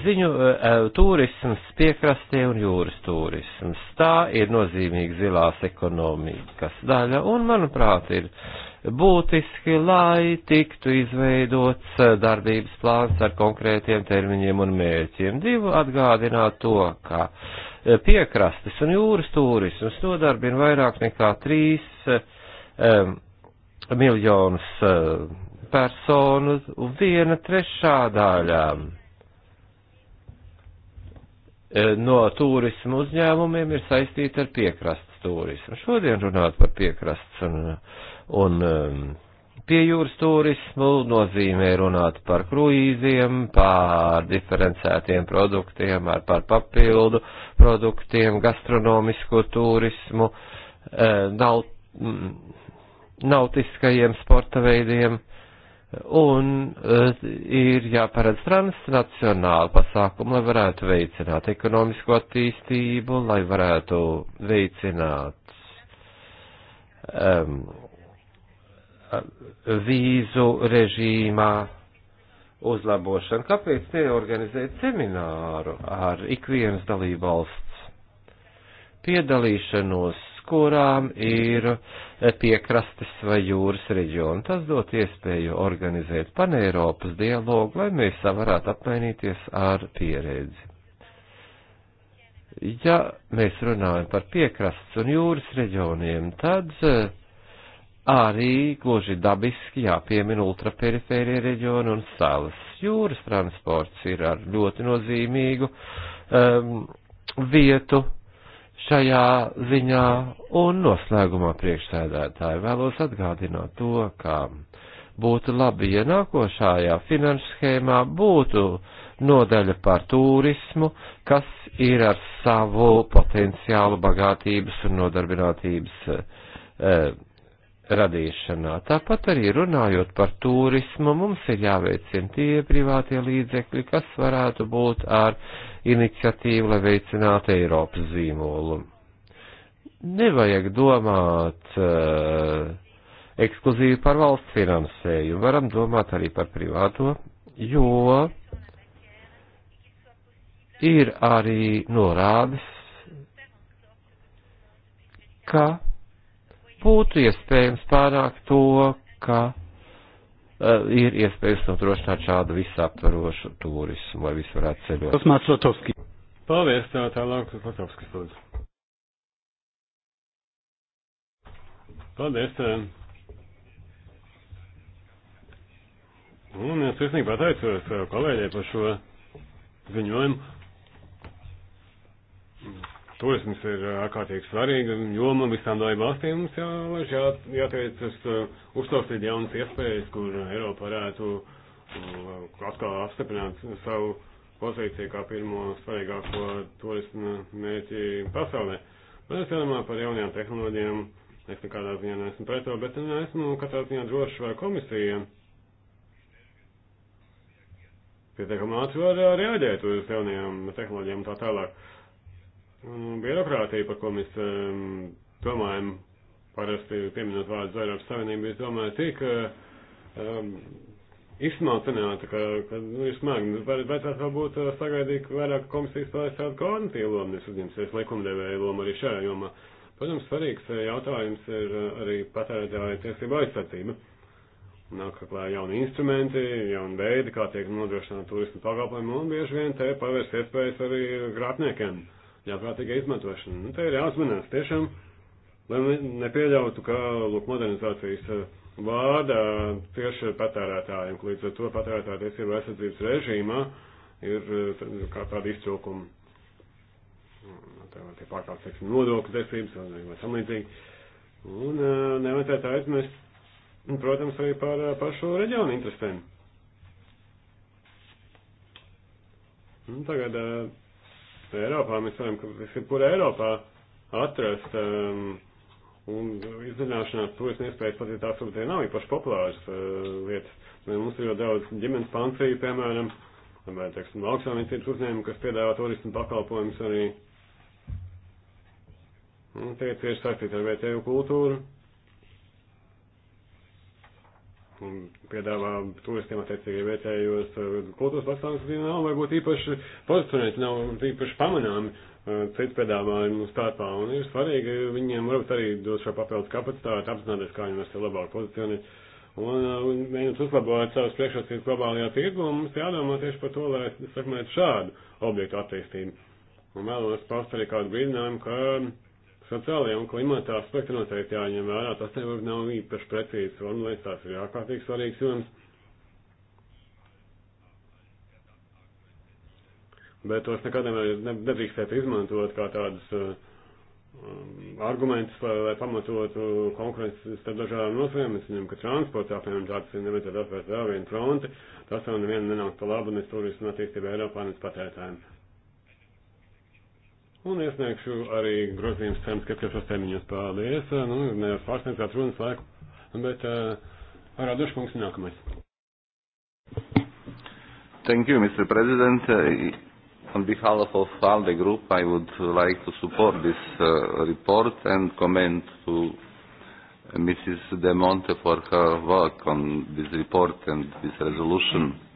ziņu e, turisms piekrastē un jūras turisms. Tā ir nozīmīga zilās ekonomikas daļa, un, manuprāt, ir būtiski, lai tiktu izveidots eh, darbības plāns ar konkrētiem termiņiem un mērķiem. Divu atgādināt to, ka eh, piekrastes un jūras turisms nodarbina vairāk nekā 3 um, eh, miljonus um, personu un viena trešā daļā no turismu uzņēmumiem ir saistīta ar piekrastes turismu. Šodien runāt par piekrastes un uh, un um, pie jūras turismu nu, nozīmē runāt par kruīziem, par diferencētiem produktiem, ar par papildu produktiem, gastronomisko turismu, eh, naut, mm, nautiskajiem sporta veidiem. Un uh, ir jāparedz transnacionāli pasākumi, lai varētu veicināt ekonomisko attīstību, lai varētu veicināt um, vīzu režīmā uzlabošanu. Kāpēc neorganizēt semināru ar ikvienas dalībvalsts piedalīšanos, kurām ir piekrastes vai jūras reģiona? Tas dot iespēju organizēt paneiropas dialogu, lai mēs varētu apmainīties ar pieredzi. Ja mēs runājam par piekrastes un jūras reģioniem, tad uh, arī gluži dabiski jāpiemina ultraperifērija reģiona un salas. Jūras transports ir ar ļoti nozīmīgu um, vietu šajā ziņā un noslēgumā priekšsēdētāji vēlos atgādināt to, ka būtu labi, ja nākošajā finanšu schēmā būtu nodaļa par turismu, kas ir ar savu potenciālu bagātības un nodarbinātības uh, radīšanā. Tāpat arī runājot par turismu, mums ir jāveicina tie privātie līdzekļi, kas varētu būt ar iniciatīvu, lai veicinātu Eiropas zīmolu. Nevajag domāt uh, ekskluzīvi par valsts finansējumu, varam domāt arī par privāto, jo ir arī norādes, ka būtu iespējams pārāk to, ka uh, ir iespējams nodrošināt šādu visaptvarošu turismu, lai visi varētu ceļot. Tas māc Lotovski. Paldies, tā tālāk, Lotovskis, lūdzu. Paldies. Un es visnīgi pateicos kolēģiem par šo ziņojumu. Turisms ir uh, ārkārtīgi svarīga joma visām dalību valstīm. Mums jālaiž jā, jātiecas uh, uzstāstīt jaunas iespējas, kur Eiropa varētu uh, atkal apstiprināt savu pozīciju kā pirmo svarīgāko turismu mērķi pasaulē. Bet es domāju par jaunajām tehnoloģijām. Es nekādā ziņā neesmu pret to, bet neesmu katrā ziņā drošs vai komisija. Pietiekam ātri var reaģēt uz jaunajām tehnoloģijām un tā tālāk. Birokrātija, par ko mēs domājam, parasti pieminot vārdus Eiropas Savienību, es domāju, tik um, izsmalcināta, ka, ka nu, ir smagi. Vajadzētu nu, varbūt eh, sagaidīt vairāk komisijas pārēc tādu koordinatīvu lomu, es uzņemsies likumdevēju lomu arī šajā jomā. Protams, svarīgs eh, jautājums ir eh, arī patērētāja tiesība aizsardzība. Nāk klāja jauni instrumenti, jauni veidi, kā tiek nodrošināta turismu pakalpojumu, un bieži vien te pavērs iespējas arī grāpniekiem. Uh, jāprātīga izmantošana. Nu, te ir jāuzmanās tiešām, lai nepieļautu, ka, lūk, modernizācijas eh, vārda tieši patērētājiem, ka līdz ar to patērētāja tiesību aizsardzības režīmā ir eh, kā tāda iztrūkuma. Nu, tā var tie pārkāpt, teiksim, nodokļu tiesības vai, vai tam līdzīgi. Un eh, nevajadzētu aizmirst, protams, arī par pašu reģionu interesēm. Un tagad uh, Eiropā. Mēs varam, ka viskur Eiropā atrast um, un izzināšanās turismu iespējas pat, ja tās varbūt nav īpaši populāras uh, lietas. Mums ir jau daudz ģimenes panciju, piemēram, vai, teiksim, augstsāmniecības uzņēmumu, kas piedāvā turismu pakalpojumus arī. Un nu, tie ir tieši saistīti ar vietēju kultūru. piedāvā turistiem attiecīgi vietējos eh, kultūras pasākums, nav varbūt īpaši pozicionēti, nav īpaši pamanāmi eh, citu piedāvājumu starpā, un ir svarīgi viņiem varbūt arī dot šo papildus kapacitāti, apzināties, kā viņi var sevi labāk pozicionēt. Un, eh, un mēģinot uzlabot savas priekšrocības globālajā tirgu, mums jādomā tieši par to, lai sakmētu šādu objektu attīstību. Un vēlos paust arī kādu brīdinājumu, ka Sociālajie un klimata aspekti noteikti jāņem vērā, tas tev nav īpaši precīzi formulēts, tās ir ārkārtīgi svarīgs joms. Bet tos nekad nedrīkstēt izmantot kā tādus uh, um, argumentus, lai, lai pamatotu konkurences starp dažādām nozīmēm. Es viņam, ka transportā, piemēram, tāds ir nevajadzētu atvērt vēl vienu fronti, tas jau nevienu nenāk pa labu, ne turismu attīstību Eiropā, ne patērētājiem. Un iesniegšu arī grozījums cerams, ka tiešos termiņos paldies. Nu, nevis pārsniedzāt runas laiku, bet uh, eh, Rādušu kungs nākamais. Thank you, Mr. President. On behalf of ALDE group, I would like to support this uh, report and commend to Mrs. De Monte for her work on this report and this resolution. Mm -hmm.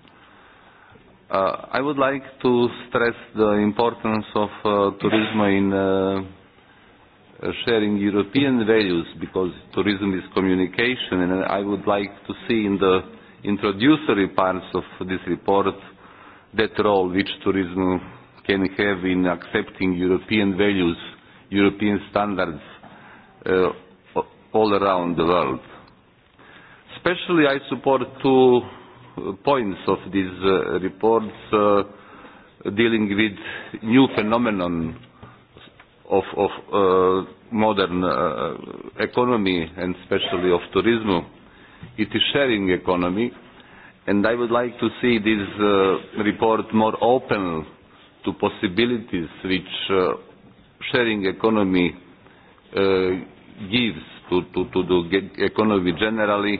Uh, I would like to stress the importance of uh, tourism in uh, sharing European values because tourism is communication and I would like to see in the introductory parts of this report that role which tourism can have in accepting European values, European standards uh, all around the world. Especially I support two points of these uh, reports uh, dealing with new phenomenon of, of uh, modern uh, economy and especially of tourism. It is sharing economy and I would like to see this uh, report more open to possibilities which uh, sharing economy uh, gives to, to, to the economy generally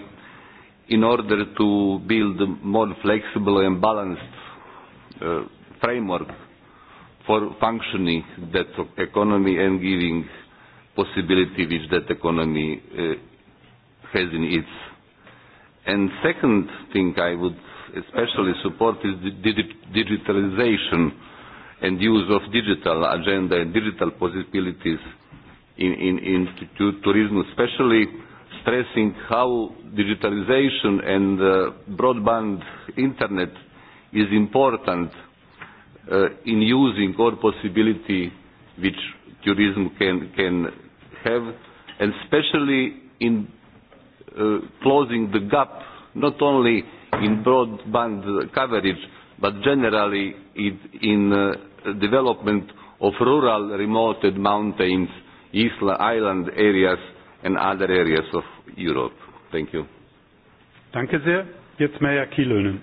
in order to build a more flexible and balanced uh, framework for functioning that economy and giving possibility which that economy uh, has in its. And second thing I would especially support is the digi digitalization and use of digital agenda and digital possibilities in, in, in to, to tourism, especially uh, stressing how digitalization and uh, broadband internet is important uh, in using all possibility which tourism can, can have, and especially in uh, closing the gap, not only in broadband coverage, but generally it, in uh, development of rural, remote, mountains, isla, island areas and other areas of Europe. Thank you. Danke sehr. Jetzt Meyer Kielönen.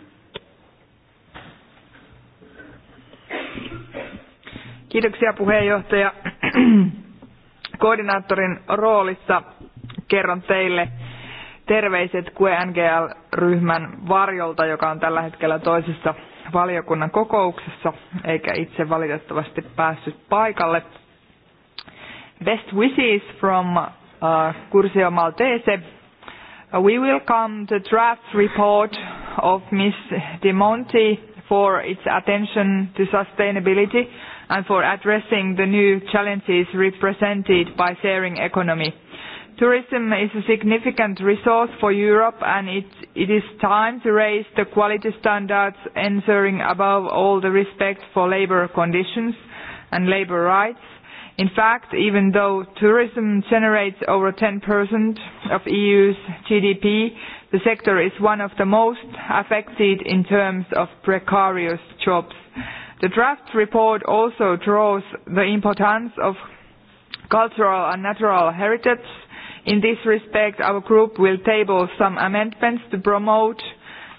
Kiitoksia puheenjohtaja. Koordinaattorin roolissa kerron teille terveiset QNGL-ryhmän varjolta, joka on tällä hetkellä toisessa valiokunnan kokouksessa, eikä itse valitettavasti päässyt paikalle. Best wishes from Uh, Curcio Maltese. Uh, we welcome the draft report of Ms. de Monti for its attention to sustainability and for addressing the new challenges represented by sharing economy. Tourism is a significant resource for Europe, and it, it is time to raise the quality standards, ensuring above all the respect for labor conditions and labor rights, In fact, even though tourism generates over 10% of EU's GDP, the sector is one of the most affected in terms of precarious jobs. The draft report also draws the importance of cultural and natural heritage. In this respect, our group will table some amendments to promote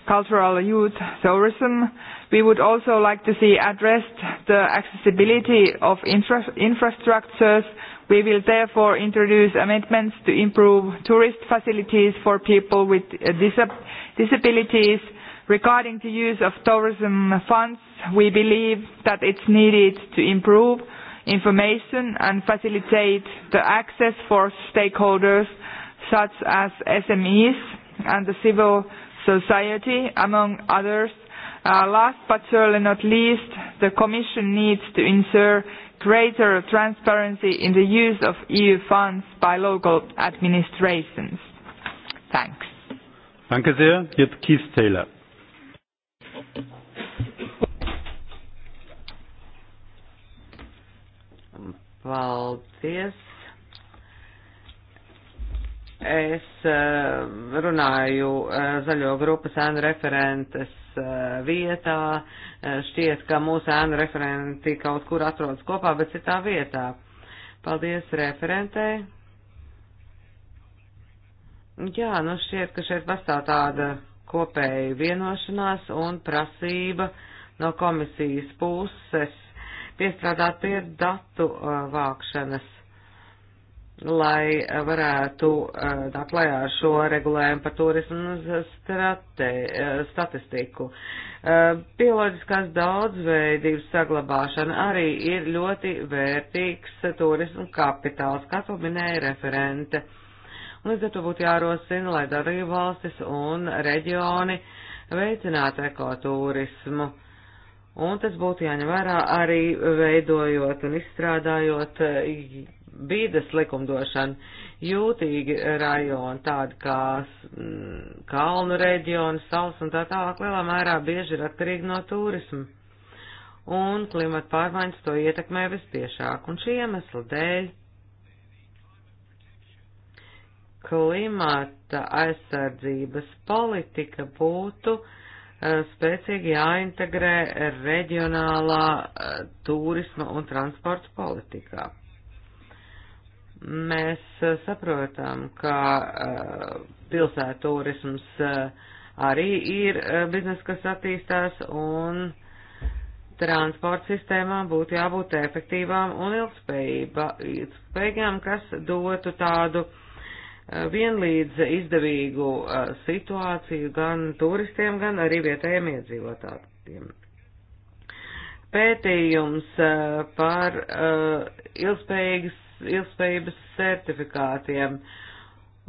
cultural youth tourism We would also like to see addressed the accessibility of infra infrastructures. We will therefore introduce amendments to improve tourist facilities for people with uh, disab disabilities. Regarding the use of tourism funds, we believe that it's needed to improve information and facilitate the access for stakeholders such as SMEs and the civil society, among others, Uh, last but certainly not least, the Commission needs to ensure greater transparency in the use of EU funds by local administrations. Thanks. Danke sehr. Jetzt Keith Taylor. Paldies. Es eh, runāju eh, zaļo grupas ēnu referentes Eh, vietā. Eh, šķiet, ka mūsu ēnu referenti kaut kur atrodas kopā, bet citā vietā. Paldies referentei. Jā, nu šķiet, ka šeit pastāv tāda kopēja vienošanās un prasība no komisijas puses piestrādāt pie datu eh, vākšanas lai eh, varētu eh, tā klajā ar šo regulējumu par turismu strate, eh, statistiku. Bioloģiskās daudzveidības saglabāšana arī ir ļoti vērtīgs turismu kapitāls, kā to minēja referente. Līdz ar to būtu jārosina, lai darību valstis un reģioni veicinātu ekoturismu. Un tas būtu jāņem vērā arī veidojot un izstrādājot bīdas likumdošanu. Jūtīgi rajoni, tādi kā kalnu reģioni, sals un tā tālāk, lielā mērā bieži ir atkarīgi no turismu. Un klimata pārmaiņas to ietekmē vispiešāk, un šī iemesla dēļ klimata aizsardzības politika būtu e, spēcīgi jāintegrē reģionālā e, turisma un transporta politikā. Mēs eh, saprotam, ka eh, pilsētu turisms eh, arī ir biznes, kas attīstās, un transporta sistēmām būtu jābūt efektīvām un ilgspējīgām, kas dotu tādu vienlīdz izdevīgu situāciju gan turistiem, gan arī vietējiem iedzīvotājiem. Pētījums par ilgspējīgas ilgspējības certifikātiem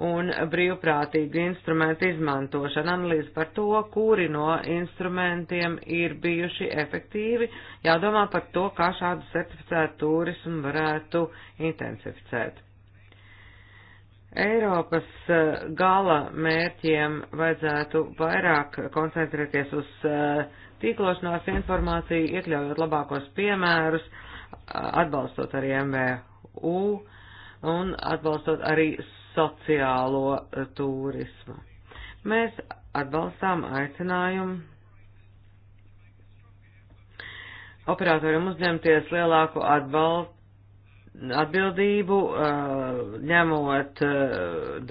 un brīvprātīgu instrumentu izmantošanu, analīzi par to, kuri no instrumentiem ir bijuši efektīvi, jādomā par to, kā šādu certificētu turismu varētu intensificēt. Eiropas eh, gala mērķiem vajadzētu vairāk koncentrēties uz eh, tīklošanās informāciju, iekļaujot labākos piemērus, eh, atbalstot arī MVH MVU un atbalstot arī sociālo e, turismu. Mēs atbalstām aicinājumu operatoriem uzņemties lielāku atbalstu atbildību, e, ņemot e,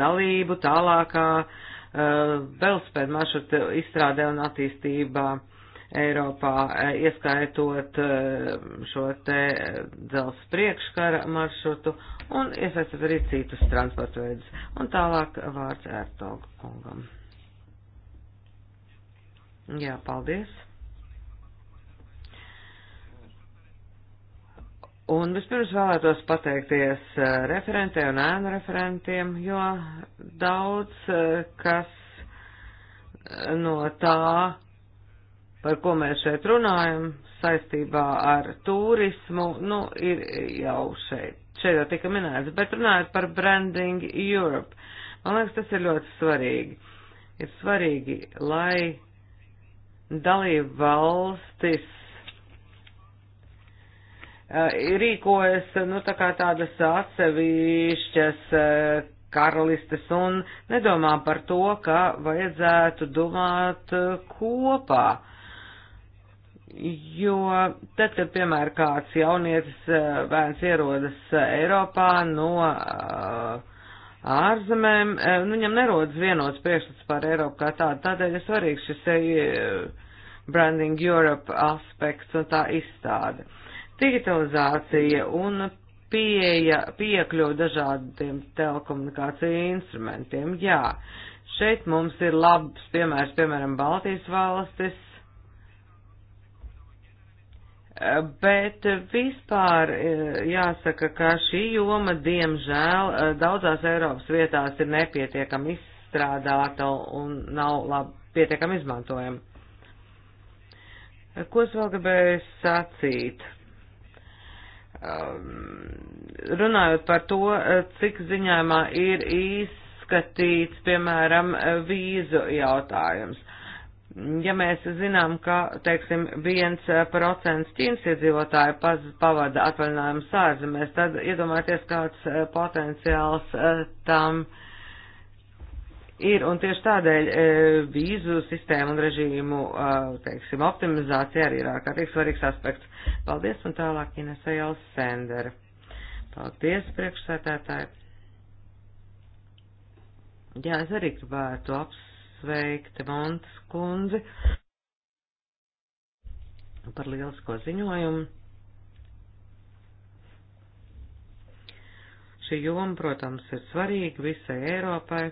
dalību tālākā velospēdu maršrutu izstrādē un attīstībā. Eiropā, e, ieskaitot e, šo te e, dzels priekškara maršrutu un iesaistot arī citus transporta veidus. Un tālāk vārds ērtoga kungam. Jā, paldies. Un vispirms vēlētos pateikties referentē un ēnu referentiem, jo daudz kas no tā par ko mēs šeit runājam, saistībā ar turismu, nu, ir jau šeit, šeit jau tika minēts, bet runājot par Branding Europe, man liekas, tas ir ļoti svarīgi. Ir svarīgi, lai dalību valstis eh, rīkojas, nu, tā kā tādas atsevišķas eh, karalistes un nedomā par to, ka vajadzētu domāt eh, kopā Jo tad, kad, piemēram, kāds jaunietis eh, bērns ierodas eh, Eiropā no eh, ārzemēm, nu, viņam nerodas vienots priekšstats par Eiropu kā tādu. Tādēļ ir svarīgs šis Branding Europe aspekts un tā izstāde. Digitalizācija un pieeja, piekļuva dažādiem telekomunikāciju instrumentiem, jā. Šeit mums ir labs piemērs, piemēram, Baltijas valstis, Bet vispār e, jāsaka, ka šī joma, diemžēl, e, daudzās Eiropas vietās ir nepietiekami izstrādāta un nav labi pietiekami izmantojama. Ko es vēl gribēju sacīt? Um, runājot par to, e, cik ziņājumā ir izskatīts, piemēram, vīzu jautājums ja mēs zinām, ka, teiksim, viens eh, procents Ķīnas iedzīvotāju pavada atvaļinājumu sārzemēs, tad iedomājieties, kāds eh, potenciāls eh, tam ir. Un tieši tādēļ vīzu sistēmu un režīmu, teiksim, optimizācija arī ir ārkārtīgi svarīgs aspekts. Paldies un tālāk Inesa Jāls Sendera. Paldies, priekšsētētāji. Jā, es arī gribētu apsvērt sveikti Montes kundzi par lielisko ziņojumu. Šī joma, protams, ir svarīga visai Eiropai,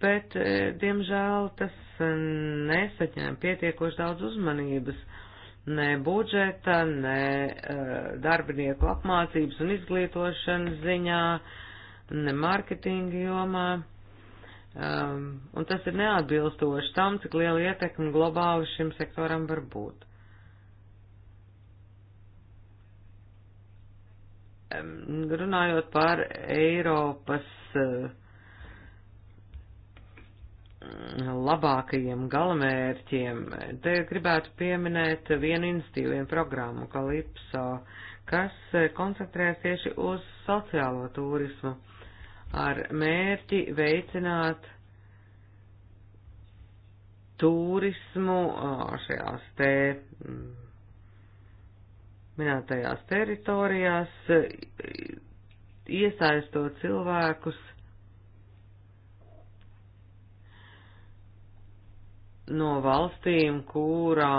bet, e, diemžēl, tas nesaņem pietiekoši daudz uzmanības ne budžeta, ne uh, darbinieku apmācības un izglītošanas ziņā, ne mārketinga jomā um, un tas ir neatbilstoši tam, cik liela ietekme globāli šim sektoram var būt. Um, runājot par Eiropas uh, labākajiem galamērķiem, te gribētu pieminēt vienu institīvu, vienu programmu, Kalipso, kas uh, koncentrēs tieši uz sociālo turismu ar mērķi veicināt turismu šajās te minētajās teritorijās, iesaistot cilvēkus no valstīm, kurā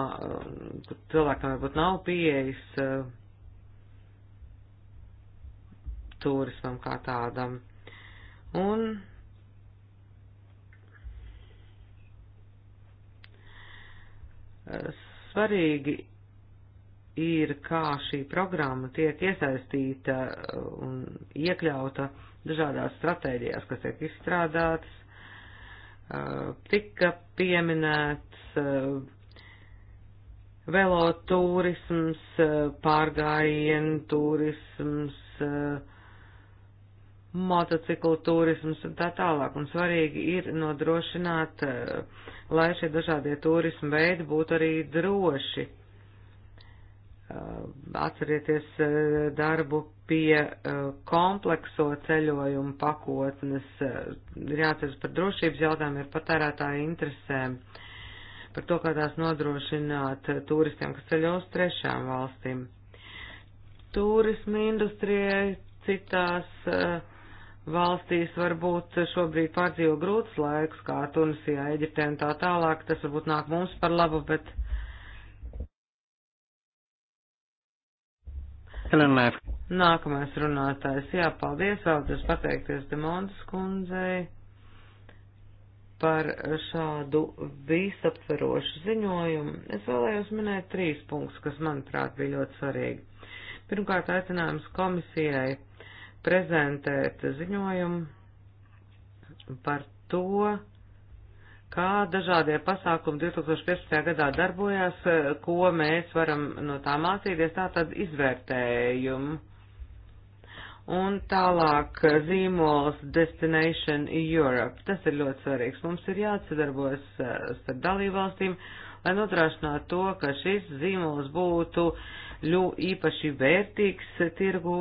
cilvēkam varbūt nav pieejas turismam kā tādam. Un eh, svarīgi ir, kā šī programma tiek iesaistīta eh, un iekļauta dažādās stratēģijās, kas tiek izstrādātas. Eh, tika pieminēts velotūrisms, pārgājienu turisms, pārgājien, turisms motociklu turisms un tā tālāk. Un svarīgi ir nodrošināt, eh, lai šie dažādie turismu veidi būtu arī droši. Eh, atcerieties eh, darbu pie komplekso ceļojumu pakotnes. Ir jāatceras par drošības jautājumiem, par patērētāju interesēm, par to, kā tās nodrošināt turistiem, kas ceļo uz trešām valstīm. Turisma industrijai citās uh, valstīs varbūt šobrīd pārdzīvo grūts laiks, kā Tunisijā, Eģiptē un tā tālāk, tas varbūt nāk mums par labu, bet. Nākamais runātājs, jā, paldies, vēlos pateikties Demons kundzei par šādu visaptverošu ziņojumu. Es vēlējos minēt trīs punktus, kas, manuprāt, bija ļoti svarīgi. Pirmkārt, aicinājums komisijai prezentēt ziņojumu par to, kā dažādie pasākumi 2015. gadā darbojās, ko mēs varam no tā mācīties, tā tad izvērtējumu. Un tālāk zīmols Destination Europe. Tas ir ļoti svarīgs. Mums ir jāsadarbojas uh, starp dalībvalstīm, lai nodrošinātu to, ka šis zīmols būtu ļu īpaši vērtīgs tirgū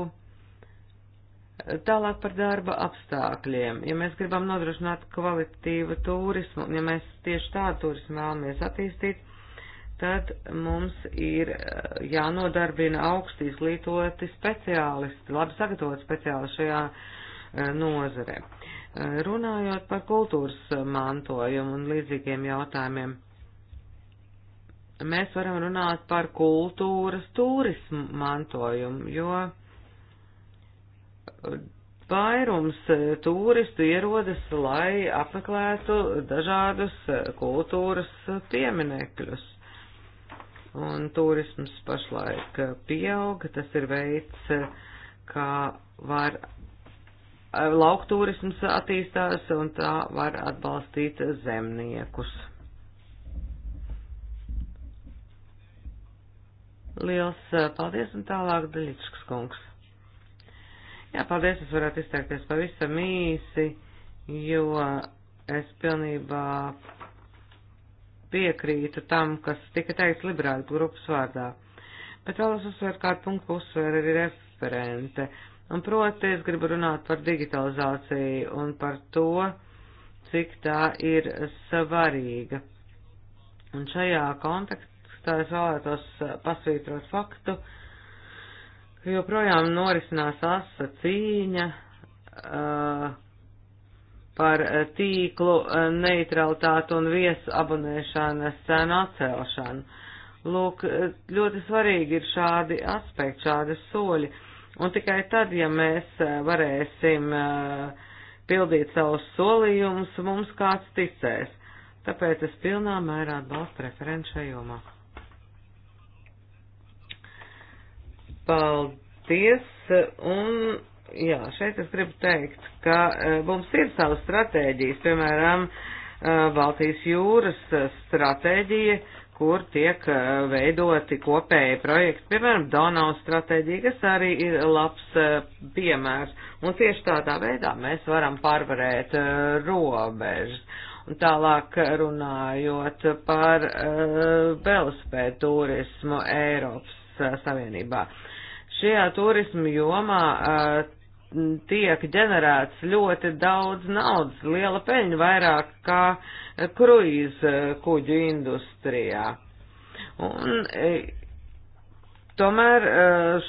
Tālāk par darba apstākļiem. Ja mēs gribam nodrošināt kvalitīvu turismu, ja mēs tieši tādu turismu vēlamies attīstīt, tad mums ir eh, jānodarbina augsti izglītoti speciālisti, labi sagatavot speciāli šajā eh, nozare. Eh, runājot par kultūras mantojumu un līdzīgiem jautājumiem, mēs varam runāt par kultūras turismu mantojumu, jo vairums e, turistu ierodas, lai apmeklētu dažādus e, kultūras pieminekļus. Un turisms pašlaik e, pieauga, tas ir veids, kā var, laukturisms attīstās un tā var atbalstīt zemniekus. Liels paldies un tālāk Daļičkas kungs. Jā, paldies, es varētu izteikties pavisam īsi, jo es pilnībā piekrītu tam, kas tika teikts liberāļu grupas vārdā. Bet vēlos uzsvērt kādu punktu, uzsver arī referente. Un proti, es gribu runāt par digitalizāciju un par to, cik tā ir svarīga. Un šajā kontekstā es vēlētos pasvītrot faktu, uh, joprojām norisinās asa cīņa uh, par eh, tīklu eh, neutralitātu un viesu abonēšanas cenu atcelšanu. Lūk, eh, ļoti svarīgi ir šādi aspekti, šādi soļi. Un tikai tad, ja mēs varēsim uh, pildīt savus solījumus, mums kāds ticēs. Tāpēc es pilnā mērā atbalstu referentu šajomā. Paldies, un jā, šeit es gribu teikt, ka e, mums ir savas stratēģijas, piemēram, e, Baltijas jūras stratēģija, kur tiek e, veidoti kopēji projekti, piemēram, Donau stratēģija, kas arī ir labs piemērs. Un tieši tādā veidā mēs varam pārvarēt robežas. Un tālāk runājot par velospēdu turismu Eiropas Savienībā. Uh, Šajā turismu jomā eh, tiek ģenerēts ļoti daudz naudas, liela peļņa vairāk kā kruīza eh, kuģu industrijā. Un, eh, tomēr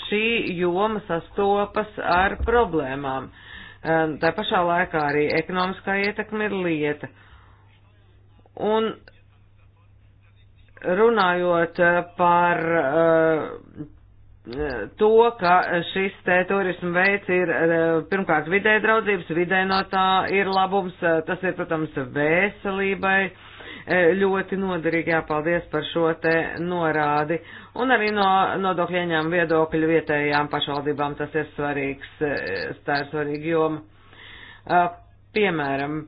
šī joma sastopas ar problēmām. Tā pašā laikā arī ekonomiskā ietekme ir lieta. Un runājot par to, ka šis te turismu veids ir eh, pirmkārt vidē draudzības, vidē no tā ir labums, eh, tas ir, protams, veselībai eh, ļoti noderīgi jāpaldies par šo te norādi. Un arī no nodokļieņām viedokļu vietējām pašvaldībām tas ir svarīgs, tā ir svarīga joma. Piemēram,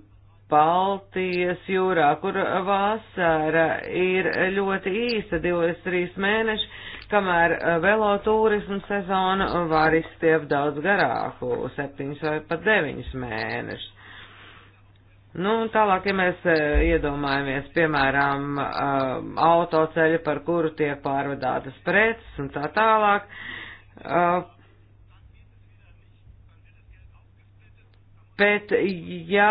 Baltijas jūrā, kur vasara ir ļoti īsa, 23 mēneši, kamēr eh, velotūrismu sezona var izstiept daudz garāku, septiņus vai pat deviņus mēnešus. Nu, tālāk, ja mēs eh, iedomājamies, piemēram, eh, autoceļu, par kuru tiek pārvadātas preces un tā tālāk, Bet, ja,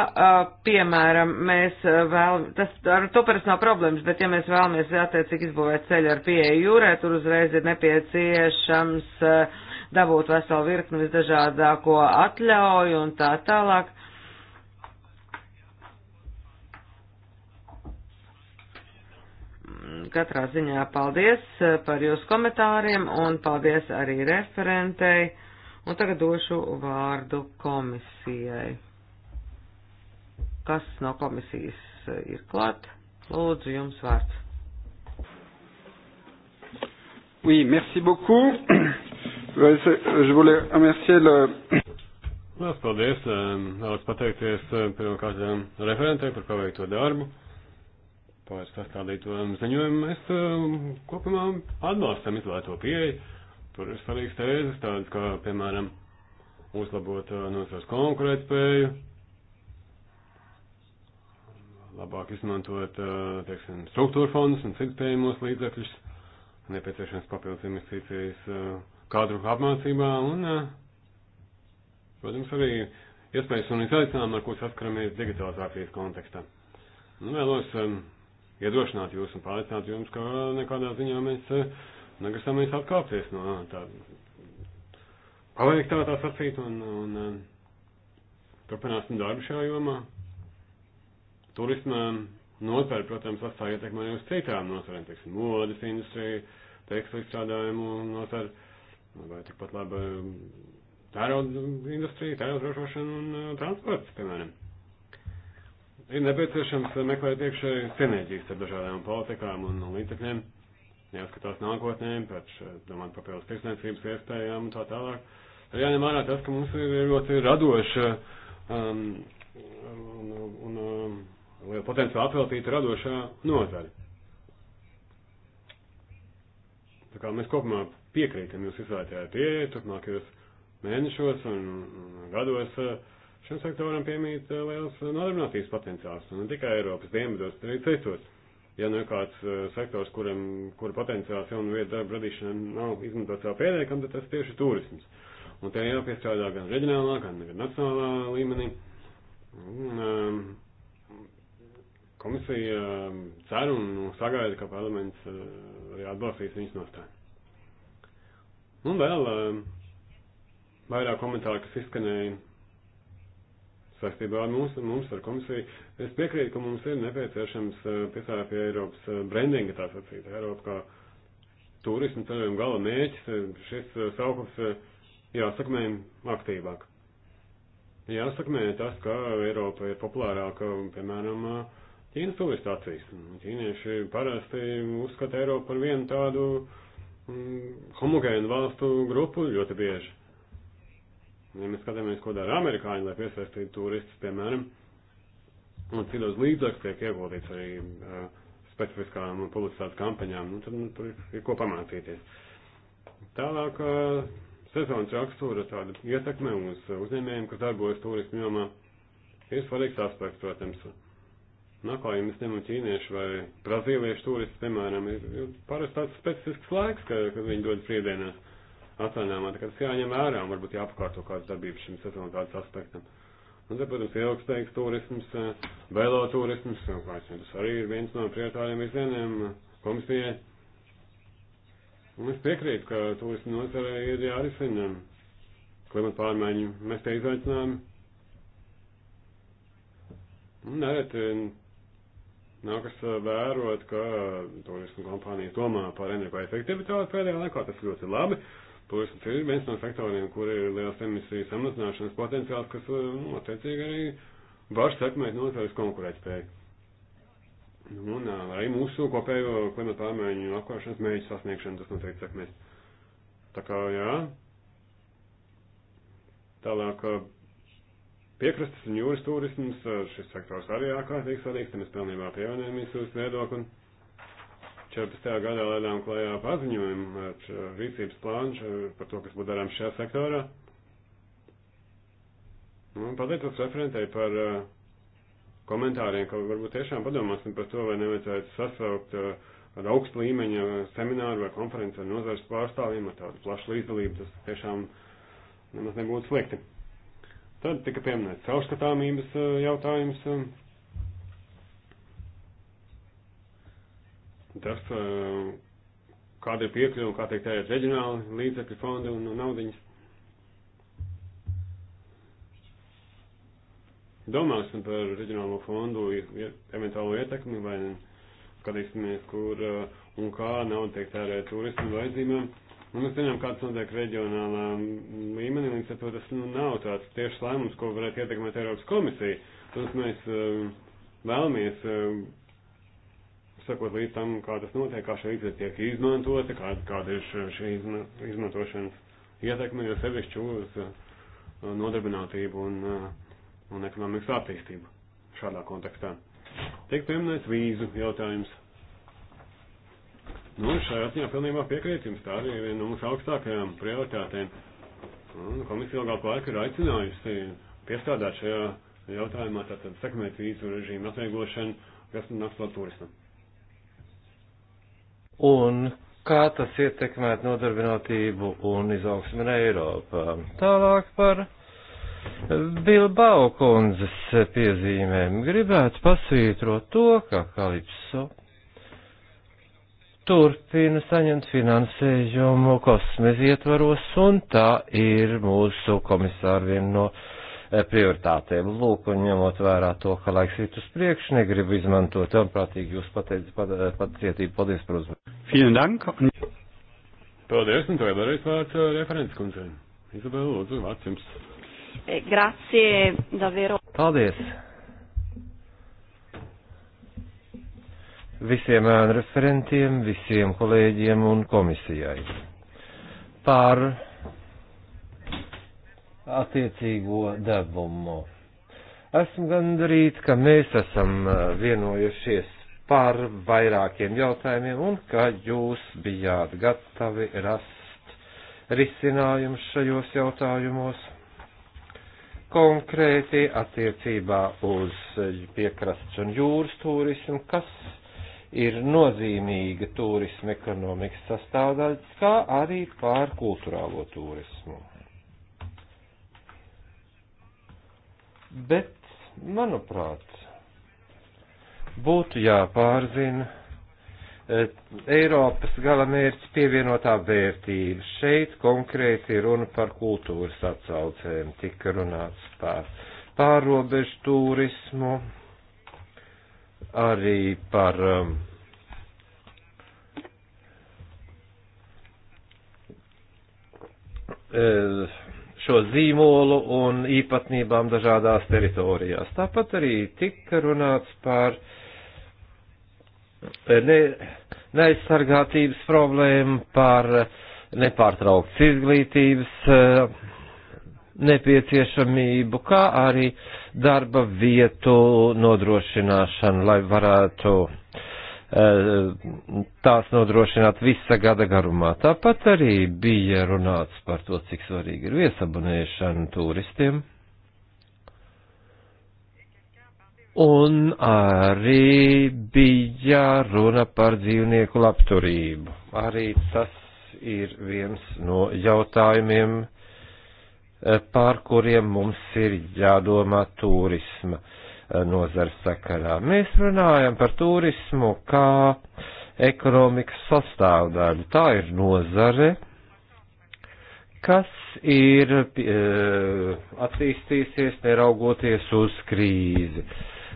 piemēram, mēs vēlamies, tas, ar to parasti nav problēmas, bet, ja mēs vēlamies attiecīgi izbūvēt ceļu ar pieeju jūrē, tur uzreiz ir nepieciešams dabūt veselu virkni visdažādāko atļauju un tā tālāk. Katrā ziņā paldies par jūsu komentāriem un paldies arī referentei Un tagad došu vārdu komisijai. Kas no komisijas eh, ir klāt? Lūdzu, jums vārds. Oui, merci beaucoup. Je voulais remercier le. Lielas paldies. Eh, vēlos pateikties eh, pirmkārt referentei par paveikto darbu, par sastādīto ziņojumu. Mēs kopumā atbalstam izvēlēto pieeju Tur ir svarīgas tēzes, tādas kā, piemēram, uzlabot nozars konkurētspēju, labāk izmantot, teiksim, struktūra fondus un citas pieejamos līdzekļus, nepieciešams papildus investīcijas kadru apmācībā un, protams, arī iespējas un izaicinājumi, ar ko saskaramies digitalizācijas kontekstā. Nu, vēlos um, iedrošināt jūs un pārliecināt jums, ka nekādā ziņā mēs uh, negrasamies atkāpties no tā paliek tā tā sacīt un, un, un turpināsim darbu šajā jomā. Turisma nozara, protams, atstāja ietekmē uz citām nozarēm, teiksim, modas industrija, tekstu izstrādājumu nozara, nu, vai tikpat labi tērauda industrija, tērauda ražošana un transports, piemēram. Ir nepieciešams meklēt iekšēju sinerģijas ar dažādām politikām un līdzekļiem jāskatās nākotnē, pēc, domājot, papildus tirsniecības iespējām un tā tālāk. Arī jāņem vērā tas, ka mums ir ļoti radoša um, un, un, un um, liela potenciāla atveltīta radošā nozare. Tā kā mēs kopumā piekrītam jūs izvērtējāt pieeja, turpmākajos mēnešos un, un gados uh, šim sektoram piemīt uh, liels uh, nodarbinātības potenciāls, un ne tikai Eiropas dienvidos, bet arī citos ja nu ir kāds eh, sektors, kuram, kura potenciāls jaunu vietu darba radīšana nav izmantots vēl pēdējiem, tad tas tieši turisms. Un te jāpiestrādā gan reģionālā, gan, gan nacionālā līmenī. Un, um, komisija ehm, cer un sagaida, ka parlaments eh, arī atbalstīs viņas nostāju. Un vēl um, vairāk komentāru, kas izskanēja saistībā ar mums, mums ar komisiju. Es piekrītu, ka mums ir nepieciešams eh, piesārā pie Eiropas eh, brendinga, tā sacīt, Eiropa kā turismu ceļojuma gala mēķis, eh, šis saukums jāsakmē aktīvāk. Jāsakmē tas, ka Eiropa ir populārāka, piemēram, Ķīnas turistācijas. Ķīnieši parasti uzskata Eiropu par vienu tādu mm, homogēnu valstu grupu ļoti bieži. Ja mēs skatāmies, ko dara amerikāņi, lai piesaistītu turistus, piemēram, un citos līdzekļus tiek ieguldīts arī uh, specifiskām publicitātes kampaņām, nu, tad nu, tur ir ko pamācīties. Tālāk uh, sezonas rakstura tāda ietekme uz uzņēmējiem, kas darbojas turismu jomā, ir svarīgs aspekts, protams. Nu, Nākamajam es ņemu ķīniešu vai brazīliešu turistus, piemēram, ir, ir parasti tāds specifisks laiks, ka, kad viņi dodas brīvdienās atvaļinājumā, tā kā tas jāņem vērā un varbūt jāpakārto kādas darbības šim sezonālās aspektam. Un te, protams, ilgspējīgs turisms, eh, veloturisms, kāds tas arī ir viens no prioritāriem virzieniem komisijai. Un es piekrītu, ka turismu nozara ir jārisina klimata pārmaiņu mēs te izaicinājumi. Nē, te nākas eh, vērot, ka turismu kompānija domā par energoefektivitāti pēdējā laikā, tas ļoti labi. Uh, Turisms ir viens no sektoriem, kur ir liels emisiju samazināšanas potenciāls, kas, eh, nu, attiecīgi arī var sekmēt nozares konkurētspēju. Un eh, arī mūsu kopējo klimata pārmaiņu apkāršanas mēģi sasniegšanu tas noteikti sekmēs. Tā kā, jā. Tālāk eh, piekrastes un jūras turisms, šis sektors arī ārkārtīgi svarīgs, tam es pilnībā pievienojamies jūsu viedokli. 14. gadā lēdām klajā paziņojumu ar uh, rīcības plānu uh, par to, kas būtu darāms šajā sektorā. Un nu, pateicos referentei par uh, komentāriem, ka varbūt tiešām padomāsim par to, vai nevajadzētu sasaukt ar augstu līmeņa semināru vai konferenci ar nozares pārstāvjiem, ar tādu plašu līdzdalību, tas tiešām nemaz nebūtu slikti. Tad tika pieminēts caurskatāmības jautājums um, tas, kāda ir piekļuva, kā teikt, tērēt reģionāli līdzekļu fondi un naudiņas. Domāsim par reģionālo fondu eventuālo ietekmi vai skatīsimies, kur un kā nauda tiek tērēta turismu vajadzībām. Un mēs zinām, kāds notiek reģionālā līmenī, līdz ar to tas nu, nav tāds tieši lēmums, ko varētu ietekmēt Eiropas komisija. Protams, mēs vēlamies sakot līdz tam, kā tas notiek, kā šī līdzekļa tiek izmantota, kāda, kāda ir šī izma, izmantošanas ietekme, jo sevišķi uz uh, nodarbinātību un, uh, un ekonomikas attīstību šādā kontekstā. Tiek pieminēts vīzu jautājums. Nu, šajā ziņā pilnībā piekrīt jums, tā arī ir viena no mūsu augstākajām prioritātēm. Un komisija ilgāku laiku ir aicinājusi piestrādāt šajā jautājumā, tātad sekmēt vīzu režīmu atvieglošanu, kas nāk no turismu un kā tas ietekmētu nodarbinotību un izaugsmu Eiropā. Tālāk par Bilbao kundzes piezīmēm gribētu pasvītrot to, ka Kalipso turpina saņemt finansējumu kosmēs ietvaros, un tā ir mūsu komisāra viena no Eh, prioritātēm. Lūk, un ņemot vērā to, ka laiks iet uz priekšu, negribu izmantot ļaunprātīgi jūs pateicu eh, pacietību. Paldies par uzmanību. Paldies, un tagad arī vārds eh, referents kundzei. Izabela, lūdzu, vārds jums. Grazie, davvero. Paldies. Visiem ēnu referentiem, visiem kolēģiem un komisijai. Par attiecīgo devumu. Esmu gandrīz, ka mēs esam vienojušies par vairākiem jautājumiem un ka jūs bijāt gatavi rast risinājumu šajos jautājumos konkrēti attiecībā uz piekrasts un jūras turismu, kas ir nozīmīga turisma ekonomikas sastāvdaļa, kā arī pār kulturālo turismu. Bet, manuprāt, būtu jāpārzina e, Eiropas galamērķis pievienotā vērtība. Šeit konkrēti runa par kultūras atsaucēm, tika runāts par pārobežu turismu, arī par um, uh, šo zīmolu un īpatnībām dažādās teritorijās. Tāpat arī tika runāts par eh, ne, neaizsargātības problēmu, par eh, nepārtraukts izglītības eh, nepieciešamību, kā arī darba vietu nodrošināšanu, lai varētu uh, Eh, tās nodrošināt visa gada garumā. Tāpat arī bija runāts par to, cik svarīgi ir viesabunēšana turistiem. Un arī bija runa par dzīvnieku labturību. Arī tas ir viens no jautājumiem, eh, pār kuriem mums ir jādomā turisma. Uh, nozars sakarā. Mēs runājam par turismu kā ekonomikas sastāvdaļu. Tā ir nozare, kas ir e, attīstīsies neraugoties uz krīzi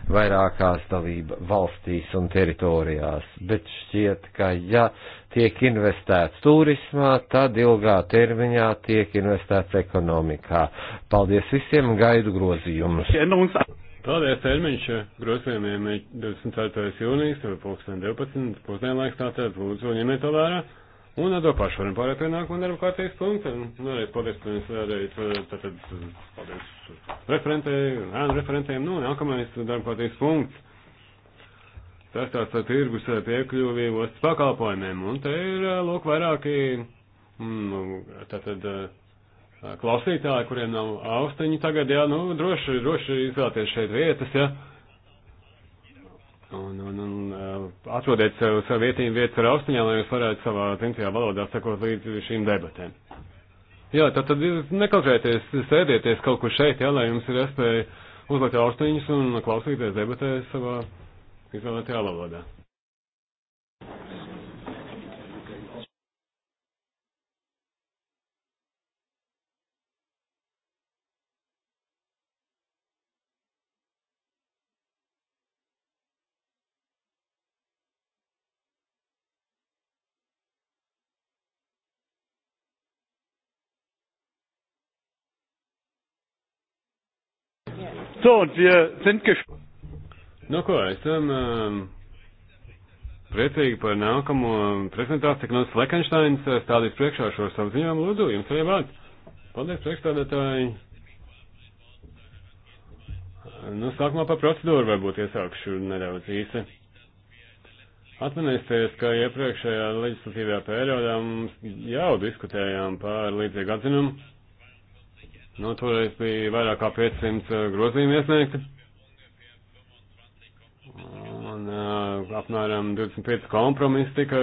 vairākās dalība valstīs un teritorijās, bet šķiet, ka ja tiek investēts turismā, tad ilgā termiņā tiek investēts ekonomikā. Paldies visiem, gaidu grozījumus. Tādēļ termiņš eh, grozījumiem ir 24. jūnijas, tur pulksten 12, pusdienlaiks tātad, lūdzu, ņemiet to vērā. Un ar to pašu varam pārēt pie nākamā darba kārtības punkta. Un vēlreiz paldies, paldies, vēlreiz, eh, tātad, paldies referentēju, ēnu referentēm. Nu, nākamais darba kārtības punkts. Tas tāds tā tirgus eh, piekļuvi ostas pakalpojumiem. Un te ir, lūk, vairāki, mm, tātad, klausītāji, kuriem nav austiņu tagad, jā, nu, droši, droši izvēlēties šeit vietas, jā. Un, un, un atrodiet sev, sev vietīm vietas ar austiņām, lai jūs varētu savā dzimtajā valodā sekot līdz šīm debatēm. Jā, tad, tad nekautrēties, sēdieties kaut kur šeit, jā, lai jums ir iespēja uzlikt austiņas un klausīties debatēs savā izvēlētajā valodā. So, und wir sind gespannt. Nu, ko, esam um, priecīgi par nākamo prezentāciju, ka Nils Lekensteins eh, stādīs priekšā šo savu ziņām. Lūdzu, jums arī vārds. Paldies, priekšstādātāji. Nu, sākumā par procedūru varbūt iesākšu nedaudz īsi. Atminēsties, ka iepriekšējā leģislatīvajā periodā mums jau diskutējām par līdzīgu atzinumu Nu, toreiz bija vairāk kā 500 eh, grozījumi iesniegti. Un uh, apmēram 25 kompromisi tika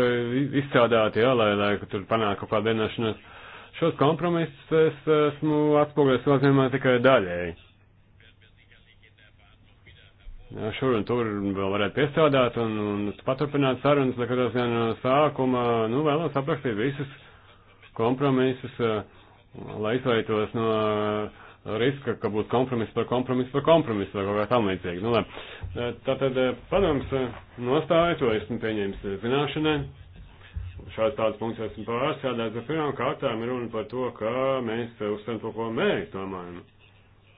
izstrādāti, jā, lai, lai tur panāk kaut kāda vienošanās. Šos kompromisus es esmu atspoguļojis savā ziņā tikai daļēji. Jā, šur un tur vēl varētu piestrādāt un, un paturpināt sarunas, nekad tās no sākuma, nu, vēlos aprakstīt visus kompromisus. Uh, lai izvairītos no uh, riska, ka būs kompromiss par kompromisu par kompromisu vai kaut kā tam līdzīgi. Nu, labi. Uh, tātad uh, padoms nostāja, to esmu pieņēmis zināšanai. Šāds tāds punkts esmu pārstrādājis, bet pirmām kārtām ir runa par to, ka mēs uzsveram to, ko mēs domājam.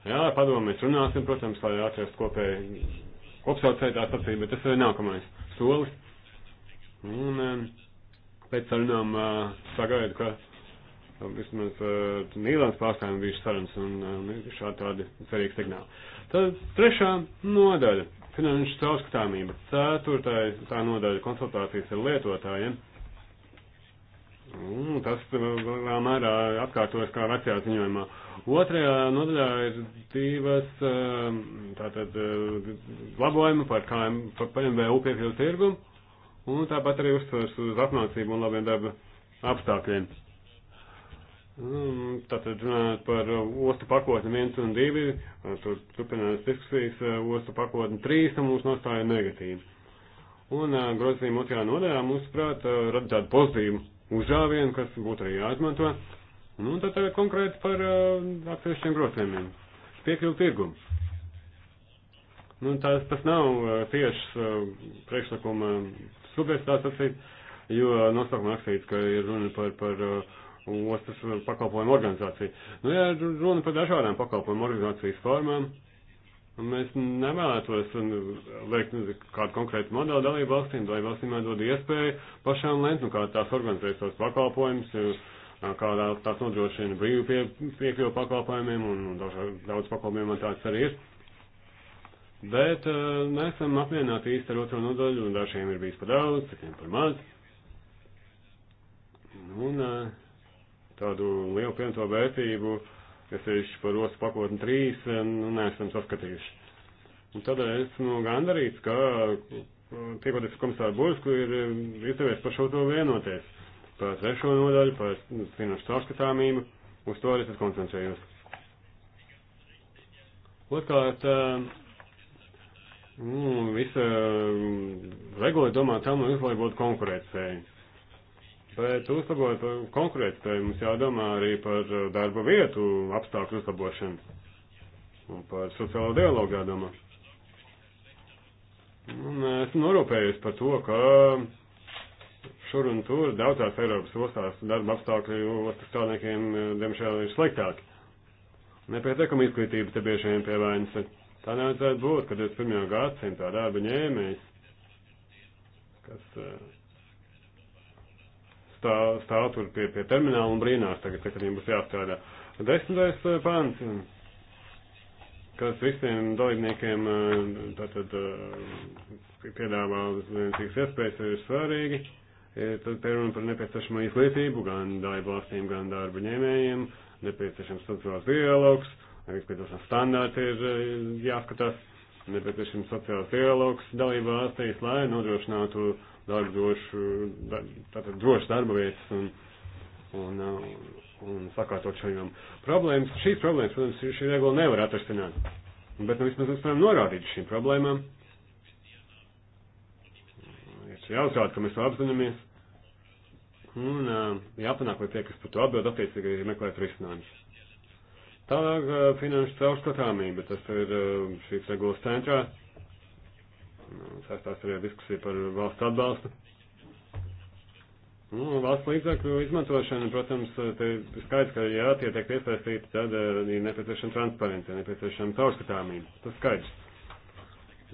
Jā, padomu mēs runāsim, protams, lai atrastu kopēju kopsaucēju tā sacību, bet tas ir nākamais solis. Un um, pēc sarunām sagaidu, ka Nu, vismaz ar eh, Nīlandes pārstāvjiem bijušas sarunas un, eh, un nu, šādi tādi cerīgi signāli. Tad trešā nodaļa - finanšu caurskatāmība. Ceturtais tā nodaļa - konsultācijas ar lietotājiem. Un tas eh, lielā mērā atkārtojas kā vecajā ziņojumā. Otrajā nodaļā ir divas tātad labojumi par, KM, par MVU piekļuvu tirgu un tāpat arī uzsvers uz apmācību un labiem darba apstākļiem. Mm, tātad runājot par uh, ostu pakotni 1 un 2, tur turpinās diskusijas, uh, ostu pakotni 3 un mums nostāja negatīvi. Un uh, grozījuma otrajā nodaļā mums, prāt, rada tādu pozitīvu uzrāvienu, kas būtu arī jāizmanto. Nu, un tad tagad konkrēti par atsevišķiem grozījumiem. Piekļuvu tirgumu. Nu, tās, tas nav tieši priekšlikuma subjekts, tā sacīt, jo nosaukumā rakstīts, ka ir runa par, par uh, ostas pakalpojumu organizāciju. Nu, ja runa par dažādām pakalpojumu organizācijas formām, mēs nevēlētos liekt kādu konkrētu modeli dalību valstīm, lai valstīm dod iespēju pašām lēmt, nu, kā tās organizē savus pakalpojumus, kā tās nodrošina brīvu pie, piekļuvu pakalpojumiem, un daudz, daudz pakalpojumiem tāds arī ir. Bet uh, nesam apmierināti īsti ar otro nodaļu, un dažiem ir bijis par daudz, citiem par maz. Un, uh, tādu lielu pienoto vērtību, kas ir par ostu pakotni trīs, eh, nu, neesam saskatījuši. Un tādēļ esmu gandarīts, ka tiekoties eh, ar komisāru Bursku ir eh, izdevies par šo to vienoties. Par trešo nodaļu, par finanšu caurskatāmību, uz to arī es koncentrējos. Otrkārt, nu, visa regula domā tam, lai būtu konkurētspēja bet uzlabot eh, konkurētspēju eh, mums jādomā arī par eh, darba vietu apstākļu uzlabošanu un par sociālo dialogu jādomā. Un esmu norūpējies par to, ka šur un tur daudzās Eiropas ostās darba apstākļi ostas strādniekiem, diemžēl, ir sliktāki. Nepietiekama izglītība te bieži vien pievainas. Tā nevajadzētu būt, kad 21. gadsimtā darba ņēmējs, kas stā, stāv tur pie, pie termināla un brīnās tagad, kad viņiem būs jāstrādā. Desmitais eh, pāns, kas visiem dalībniekiem eh, tātad eh, piedāvā vienlīdzīgas iespējas, ir svarīgi. Tad te runa par nepieciešamo izglītību gan dalību valstīm, gan darba ņēmējiem, nepieciešams sociāls dialogs, nepieciešams standārti ir jāskatās, nepieciešams sociāls dialogs dalību valstīs, lai nodrošinātu darba drošu, tātad drošas darba vietas un, un, un, uh, un sakārtot šo jomu. Problēmas, šīs problēmas, protams, šī regula nevar atrasināt, bet nu, vismaz mēs varam norādīt šīm problēmām. Ir jāuzrāda, ka mēs to apzināmies. Un uh, jāpanāk, lai tie, kas par to atbild, attiecīgi meklēt risinājumus. Tālāk uh, finanšu caurskatāmība, tas ir šīs regulas centrā saistās arī ar diskusiju par valsts atbalstu. Nu, valsts līdzekļu izmantošana, protams, ir skaidrs, ka, ja tie tiek iesaistīti, tad eh, ir nepieciešama transparencija, nepieciešama caurskatāmība. Tas skaidrs.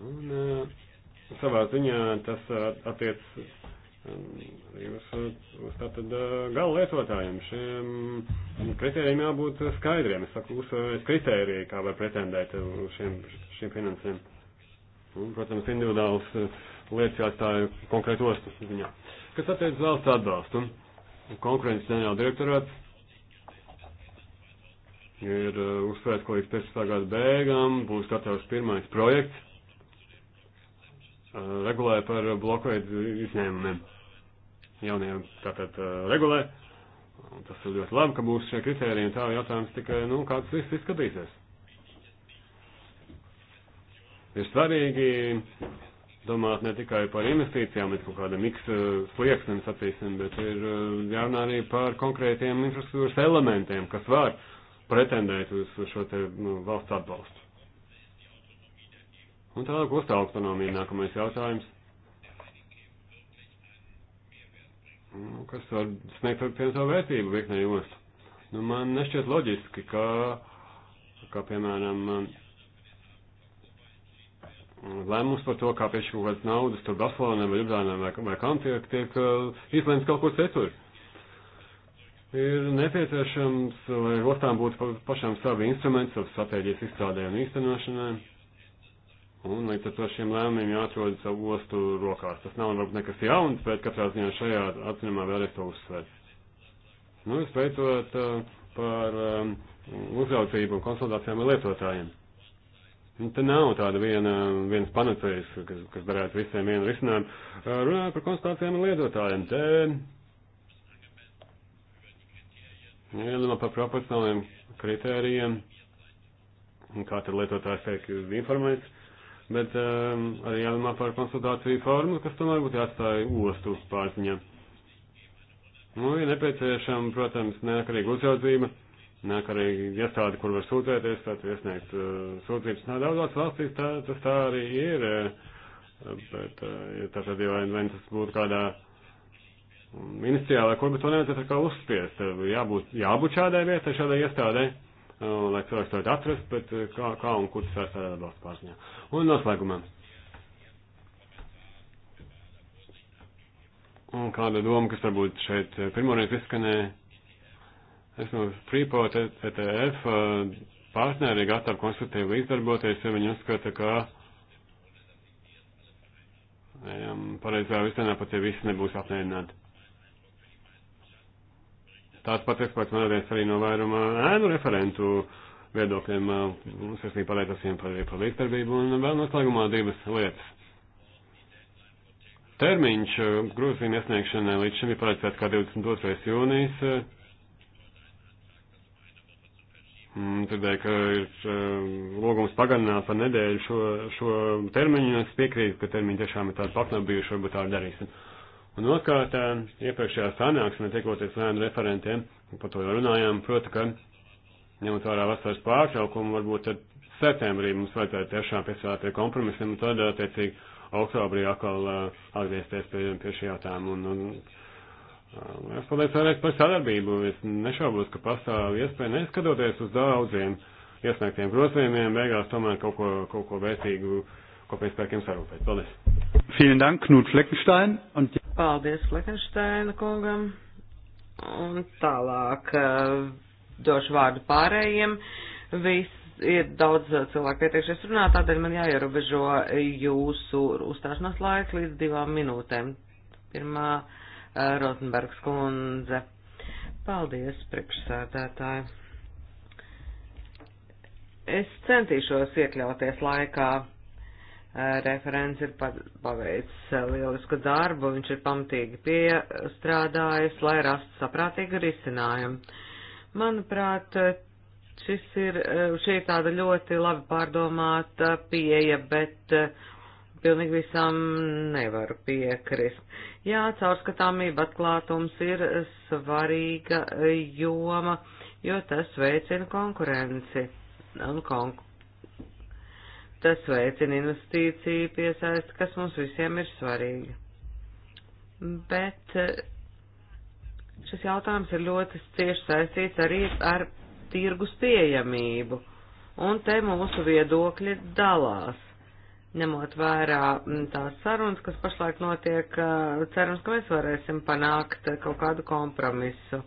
Un eh, savā ziņā tas eh, attiec arī uz, uz tātad gala lietotājiem. Šiem kritērijiem jābūt skaidriem. Es saku, uzsveries kritērija, kā var pretendēt uz šiem, šiem finansēm. Un, protams, individuāls eh, lietas jāstāja konkrēti ostu ziņā. Kas attiec valsts atbalstu? Konkurences ģenerāla direktorāts ir eh, uzsvērts, ko līdz 15. gada beigām būs gatavs pirmais projekts eh, regulē par blokveidu izņēmumiem. Jaunajiem tātad regulē. Un tas ir ļoti labi, ka būs šie kriteriji, un tā jautājums tikai, nu, kāds viss izskatīsies ir svarīgi domāt ne tikai par investīcijām līdz kaut kādam x eh, slieksnim, sacīsim, bet ir eh, jārunā arī par konkrētiem infrastruktūras elementiem, kas var pretendēt uz šo te nu, valsts atbalstu. Un tālāk uz tā autonomija nākamais jautājums. Nu, kas var sniegt ar pievienoto vērtību virknē jostu? Nu, man nešķiet loģiski, ka, ka piemēram, lēmums par to, kā pie šīs naudas tur Barcelonā vai Ljubljānā vai, vai Kantijā tiek uh, izlēmts kaut kur citur. Ir nepieciešams, lai ostām būtu pašām savi instrumenti, savas stratēģijas izstrādē un īstenošanai. Un līdz ar to šiem lēmumiem jāatrod savu ostu rokās. Tas nav varbūt nekas jauns, bet katrā ziņā šajā atzinumā vēlreiz to uzsver. Nu, visbeidzot, uh, par um, uzraudzību un konsultācijām ar lietotājiem. Un nu, te nav tāda viena, vienas panacējas, kas, kas darētu visiem vienu risinājumu. Runāju par konsultācijām ar lietotājiem. Te jādomā par proporcionāliem kritērijiem, kā tad lietotājs tiek informēts, bet um, arī jādomā par konsultāciju formu, kas tomēr būtu jāatstāja ostu pārziņā. Nu, ir nepieciešama, protams, neatkarīga uzraudzība nāk arī iestādi, kur var sūdzēties, tad iesniegt uh, sūdzības. Nā, daudzās valstīs tā, tas tā arī ir, uh, bet uh, ja tā tad jau vien tas būtu kādā ministrijā, lai kur, bet to nevajadzētu tā kā uzspiest. Uh, jābūt, jābūt šādai vietai, šādai iestādai, uh, lai cilvēks to atrast, bet uh, kā, kā un kur tas jāstādā valsts pārziņā. Un noslēgumā. Un kāda doma, kas varbūt šeit pirmoreiz izskanēja Es no Freeport ETF uh, partneri ir gatavi konstruktīvi līdzdarboties, ja viņi uzskata, ka ejam pareizajā virzienā, pat ja visi nebūs apmierināti. Tāds pats eksports man radies arī no vairuma ēnu referentu viedokļiem. Uh, mums es arī pateicos viņiem par, par līdzdarbību un vēl noslēgumā divas lietas. Termiņš uh, grozījuma iesniegšanai līdz šim ir paredzēts kā 22. jūnijas Mm, tādēļ, ka ir um, logums pagarināt par nedēļu šo, šo termiņu, es piekrītu, ka termiņi tiešām ir tādi paknabijuši, varbūt tā darīsim. Un otrkārt, um, iepriekšējā sanāksmē, tiekoties lēnu referentiem, par to jau runājām, proti, ka ņemot vērā vasaras pārtraukumu, varbūt tad septembrī mums vajadzētu tiešām piesākt pie kompromisiem, un tad, attiecīgi, oktobrī atkal uh, atgriezties pie, pie šī jautājuma. Un, un, Es paldies vēlreiz par sadarbību. Es nešaubos, ka pastāv iespēja neskatoties uz daudziem iesniegtiem grozījumiem, beigās tomēr kaut ko, kaut ko vērtīgu kopējas spēkiem sarūpēt. Paldies. Vielen Dank, Knut Fleckenstein. Un... Paldies Fleckensteina kungam. Un tālāk eh, došu vārdu pārējiem. Viss ir daudz eh, cilvēku pieteikšies runāt, tādēļ man jāierobežo jūsu uzstāšanās laiks līdz divām minūtēm. Pirmā Rotenbergs kundze. Paldies, priekšsēdētāji. Es centīšos iekļauties laikā. Referents ir paveicis lielisku darbu, viņš ir pamatīgi piestrādājis, lai rastu saprātīgu risinājumu. Manuprāt, šis ir, šī ir tāda ļoti labi pārdomāta pieeja, bet pilnīgi visam nevaru piekrist. Jā, caurskatāmība atklātums ir svarīga joma, jo tas veicina konkurenci. Un konk tas veicina investīciju piesaisti, kas mums visiem ir svarīgi. Bet eh, šis jautājums ir ļoti cieši saistīts arī ar tirgus pieejamību. Un te mūsu viedokļi dalās ņemot vērā mm, tās sarunas, kas pašlaik notiek, cerams, ka mēs varēsim panākt kaut kādu kompromisu.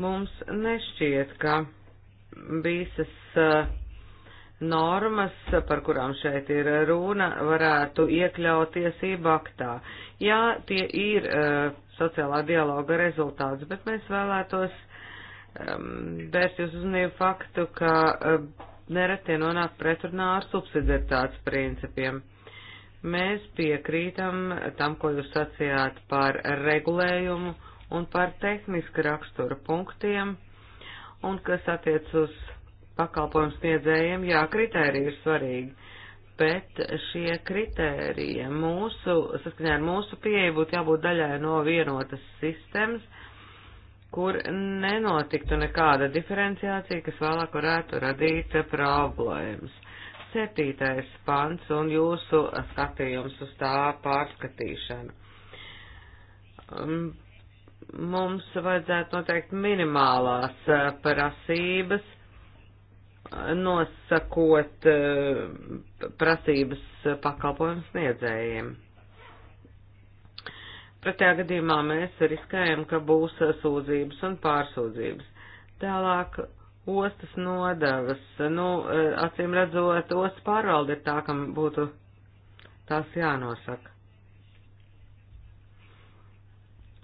Mums nešķiet, ka visas normas, par kurām šeit ir runa, varētu iekļaut tiesību aktā. Jā, tie ir sociālā dialoga rezultāts, bet mēs vēlētos vērst jūs uzmanību faktu, ka nereti nonāk pretrunā ar subsidiaritātes principiem. Mēs piekrītam tam, ko jūs sacījāt par regulējumu un par tehniska rakstura punktiem, un kas attiec uz pakalpojumu sniedzējiem, jā, kritērija ir svarīga, bet šie kritērija mūsu, saskaņā ar mūsu pieeju, būtu jābūt daļai no vienotas sistēmas, kur nenotiktu nekāda diferenciācija, kas vēlāk varētu radīt problēmas. Septītais pants un jūsu skatījums uz tā pārskatīšanu. Um, mums vajadzētu noteikt minimālās uh, prasības, nosakot uh, prasības pakalpojumu sniedzējiem. Pretējā gadījumā mēs riskējam, ka būs sūdzības un pārsūdzības. Tālāk ostas nodevas, nu, acīm redzot, ostas pārvalde ir tā, kam būtu tās jānosaka.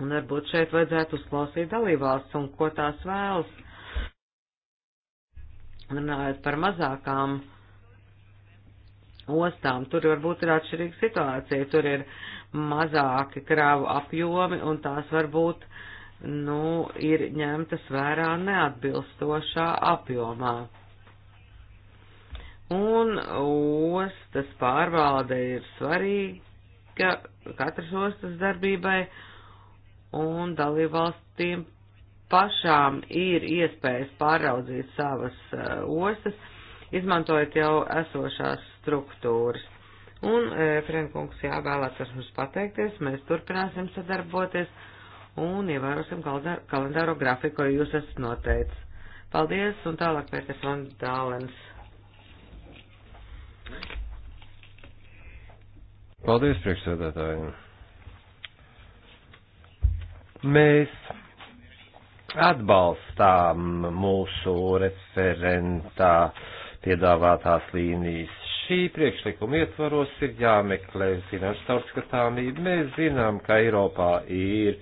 Un varbūt šeit vajadzētu uzklausīt dalībvalsts un ko tās vēlas. Runājot par mazākām ostām, tur varbūt ir atšķirīga situācija, tur ir mazāki krāvu apjomi un tās varbūt, nu, ir ņemtas vērā neatbilstošā apjomā. Un ostas pārvalde ir svarīga katras ostas darbībai, un dalībvalstīm pašām ir iespējas pāraudzīt savas uh, ostas, izmantojot jau esošās struktūras. Un, e, Frenkungs, jā, vēlētos mums pateikties, mēs turpināsim sadarboties un ievērosim kalendāro grafiku, ko jūs esat noteicis. Paldies, un tālāk Pēters Van Dālens. Paldies, priekšsēdētāji. Mēs atbalstām mūsu referentā piedāvātās līnijas šī priekšlikuma ietvaros ir jāmeklē finanšu caurskatāmība. Mēs zinām, ka Eiropā ir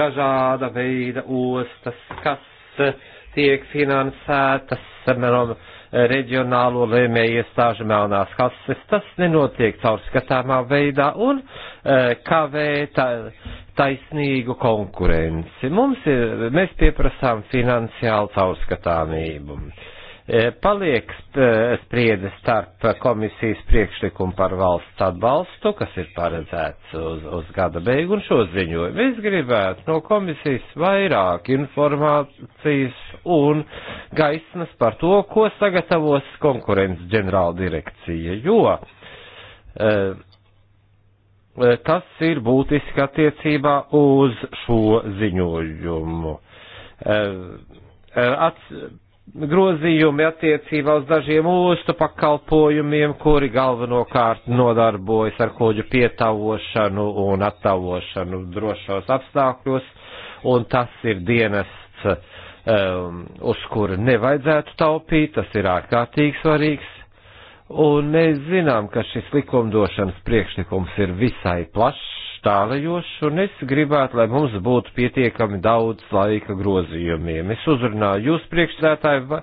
dažāda veida ostas, kas eh, tiek finansētas eh, reģionālo lēmēju iestāžu melnās kases. Tas nenotiek caurskatāmā veidā un eh, kavē taisnīgu konkurenci. Mums ir, mēs pieprasām finansiālu caurskatāmību. E, paliek e, spriedze starp komisijas priekšlikumu par valsts atbalstu, kas ir paredzēts uz, uz gada beigu un šo ziņojumu. Es gribētu no komisijas vairāk informācijas un gaismas par to, ko sagatavos konkurences ģenerāla direkcija, jo eh, tas ir būtiski attiecībā uz šo ziņojumu. Eh, Ats, grozījumi attiecībā uz dažiem ostu pakalpojumiem, kuri galvenokārt nodarbojas ar kuģu pietavošanu un attavošanu drošos apstākļos, un tas ir dienests, um, uz kuru nevajadzētu taupīt, tas ir ārkārtīgi svarīgs. Un mēs zinām, ka šis likumdošanas priekšlikums ir visai plašs, tālajoši, un es gribētu, lai mums būtu pietiekami daudz laika grozījumiem. Es uzrunāju jūs priekšsētāju, vai,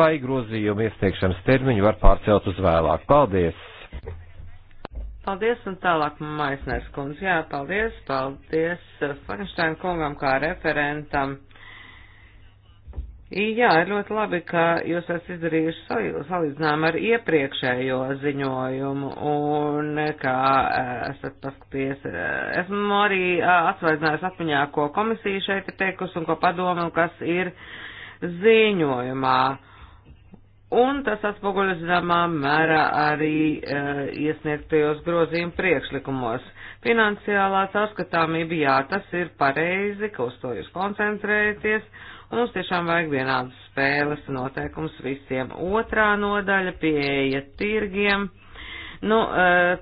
vai grozījumu iesniegšanas termiņu var pārcelt uz vēlāk. Paldies! Paldies, un tālāk Maisners kundze. Jā, paldies, paldies uh, Frankensteina kungam kā referentam Jā, ir ļoti labi, ka jūs esat izdarījuši salīdzinājumu ar iepriekšējo ziņojumu un kā eh, esat paskaties. Eh, esmu arī eh, atsvaidzinājis atmiņā, ko komisija šeit ir teikusi un ko padomu, kas ir ziņojumā. Un tas atspoguļas zināmā mērā arī e, iesniegtajos grozījumu priekšlikumos. Finansiālā caurskatāmība, jā, tas ir pareizi, ka uz to jūs koncentrējaties un mums tiešām vajag vienādas spēles noteikums visiem. Otrā nodaļa pieeja tirgiem. Nu, eh,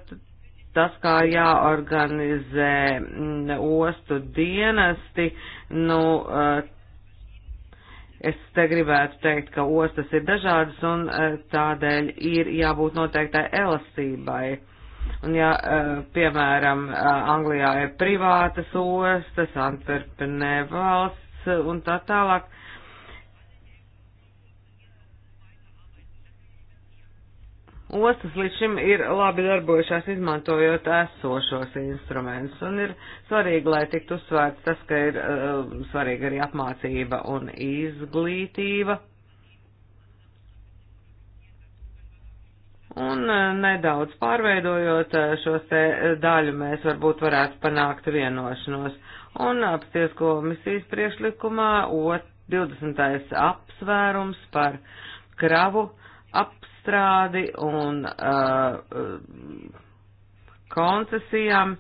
tas, kā jāorganizē mm, ostu dienesti, nu, eh, es te gribētu teikt, ka ostas ir dažādas un eh, tādēļ ir jābūt noteiktai elastībai. Un ja, piemēram, Anglijā ir privātas ostas, Antverpene valsts, Eh, un tā tālāk. Ostas līdz šim ir labi darbojušās, izmantojot esošos instrumentus, un ir svarīgi, lai tiktu uzsvērts tas, ka ir uh, svarīga arī apmācība un izglītība. Un uh, nedaudz pārveidojot uh, šos te daļu, mēs varbūt varētu panākt vienošanos. Uh, Un apsties komisijas priešlikumā 20. apsvērums par kravu apstrādi un uh, koncesijām.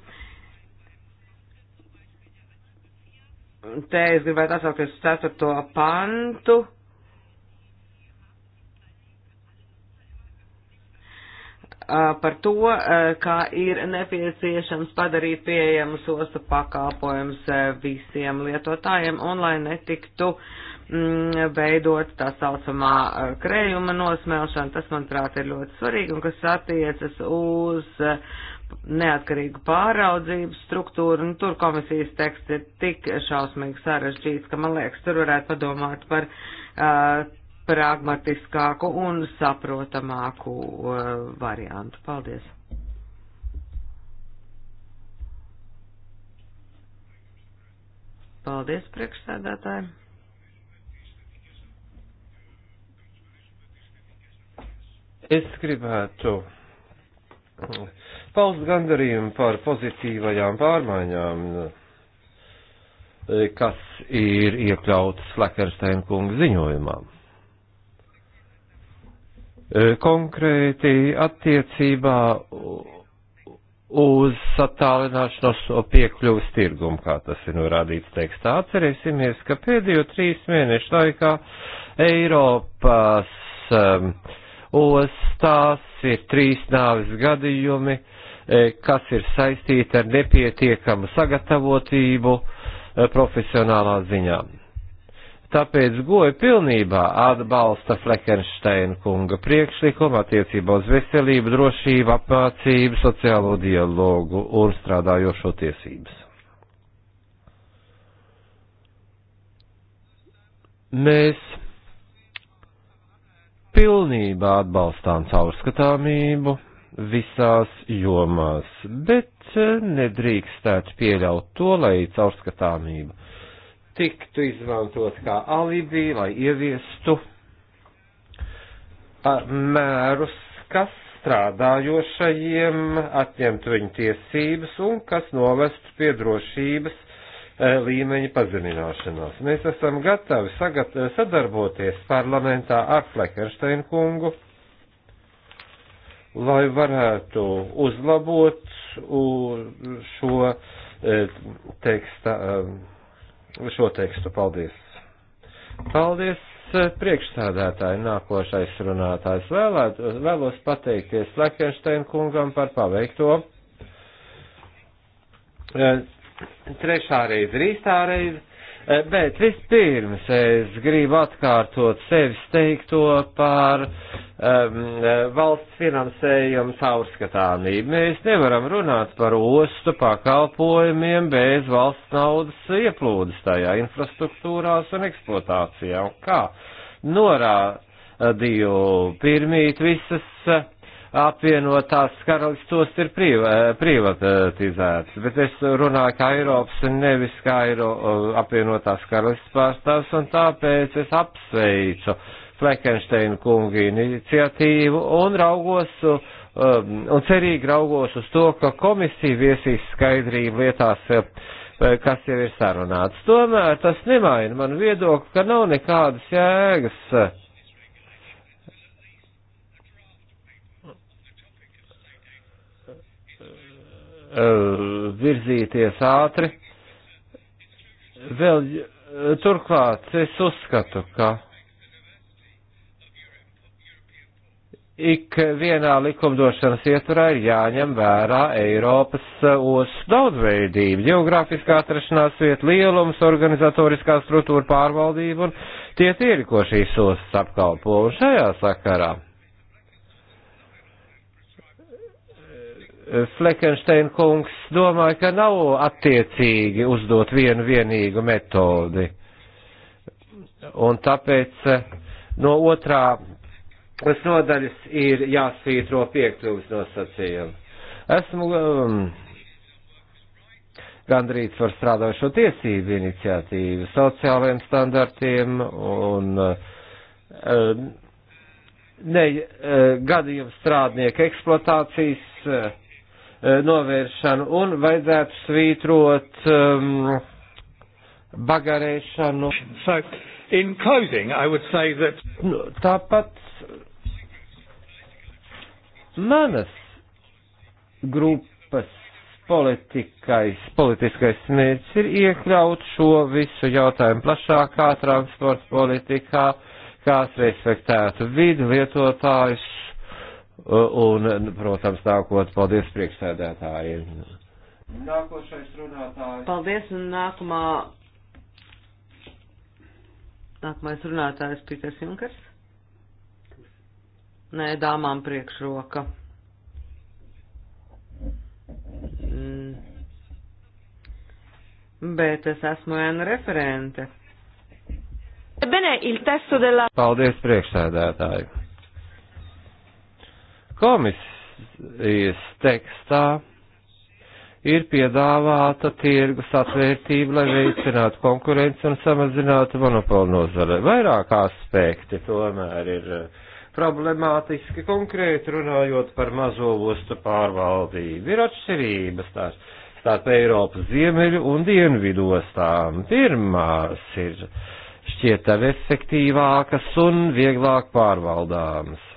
Te es gribētu atsaukties uz 4. pantu. Uh, par to, kā ir nepieciešams padarīt pieejamus ostu pakalpojums visiem lietotājiem un lai netiktu mm, veidot tā saucamā krējuma nosmelšana. Tas, manuprāt, ir ļoti svarīgi un kas attiecas uz neatkarīgu pāraudzību struktūru, un nu, tur komisijas teksts ir tik šausmīgi sarežģīts, ka, man liekas, tur varētu padomāt par uh, pragmatiskāku un saprotamāku uh, variantu. Paldies! Paldies, priekšsēdētāji! Es gribētu paust gandarījumu par pozitīvajām pārmaiņām, kas ir iekļauts Fleckersteina kunga ziņojumā. Eh, konkrēti attiecībā uz satālināšanos piekļuvas tirgumu, kā tas ir norādīts tekstā. Atcerēsimies, ka pēdējo trīs mēnešu laikā Eiropas um, ostās ir trīs nāvis gadījumi, eh, kas ir saistīti ar nepietiekamu sagatavotību eh, profesionālā ziņā. Tāpēc goja pilnībā atbalsta Fleckensteina kunga priekšlikumu attiecībā uz veselību, drošību, apmācību, sociālo dialogu un strādājošo tiesības. Mēs pilnībā atbalstām caurskatāmību visās jomās, bet nedrīkstētu pieļaut to, lai caurskatāmība tiktu izmantot kā alibi, lai ieviestu mērus, kas strādājošajiem atņemtu viņu tiesības un kas novestu pie drošības e, līmeņa pazemināšanos. Mēs esam gatavi sagat, sadarboties parlamentā ar Fleckensteinu kungu, lai varētu uzlabot šo e, teksta e, šo tekstu. Paldies! Paldies, eh, priekšsādātāji, nākošais runātājs. Vēlēt, vēlos pateikties Lekenštein kungam par paveikto. Eh, trešā reize, rīstā reize Eh, bet vispirms es gribu atkārtot sevis teikto par um, valsts finansējumu caurskatāmību. Mēs nevaram runāt par ostu pakalpojumiem bez valsts naudas ieplūdes tajā infrastruktūrās un eksploatācijā. Un kā norādīju pirmīt visas apvienotās karalists tos ir privatizēts, bet es runāju kā Eiropas un nevis kā Eiro, eh, apvienotās karalists pārstāvs, un tāpēc es apsveicu Fleckensteina kunga iniciatīvu un raugos eh, un cerīgi raugos uz to, ka komisija viesīs skaidrību lietās, eh, kas jau ir sarunāts. Tomēr tas nemaina man viedokli, ka nav nekādas jēgas Eh, virzīties ātri. Vēl eh, turklāt es uzskatu, ka ik vienā likumdošanas ietvarā ir jāņem vērā Eiropas eh, ostu daudzveidība, geogrāfiskā atrašanās vieta, lielums, organizatoriskā struktūra pārvaldība un tie tīri, ko šīs ostas apkalpo un šajā sakarā. Fleckensteina kungs domāja, ka nav attiecīgi uzdot vienu vienīgu metodi. Un tāpēc eh, no otrā nodaļas ir jāsvītro piekļuvis nosacījumi. Esmu um, gandrīz par strādājušo tiesību iniciatīvu, sociālajiem standartiem un um, ne, uh, eh, gadījumu strādnieku eksploatācijas. Uh, Eh, novēršanu un vajadzētu svītrot um, bagarēšanu. So, in closing, I would say that... Nu, tāpat manas grupas politikais, politiskais mērķis ir iekļaut šo visu jautājumu plašākā transporta politikā, kā respektētu vidu lietotājus Un, protams, nākot, paldies priekšsēdētājiem. Nākošais runātājs. Paldies, un nākamā. Nākamais runātājs Pīters Junkers. Nē, dāmām priekšroka. Mm. Bet es esmu N referente. Bene, il testo della... Paldies priekšsēdētāju komisijas tekstā ir piedāvāta tirgus atvērtība, lai veicinātu konkurenci un samazinātu monopolu nozare. Vairāk aspekti tomēr ir eh, problemātiski konkrēti runājot par mazo ostu pārvaldību. Ir atšķirības tās starp Eiropas ziemeļu un dienvidu ostām. Pirmās ir šķietam efektīvākas un vieglāk pārvaldāmas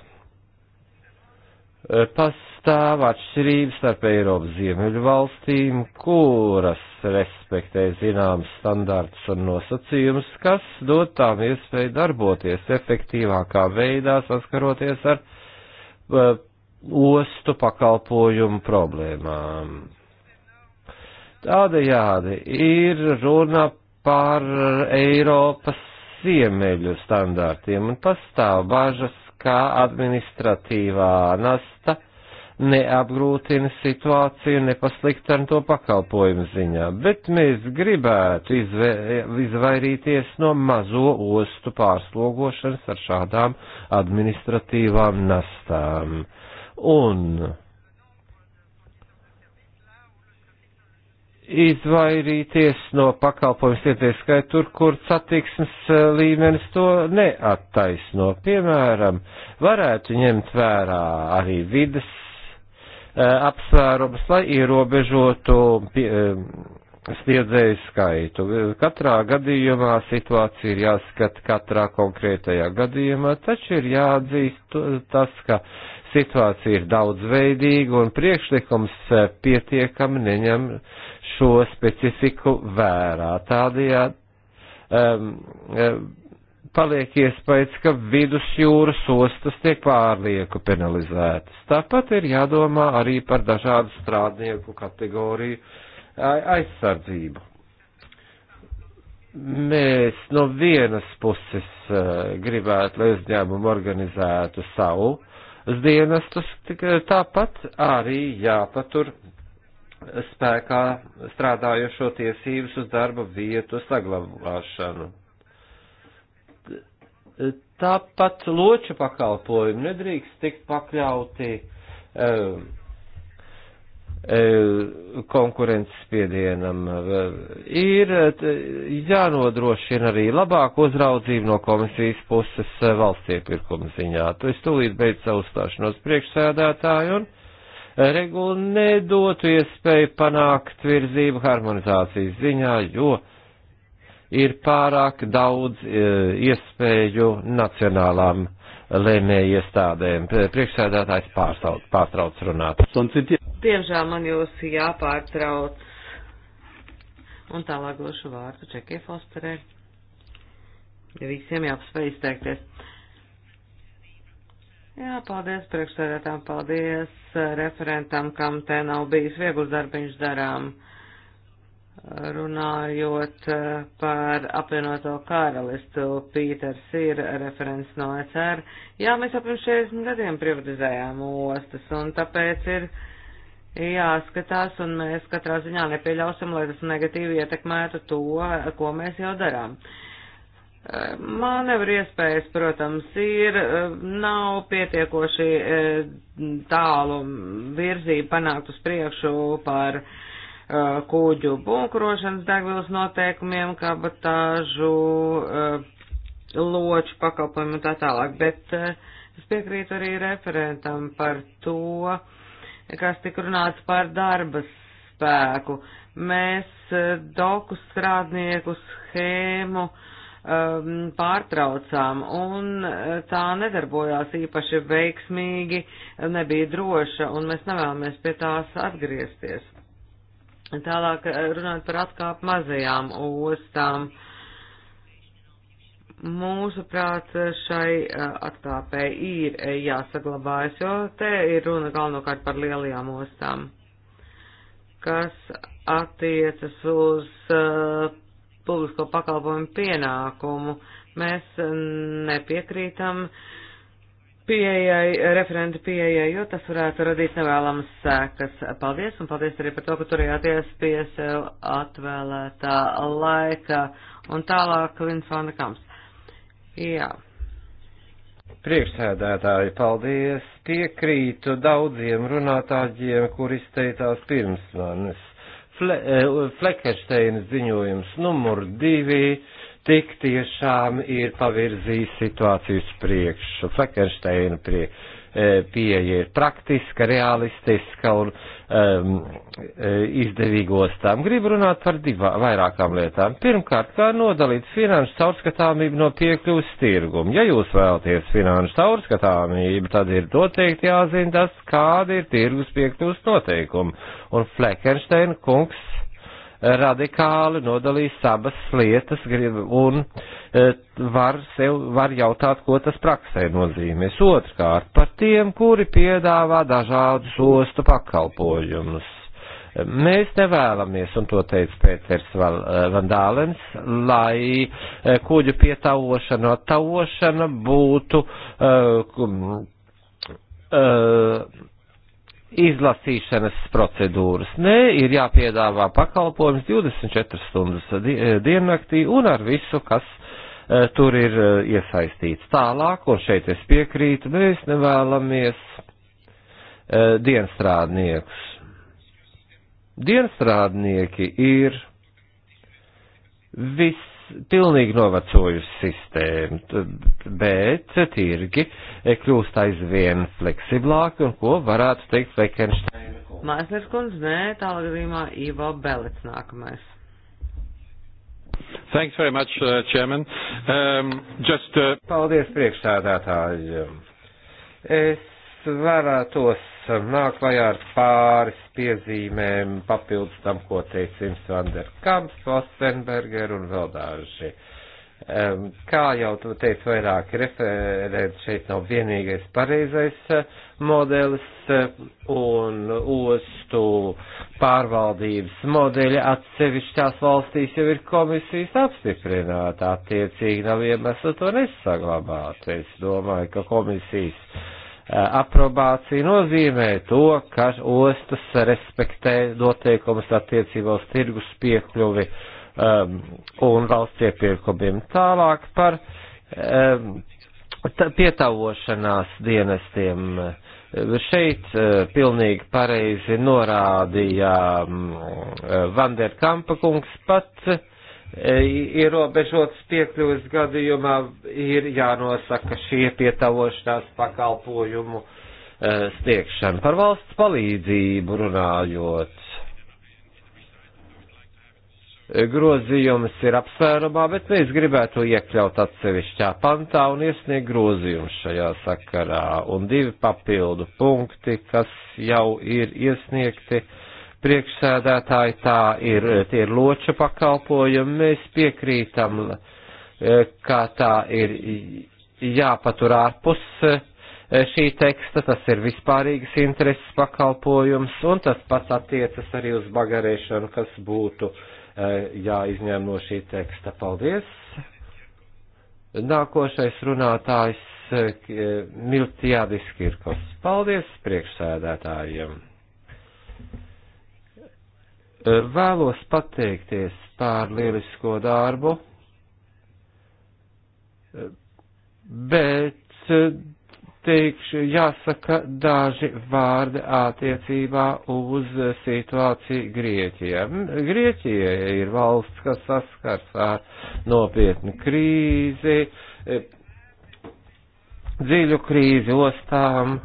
Eh, pastāv atšķirības starp Eiropas ziemeļu valstīm, kuras respektē zināmas standārts un nosacījumus, kas dod tām iespēju darboties efektīvākā veidā saskaroties ar uh, ostu pakalpojumu problēmām. Tādējādi ir runa par Eiropas ziemeļu standārtiem un pastāv bažas ka administratīvā nasta neapgrūtina situāciju, nepasliktina to pakalpojumu ziņā, bet mēs gribētu izvē, izvairīties no mazo ostu pārslogošanas ar šādām administratīvām nastām. Un izvairīties no pakalpojumu sniedzējai tur, kur satiksmes eh, līmenis to neattaisno. Piemēram, varētu ņemt vērā arī vidas eh, apsvērumus, lai ierobežotu pie, eh, sniedzēju skaitu. Katrā gadījumā situācija ir jāskata katrā konkrētajā gadījumā, taču ir jāatzīst tas, ka situācija ir daudzveidīga un priekšlikums pietiekami neņem šo specifiku vērā. Tādējādi um, um, paliek iespējas, ka vidusjūras ostas tiek pārlieku penalizētas. Tāpat ir jādomā arī par dažādu strādnieku kategoriju aizsardzību. Mēs no vienas puses uh, gribētu, lai uzņēmumu organizētu savu dienestus, tāpat arī jāpatur spēkā strādājošo tiesības uz darba vietu saglabāšanu. Tāpat loča pakalpojumi nedrīkst tikt pakļauti e, e, konkurences spiedienam. Ir eh, jānodrošina arī labāku uzraudzību no komisijas puses eh, valsts iepirkuma ziņā. Tu es tūlīt beidz savu stāšanos priekšsēdētāju un regula nedotu iespēju panākt virzību harmonizācijas ziņā, jo ir pārāk daudz e, iespēju nacionālām lēmēju iestādēm. Priekšsēdētājs pārtrauc, pārtrauc runāt. Diemžēl man jūs jāpārtrauc. Un tālāk došu vārdu Čekie Fosterē. Visiem jāpaspēj izteikties. Jā, paldies priekšsēdētām, paldies eh, referentam, kam te nav bijis viegls darbiņš darām, runājot eh, par apvienoto karalistu. Pīters ir referents no ECR. Jā, mēs apmēram 60 gadiem privatizējām ostas, un tāpēc ir jāskatās, un mēs katrā ziņā nepieļausim, lai tas negatīvi ietekmētu to, ko mēs jau darām. Uh, Manevru iespējas, protams, ir, nav pietiekoši eh, tālu virzību panākt uz priekšu par eh, kūģu bunkrošanas degvielas noteikumiem, kabatāžu, eh, loču pakalpojumu un tā tālāk, bet es piekrītu arī referentam par to, kas tik runāts par darba spēku. Mēs doku strādnieku schēmu uh, um, pārtraucām, un uh, tā nedarbojās īpaši veiksmīgi, nebija droša, un mēs nevēlamies pie tās atgriezties. Tālāk uh, runāt par atkāpu mazajām ostām. Mūsuprāt, šai uh, atkāpē ir jāsaglabājas, jo te ir runa galvenokārt par lielajām ostām, kas attiecas uz uh, publisko pakalpojumu pienākumu. Mēs nepiekrītam pieejai, referenta pieejai, jo tas varētu radīt nevēlamas sēkas. Paldies, un paldies arī par to, ka turējāties pie sev atvēlētā laika. Un tālāk, Lins Vanda Kams. Jā. Priekšsēdētāji, paldies! Piekrītu daudziem runātāģiem, kur izteicās pirms manis. Fle, eh, Fleckensteinas ziņojums numur divi tik tiešām ir pavirzījis situāciju uz priekšu, Fleckensteina priekšu E, pieeja ir praktiska, realistiska un um, e, izdevīgos tām. Gribu runāt par divā, vairākām lietām. Pirmkārt, kā nodalīt finanšu caurskatāmību no piekļuvas tirguma. Ja jūs vēlaties finanšu caurskatāmību, tad ir noteikti jāzina tas, kāda ir tirgus piekļuvas noteikuma. Un Fleckensteina kungs radikāli nodalījis abas lietas un e, var, sev, var jautāt, ko tas praksē nozīmēs. Otrkārt, par tiem, kuri piedāvā dažādus ostu pakalpojumus. Mēs nevēlamies, un to teica Pēters e, Vandālens, lai e, kuģu pietavošana, attavošana būtu uh, uh, izlasīšanas procedūras. Nē, ir jāpiedāvā pakalpojums 24 stundas eh, diennaktī un ar visu, kas e, tur ir e, iesaistīts. Tālāk, un šeit es piekrītu, mēs nevēlamies e, dienstrādniekus. Dienstrādnieki ir viss pilnīgi novecojusi sistēma, bet tirgi kļūst aizvien fleksiblāki un ko varētu teikt Fleckensteina. Maisners kundze, nē, tālāk gadījumā Ivo Belets nākamais. Thanks very much, uh, Chairman. Um, just, uh... Paldies priekšsādātāji. Es varētos nāk klajā ar pāris piezīmēm papildus tam, ko teica Sims Vanderkamps, Vostenberger un vēl daži. Um, kā jau tu teici, vairāk referents šeit nav vienīgais pareizais eh, modelis eh, un ostu pārvaldības modeļi atsevišķās valstīs jau ir komisijas apstiprināta, attiecīgi nav iemesla to nesaglabāt. Es domāju, ka komisijas Eh, aprobācija nozīmē to, ka ostas respektē noteikumus attiecībā uz tirgus piekļuvi um, un valsts iepirkumiem. Tālāk par um, pietavošanās dienestiem. Eh, šeit uh, pilnīgi pareizi norādīja um, Vanderkampa kungs pats. Uh, E, ierobežotas piekļuves gadījumā ir jānosaka šie pietavošanās pakalpojumu e, sniegšana. Par valsts palīdzību runājot, e, grozījums ir apsvērumā, bet mēs gribētu iekļaut atsevišķā pantā un iesniegt grozījumu šajā sakarā. Un divi papildu punkti, kas jau ir iesniegti priekšsēdētāji, tā ir, tie ir loča pakalpojumi, mēs piekrītam, e, kā tā ir jāpatur ārpus e, šī teksta, tas ir vispārīgas intereses pakalpojums, un tas pats attiecas arī uz bagarēšanu, kas būtu e, jāizņem no šī teksta. Paldies! Nākošais runātājs Miltijādis Kirkos. Paldies priekšsēdētājiem! Eh, vēlos pateikties par lielisko darbu, eh, bet eh, teikšu, jāsaka daži vārdi attiecībā uz situāciju Grieķijā. Grieķija ir valsts, kas saskars ar nopietnu krīzi, dziļu krīzi ostām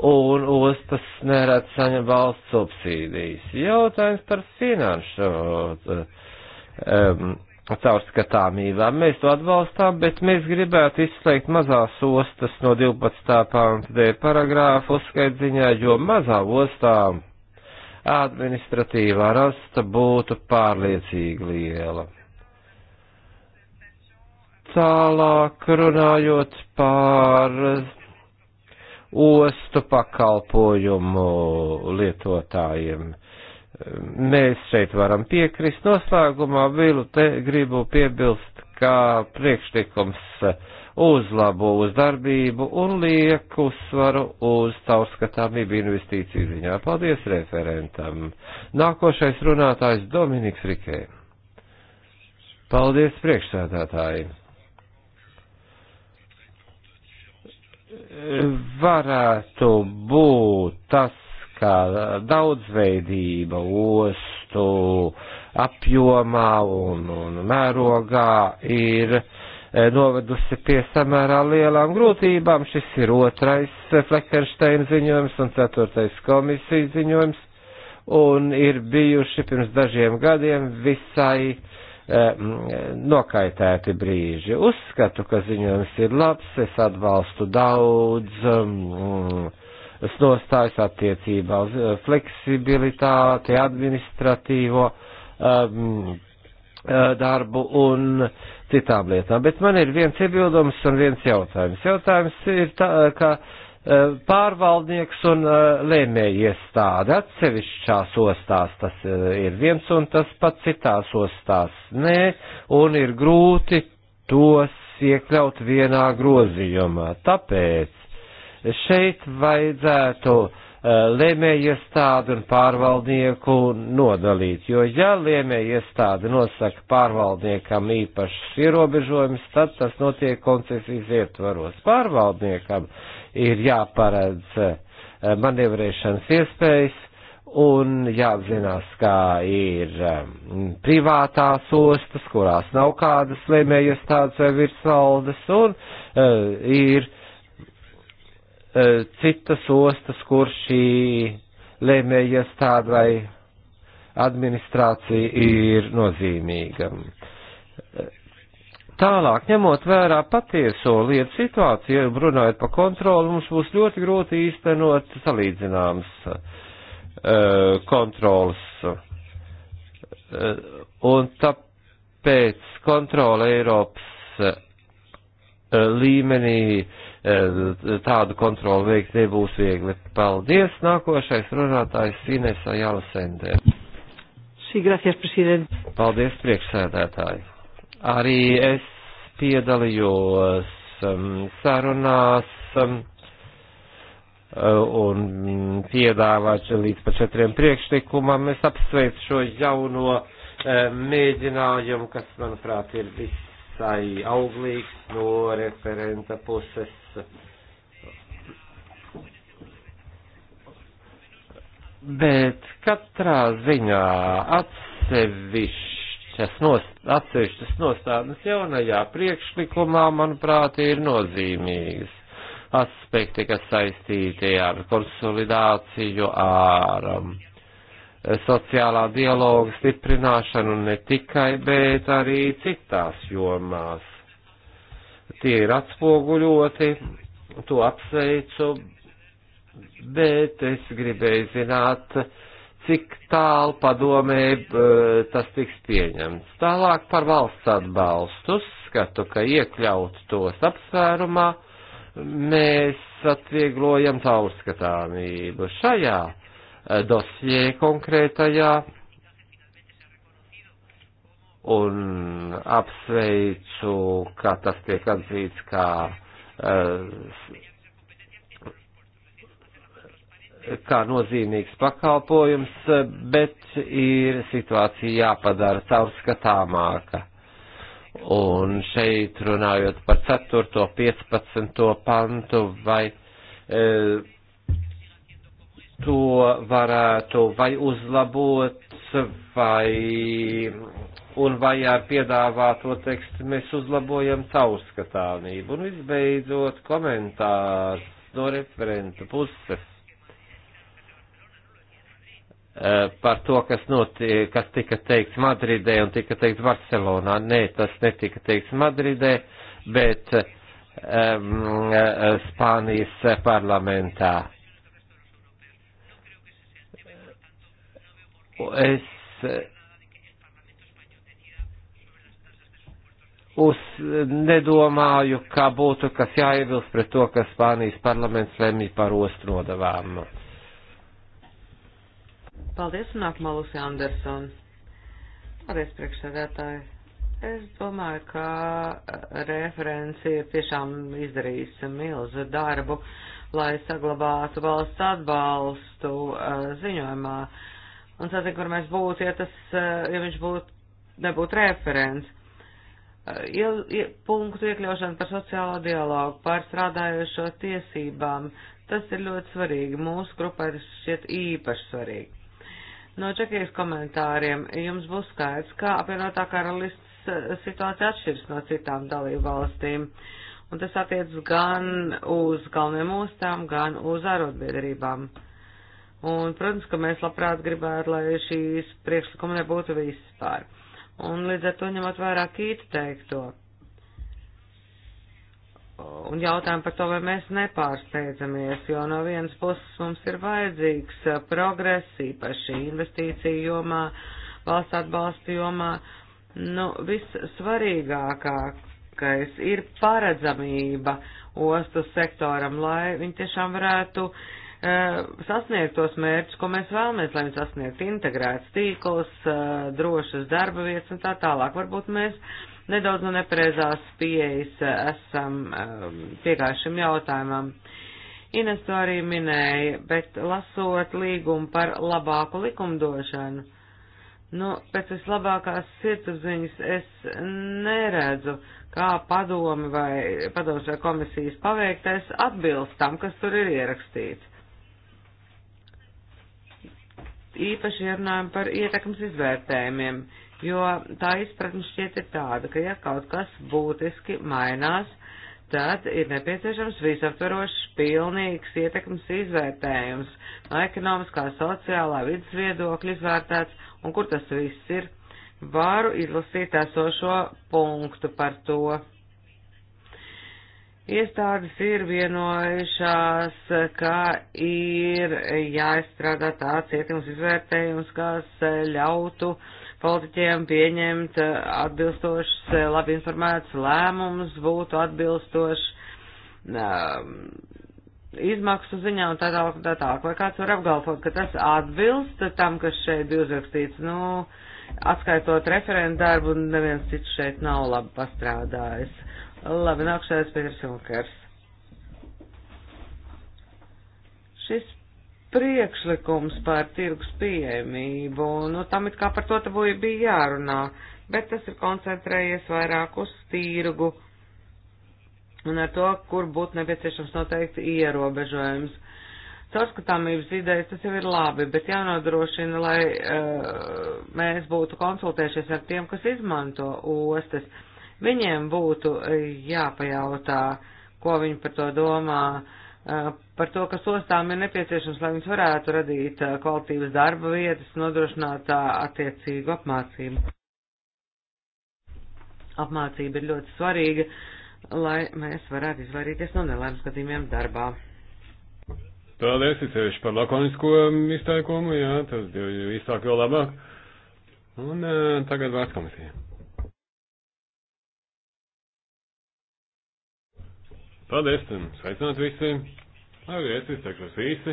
un ostas nerad saņem valsts subsīdijas. Jautājums par finanšu um, caurskatāmībām. Mēs to atbalstām, bet mēs gribētu izslēgt mazās ostas no 12. pānta D paragrāfu uzskaitziņā, jo mazā ostām administratīvā rasta būtu pārliecīgi liela. Tālāk runājot par ostu pakalpojumu lietotājiem. Mēs šeit varam piekrist. Noslēgumā vilu te gribu piebilst, ka priekšlikums uzlabo uz darbību un liek uzsvaru uz caurskatāmību investīciju ziņā. Paldies referentam. Nākošais runātājs Dominiks Rikē. Paldies priekšsēdētājiem. varētu būt tas, kā daudzveidība ostu apjomā un, un mērogā ir eh, novedusi pie samērā lielām grūtībām. Šis ir otrais Fleckensteina ziņojums un ceturtais komisijas ziņojums, un ir bijuši pirms dažiem gadiem visai uh, E, nokaitēti brīži. Uzskatu, ka ziņojums ir labs, es atbalstu daudz. Mm, es nostājos attiecībā uz e, fleksibilitāti, administratīvo um, darbu un citām lietām. Bet man ir viens iebildums un viens jautājums. Jautājums ir tā, ka uh, Eh, pārvaldnieks un eh, lēmēja iestāde. Atsevišķās ostās tas eh, ir viens un tas pats, citās ostās nē, un ir grūti tos iekļaut vienā grozījumā. Tāpēc šeit vajadzētu lēmēja iestādi un pārvaldnieku nodalīt, jo ja lēmēja iestāde nosaka pārvaldniekam īpašas ierobežojumus, tad tas notiek koncesijas ietvaros. Pārvaldniekam uh, ir jāparedz eh, manevrēšanas iespējas un jāapzinās, kā ir eh, privātās ostas, kurās nav kādas lēmējas tādas vai virsvaldes, un uh, ir uh, citas ostas, kur šī lēmējas tāda vai administrācija ir nozīmīga. Uh, Tālāk, ņemot vērā patieso lietu situāciju, runājot par kontroli, mums būs ļoti grūti īstenot salīdzināmas uh, kontrolas. Uh, un tāpēc kontrola Eiropas uh, līmenī tādu kontroli veikt nebūs viegli. Paldies! Nākošais runātājs Inesa Jālasendē. Sí, gracias, president. Paldies, priekšsēdētāji! Arī es piedalījos um, sarunās um, un piedāvāt līdz pa četriem priekšlikumam. Es apsveicu šo jauno um, mēģinājumu, kas, manuprāt, ir visai auglīgs no referenta puses. Bet katrā ziņā atsevišķi atsevišķas nost, atsevišķas nostādnes jaunajā priekšlikumā, manuprāt, ir nozīmīgas. Aspekti, kas saistīti ar konsolidāciju, ar um, sociālā dialoga stiprināšanu ne tikai, bet arī citās jomās. Tie ir atspoguļoti, to apsveicu, bet es gribēju zināt, uh, cik tālu padomē e, tas tiks pieņemts. Tālāk par valsts atbalstu uzskatu, ka iekļaut tos apsvērumā mēs atvieglojam caurskatāmību. Šajā e, dosjē konkrētajā un apsveicu, ka tas tiek atzīts kā uh, kā nozīmīgs pakalpojums, bet ir situācija jāpadara caurskatāmāka. Un šeit runājot par 4. 15. pantu, vai e, to varētu vai uzlabot, vai, un vai ar piedāvāto tekstu mēs uzlabojam caurskatāmību. Un visbeidzot komentārs no referentu puses Eh, par to, kas, notiek, kas tika teikts Madridē un tika teikts Barcelonā. Nē, tas netika teikts Madridē, bet um, Spānijas parlamentā. Es uz, nedomāju, kā būtu kas jāiebilst pret to, ka Spānijas parlaments lemj par ostu nodavām. Uh, Paldies, un nākamā Lūsija Andersona. Paldies, priekšsēdētāji. Es domāju, ka eh, referenci ir tiešām izdarījis milzu darbu, lai saglabātu valsts atbalstu eh, ziņojumā. Un sacīt, kur mēs būtu, ja tas, eh, ja viņš būtu, nebūtu referents. Iel, punktu iekļaušana par sociālo dialogu, par strādājošo tiesībām, tas ir ļoti svarīgi. Mūsu grupai tas šķiet īpaši svarīgi. No Čekijas komentāriem jums būs skaidrs, kā apvienotā karalists eh, situācija atšķiras no citām dalību valstīm, un tas attiec gan uz galveniem ostām, gan uz ārotbiedrībām. Un, protams, ka mēs labprāt gribētu, lai šīs priekšlikumi nebūtu vispār. Un līdz ar to ņemot vairāk īti teikto un jautājumu par to, vai mēs nepārsteidzamies, jo no vienas puses mums ir vajadzīgs uh, progress, īpaši investīciju jomā, valsts atbalsta jomā. Nu, vissvarīgākais ir paredzamība ostu sektoram, lai viņi tiešām varētu uh, sasniegt tos mērķus, ko mēs vēlamies, lai viņi sasniegtu integrēts tīkls, uh, drošas darba vietas un tā tālāk. Varbūt mēs uh, nedaudz no nu, nepareizās pieejas eh, esam ehm, piegājušam jautājumam. Ines to arī minēja, bet lasot līgumu par labāku likumdošanu, nu, pēc vislabākās sirdsapziņas es neredzu, kā padomi vai padoms vai komisijas paveiktais atbilst tam, kas tur ir ierakstīts. Īpaši runājam par ietekmes izvērtējumiem. Uh, jo tā izpratne šķiet ir tāda, ka ja kaut kas būtiski mainās, tad ir nepieciešams visaptvarošs, pilnīgs ietekmes izvērtējums no ekonomiskā, sociālā, vidas viedokļa izvērtēts, un kur tas viss ir. Varu izlasīt esošo punktu par to. Iestādes ir vienojušās, ka ir jāizstrādā tāds ietekmes izvērtējums, kas ļautu uh, politiķiem pieņemt eh, atbilstošs, eh, labi informēts lēmums, būtu atbilstošs um, izmaksu ziņā un tā tālāk un tā tālāk. Vai kāds var apgalvot, ka tas atbilst tam, kas šeit bija uzrakstīts? Nu, atskaitot referentu darbu, neviens cits šeit nav labi pastrādājis. Labi, nākšais Pēters Junkers. Šis priekšlikums par tirgus pieejamību, nu tam it kā par to te bija jārunā, bet tas ir koncentrējies vairāk uz tirgu un ar to, kur būtu nepieciešams noteikti ierobežojums. Caurskatāmības idejas tas jau ir labi, bet jānodrošina, lai uh, mēs būtu konsultējušies ar tiem, kas izmanto ostas. Viņiem būtu uh, jāpajautā, ko viņi par to domā, uh, par to, kas ostām ir nepieciešams, lai viņas varētu radīt kvalitīvas darba vietas, nodrošināt attiecīgu apmācību. Apmācība ir ļoti svarīga, lai mēs varētu izvairīties no nelēmas gadījumiem darbā. Paldies, Icēši, par lakonisko izteikumu, jā, tas jau īsāk, jau labāk. Un tagad vārds komisija. Paldies, un sveicināt visi! Labi, es izteikšos īsi.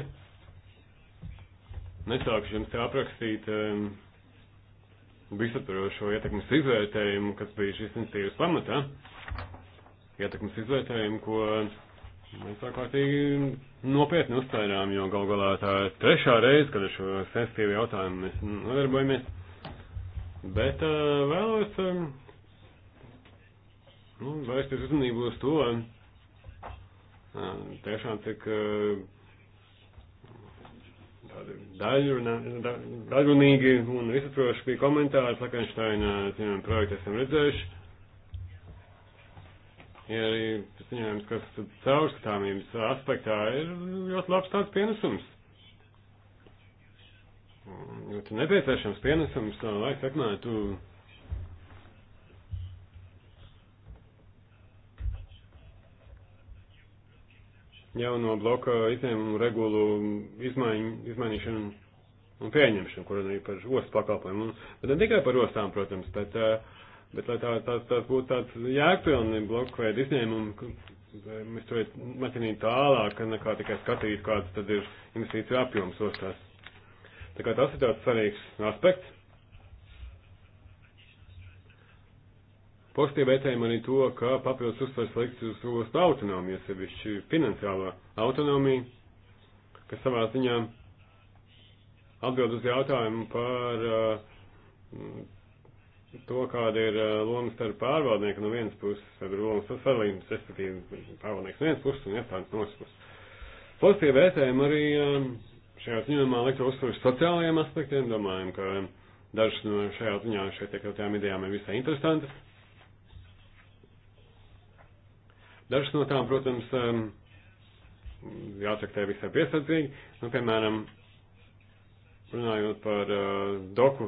Nesākšu jums aprakstīt um, visaptvarošo ietekmes izvērtējumu, kas bija šīs institīvas pamatā. Ietekmes izvērtējumu, ko mēs ārkārtīgi nopietni uztvērām, jo gal galā tā ir trešā reize, kad ar šo sensitīvu jautājumu mēs nodarbojamies. Bet uh, vēlos um, nu, vērsties uzmanību uz to, um, tiešām cik daļrunīgi un izsaproši bija komentāri Lakenšteina ziņojuma projektu esam redzējuši. Ir arī ziņojums, kas caurskatāmības aspektā ir ļoti labs tāds pienesums. Ļoti nepieciešams pienesums, lai sekmētu jauno bloka izņēmumu regulu izmaiņu, izmainīšanu un pieņemšanu, kur arī par ostu pakalpojumu. Bet ne tikai par ostām, protams, bet, eh, bet lai tā, tās, tās būtu tāds jēgpilni bloku veida izņēmumi, mēs to maķinīt tālāk, nekā tikai skatīt, kāds tad ir investīciju apjoms ostās. Tā kā tas ir tāds svarīgs aspekts. Pozitīvi vērtējam arī to, ka papildus uzsvars liks uz ostu autonomiju, sevišķi finansiālo autonomiju, kas savā ziņā atbild uz jautājumu par uh, to, kāda ir uh, loma starp pārvaldnieku no vienas puses, tad ir loma sadalījums, respektīvi pārvaldnieks no vienas puses un iestādes no otras puses. Pozitīvi vērtējam arī uh, šajā ziņojumā likto uzsvaru sociālajiem aspektiem, domājam, ka dažas no šajā ziņā šeit iekļautajām idejām ir visai interesantas. Dažas no tām, protams, um, jātraktē visai piesardzīgi, nu, piemēram, runājot par uh, doku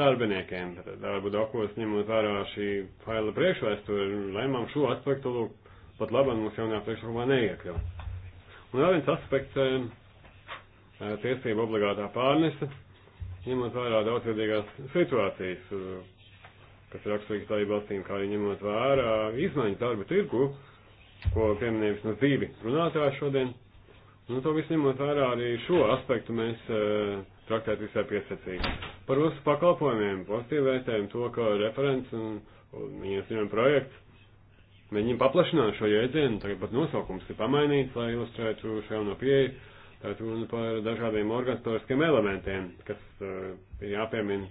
darbiniekiem, tad darbu dokos ņemot vērā šī faila priekšvēsturi, lēmām šo aspektu, lūk, pat labam mums jaunajā priekšlikumā neiekļau. Un vēl viens aspekts um, uh, tiesība obligātā pārnese, ņemot vērā daudzveidīgās situācijas, uh, kas raksturīgs dalību valstīm, kā arī ņemot vērā izmaiņas darba tirgu, ko pieminējums no dzīvi runātājā šodien. Nu, to visu ņemot vērā arī šo aspektu mēs uh, e, traktēt visai piesacīgi. Par uzsākt pakalpojumiem pozitīvi vērtējumu to, ka referents un, un viņas ņem projekts mēģina paplašināt šo jēdzienu, tagad pat nosaukums ir pamainīts, lai ilustrētu šo jauno pieeju. Tātad runa par dažādiem organizatoriskiem elementiem, kas uh, ir jāpiemina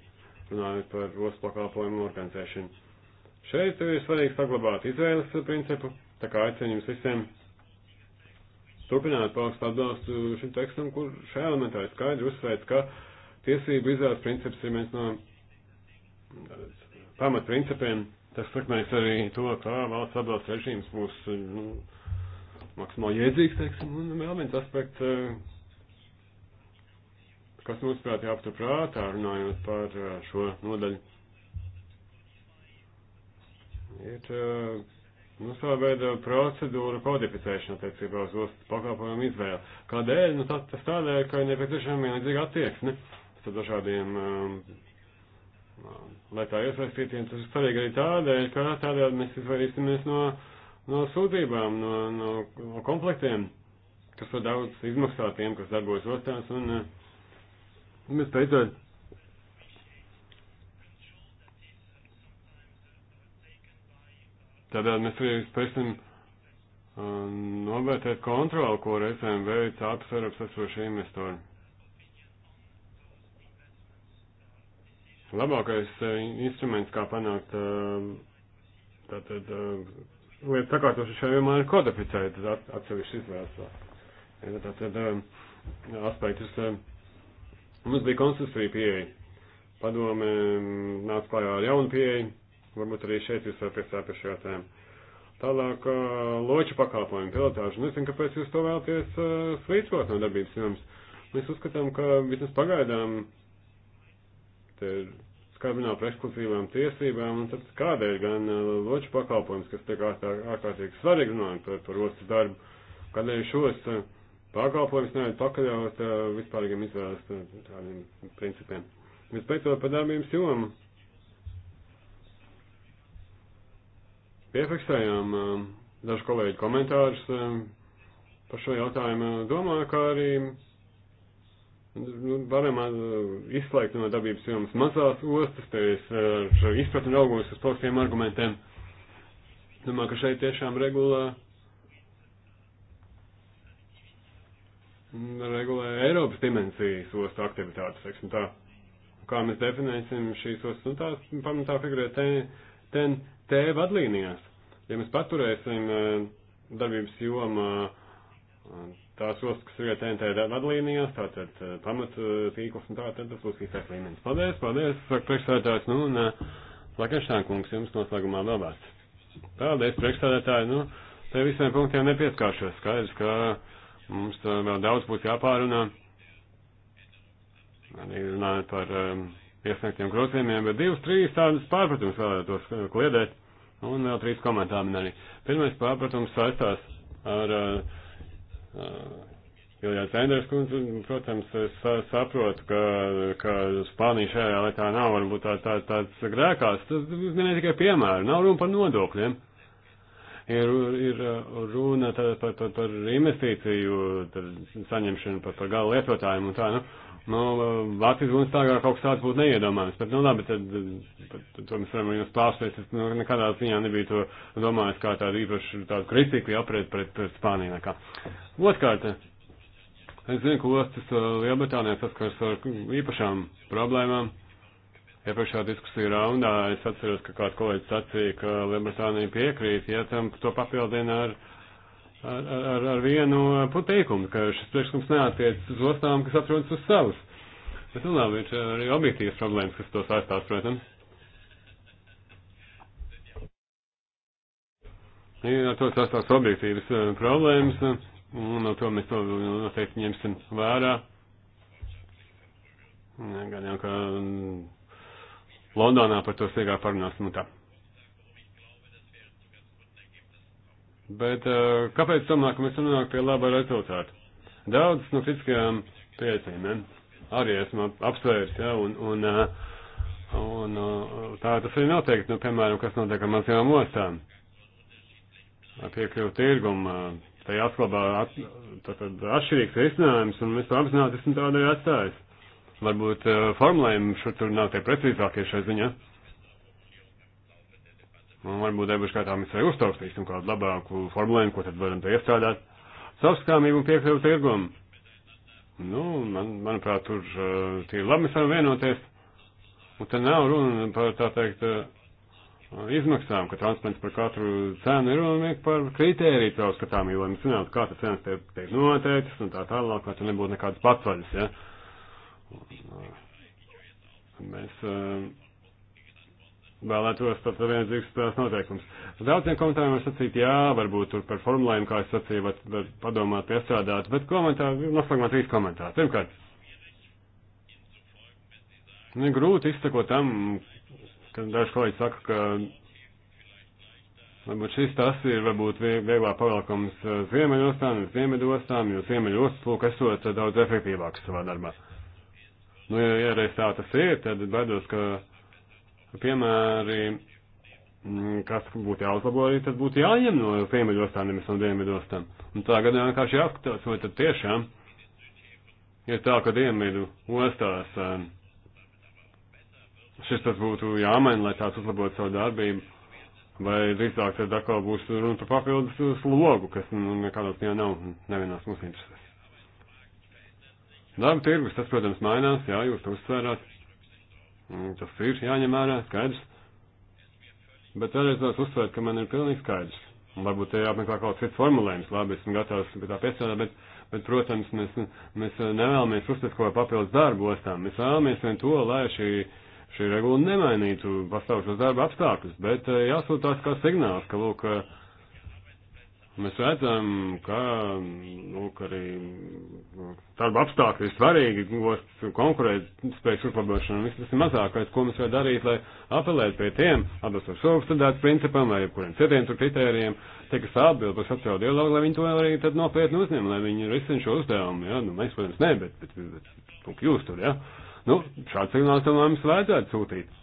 runājot par ostu pakalpojumu organizēšanu. Šeit ir svarīgi saglabāt izvēles principu, tā kā aicinu jums visiem turpināt paust atbalstu šim tekstam, kur šajā elementā ir skaidri uzsvērts, ka tiesību izvēles princips ir viens no pamatprincipiem. Tas sakmēs arī to, kā valsts atbalsta režīms būs nu, maksimāli iedzīgs, teiksim, un vēl viens aspekts, kas mums prāt jāaptur prātā, runājot par eh, šo nodaļu, ir eh, nu, savā veidā procedūra kodificēšana attiecībā uz ostas pakalpojumu izvēli. Kādēļ? Nu, tas, tas tādēļ, ka ir nepieciešama vienlīdzīga attieksme starp dažādiem um, eh, lietā iesaistītiem. Tas ir svarīgi arī tādēļ, ka tādēļ mēs izvairīsimies no, no sūdzībām, no, no, no komplektiem kas var daudz izmaksāt tiem, kas darbojas ostās, un uh, Un mēs beidzot Tādēļ mēs arī spēsim uh, novērtēt kontroli, ko reizēm veic ārpus Eiropas esošie investori. Labākais uh, instruments, kā panākt uh, tātad uh, lietas sakārtošu šajā jomā, ir kodificēt at, atsevišķi izvēles. Tātad uh, aspektus uh, Mums bija konstruktīva pieeja. Padome mm, nāca klājā ar jaunu pieeju. Varbūt arī šeit jūs varat piesākt pie šī jautājuma. Tālāk, loča pakalpojumi, pilotāžu. Nezinu, kāpēc jūs to vēlaties svītrot no darbības jums. Mēs uzskatām, ka vismaz pagaidām te ir skarbinā par ekskluzīvām tiesībām, un tad kādēļ gan loča pakalpojums, kas tiek ārkārtīgi svarīgi runājot par, par ostas darbu, kādēļ šos uh, pārkalpojums nevar pakaļaut uh, vispārīgiem izvēles uh, tādiem principiem. Vispēcot par darbības jomu. Piefiksējām uh, dažu kolēģu komentārus uh, par šo jautājumu. Domāju, ka arī nu, varam uh, izslēgt no dabības jomas mazās ostas, tevis uh, ar izpratni raugos uz plaustiem argumentiem. Domāju, ka šeit tiešām regulā. Uh, regulē Eiropas dimensijas ostu aktivitātes, teiksim tā. Kā mēs definēsim šīs ostas, nu tās pamatā figurē TNT vadlīnijās. Ja mēs paturēsim eh, darbības jomā eh, tās ostas, kas ir TNT vadlīnijās, tātad eh, pamat tīkls un tā, tad tas būs īstais līmenis. Paldies, paldies, saka priekšsēdētājs, nu un Lakenštēn kungs jums noslēgumā vēl vārds. Paldies, priekšsēdētāji, nu, te visiem punktiem nepieskāršos, skaidrs, ka. Kā Mums vēl daudz būs jāpārunā. Arī runājot par um, iesniegtiem grozījumiem, bet divas, trīs tādas pārpratums vēlētos uh, kliedēt. Un vēl trīs komentāri arī. Pirmais pārpratums saistās ar uh, uh Iljā Cenders kundzi. Protams, es saprotu, ka, ka Spānija šajā lietā nav varbūt tā, tā, tāds grēkās. Tas ir ne tikai piemēri. Nav runa par nodokļiem. Ja? ir, ir uh, runa tā, par, par, par investīciju tad, saņemšanu, par, par gala lietotājiem un tā, nu, nu Latvijas gunas tā kā kaut kas tāds būtu neiedomājams, bet, nu, labi, tad, tad to mēs varam jums pārspēst, es nu, nekādā ziņā nebiju to domājis kā tādu īpašu tādu kritiku apret pret, pret Spāniju nekā. Otkārt, es zinu, ka ostas uh, Lielbritānijā saskars ar īpašām problēmām. Iepriekšējā diskusija raundā es atceros, ka kāds kolēģis sacīja, ka Lielbritānija piekrīt, ja tam to papildina ar, ar, ar, ar vienu puteikumu, ka šis priekšlikums neatiec uz ostām, kas atrodas uz savas. Bet, nu, labi, ir arī objektīvas problēmas, kas to saistās, protams. Ja to sastās objektīvas eh, problēmas, un no to mēs to noteikti ņemsim vērā. Gan jau, ka Londonā par to sīkāk parunāsim un tā. Bet eh, kāpēc tomēr, ka mēs nonākam pie laba rezultāta? Daudz no kritiskajām piezīmēm arī esmu apsvērs, ja, un, un, eh, un, un eh, tā tas ir noteikti, nu, piemēram, kas notiek ar mazajām ostām. Piekļuvu tirgumu, tajā atklābā at, atšķirīgs risinājums, un mēs to apzināti esam tādēļ atstājis. Varbūt eh, formulējumi šur tur nav tie precīzākie šai ziņā. Un varbūt debuši kā tā mēs arī uztaustīsim kādu labāku formulējumu, ko tad varam te iestrādāt. Savskatāmību un piekļuvu tirgumu. Nu, man, manuprāt, tur uh, tie labi mēs varam vienoties. Un te nav runa par, tā teikt, uh, izmaksām, ka transports par katru cenu ir runa par kritēriju caurskatāmību, lai mēs zinātu, kā tas cenas tiek noteiktas un tā tālāk, lai tur nebūtu nekādas patvaļas, ja. Uh, Mēs eh, vēlētos tāds vienzīgs spēles noteikums. Uz daudziem komentāriem var sacīt, jā, varbūt tur par formulējumu, kā es sacīju, var, var padomāt, piestrādāt, bet komentāri, noslēgumā trīs komentāri. Pirmkārt, nu, grūti izsako tam, kad daži kolēģi saka, ka varbūt šis tas ir varbūt vieglāk pavēlkums eh, ziemeļostām, ziemeļostām, jo ziemeļostas, lūk, esot eh, daudz efektīvāks savā darbā. Nu, ja iereiz tā tas ir, tad baidos, ka piemēri, mm, kas būtu jāuzlabo, arī tad būtu jāņem no ziemeļostām, nevis no dienvidostām. Un tā gadījumā vienkārši jāskatās, vai tad tiešām ir tā, ka dienvidu ostās um, šis tas būtu jāmaina, lai tās uzlabotu savu darbību. Vai drīzāk tad atkal būs runa par papildus slogu, kas nu, nekādos ziņā nav nevienās mūsu interesēs. Darba tirgus, tas, protams, mainās, jā, jūs to uzsvērāt. Tas ir jāņem vērā, skaidrs. Bet vēlreiz vēlos uzsvērt, ka man ir pilnīgi skaidrs. Un varbūt te jāapmeklē kaut kāds cits formulējums, labi, esmu gatavs pie tā piestrādāt, bet, bet, protams, mēs, mēs nevēlamies uzsvērt kaut ko papildus darbu ostām. Mēs vēlamies vien to, lai šī šī regula nemainītu pastāvošos darba apstākļus, bet eh, jāsūtās kā signāls, ka, lūk, eh, Mēs redzam, ka, nu, ka arī darba apstākļi ir svarīgi, gost konkurēt spējas uzlabošanu, viss tas ir mazākais, ko mēs varam darīt, lai apelētu pie tiem, atbilstot subsidētas principam vai kuriem citiem tur kritērijiem, tie, kas atbild par sociālo dialogu, lai viņi to arī tad nopietni uzņem, lai viņi risina šo uzdevumu, jā, ja? nu, mēs, protams, ne, bet, bet, bet, bet lūk, jūs tur, jā. Ja? Nu, šāds signāls tam mums vajadzētu sūtīt.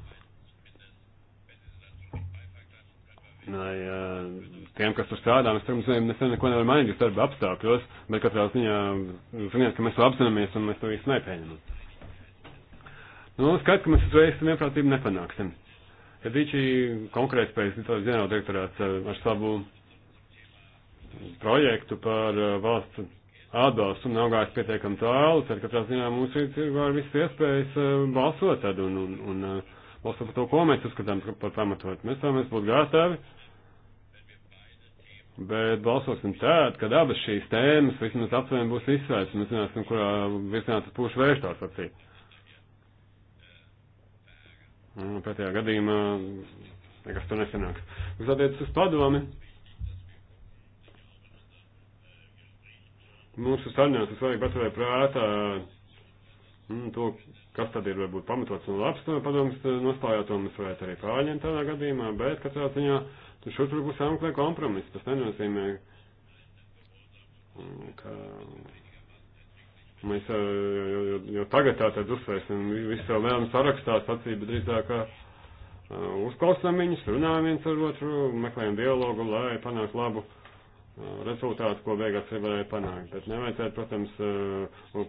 Lai, uh, tiem, kas tur strādā, mēs, protams, mēs neko nevaram mainīt darba apstākļos, bet katrā ziņā ziniet, nu, ka mēs to apzināmies un mēs to visu nepieņemam. Nu, skaidrs, ka mēs uzreiz vienprātību nepanāksim. Ja Dīčī konkrēti pēc ģenerāla direktorāts eh, ar savu projektu par eh, valsts atbalstu nav gājis pietiekam tālu, tad katrā ziņā mums ir var viss iespējas eh, balsot tad un, un, un balsot par to, ko mēs uzskatām par pamatot. Mēs vēlamies būt gatavi Bet balsosim tādā, ka abas šīs tēmas vismaz aptuveni būs izsvērts, un mēs zināsim, kurā virzienā tas pūš vērstās acīt. Pēdējā gadījumā nekas tur nesanāks. Uz attiecas uz padomi. Mums uz sarņās ir svarīgi paturēt prātā mm, to, kas tad ir varbūt pamatots un labs padoms nostājāt, to mēs varētu arī pārņemt tādā gadījumā, bet katrā ziņā. Ciņā Tur šur tur būs jāmeklē kompromiss. Tas nenozīmē, ka mēs jau, jau, jau, jau tagad tātad uzsvērsim visu savu vēlmu sarakstā sacību drīzāk, ka uzklausām viņus, runājam viens ar otru, meklējam dialogu, lai panāktu labu rezultātu, ko beigās arī varēja panākt. Bet nevajadzētu, protams,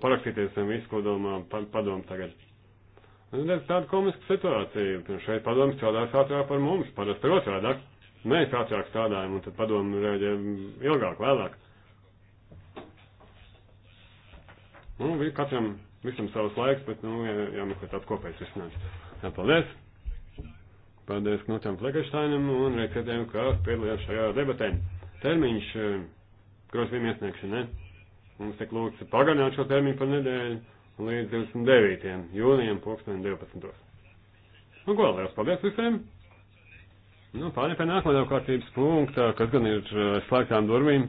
parakstīties zem visu, ko domā padomu tagad. Un nu, ir tāda komiska situācija. Šeit padomu strādās ātrāk par mums, parasti ir otrādāk. Mēs ātrāk strādājam, un tad padomu reaģē ilgāk, vēlāk. Nu, katram visam savs laiks, bet, nu, jā, jāmeklē tāds kopējs risinājums. Jā, paldies! Paldies Knutam Flegeršteinam un rekrutēm, kas piedalījās šajā debatē. Termiņš eh, grozījuma iesniegšanai. Mums tiek lūgts pagarināt šo termiņu par nedēļu līdz 29. jūnijam 2012. Nu, ko, liels paldies visiem! Nu, pārējiem pie nākamā darba kārtības punkta, kas gan ir eh, slēgtām durvīm.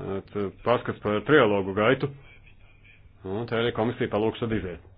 Eh, Paskats par trialogu gaitu. Un te arī komisija palūkšu diviem.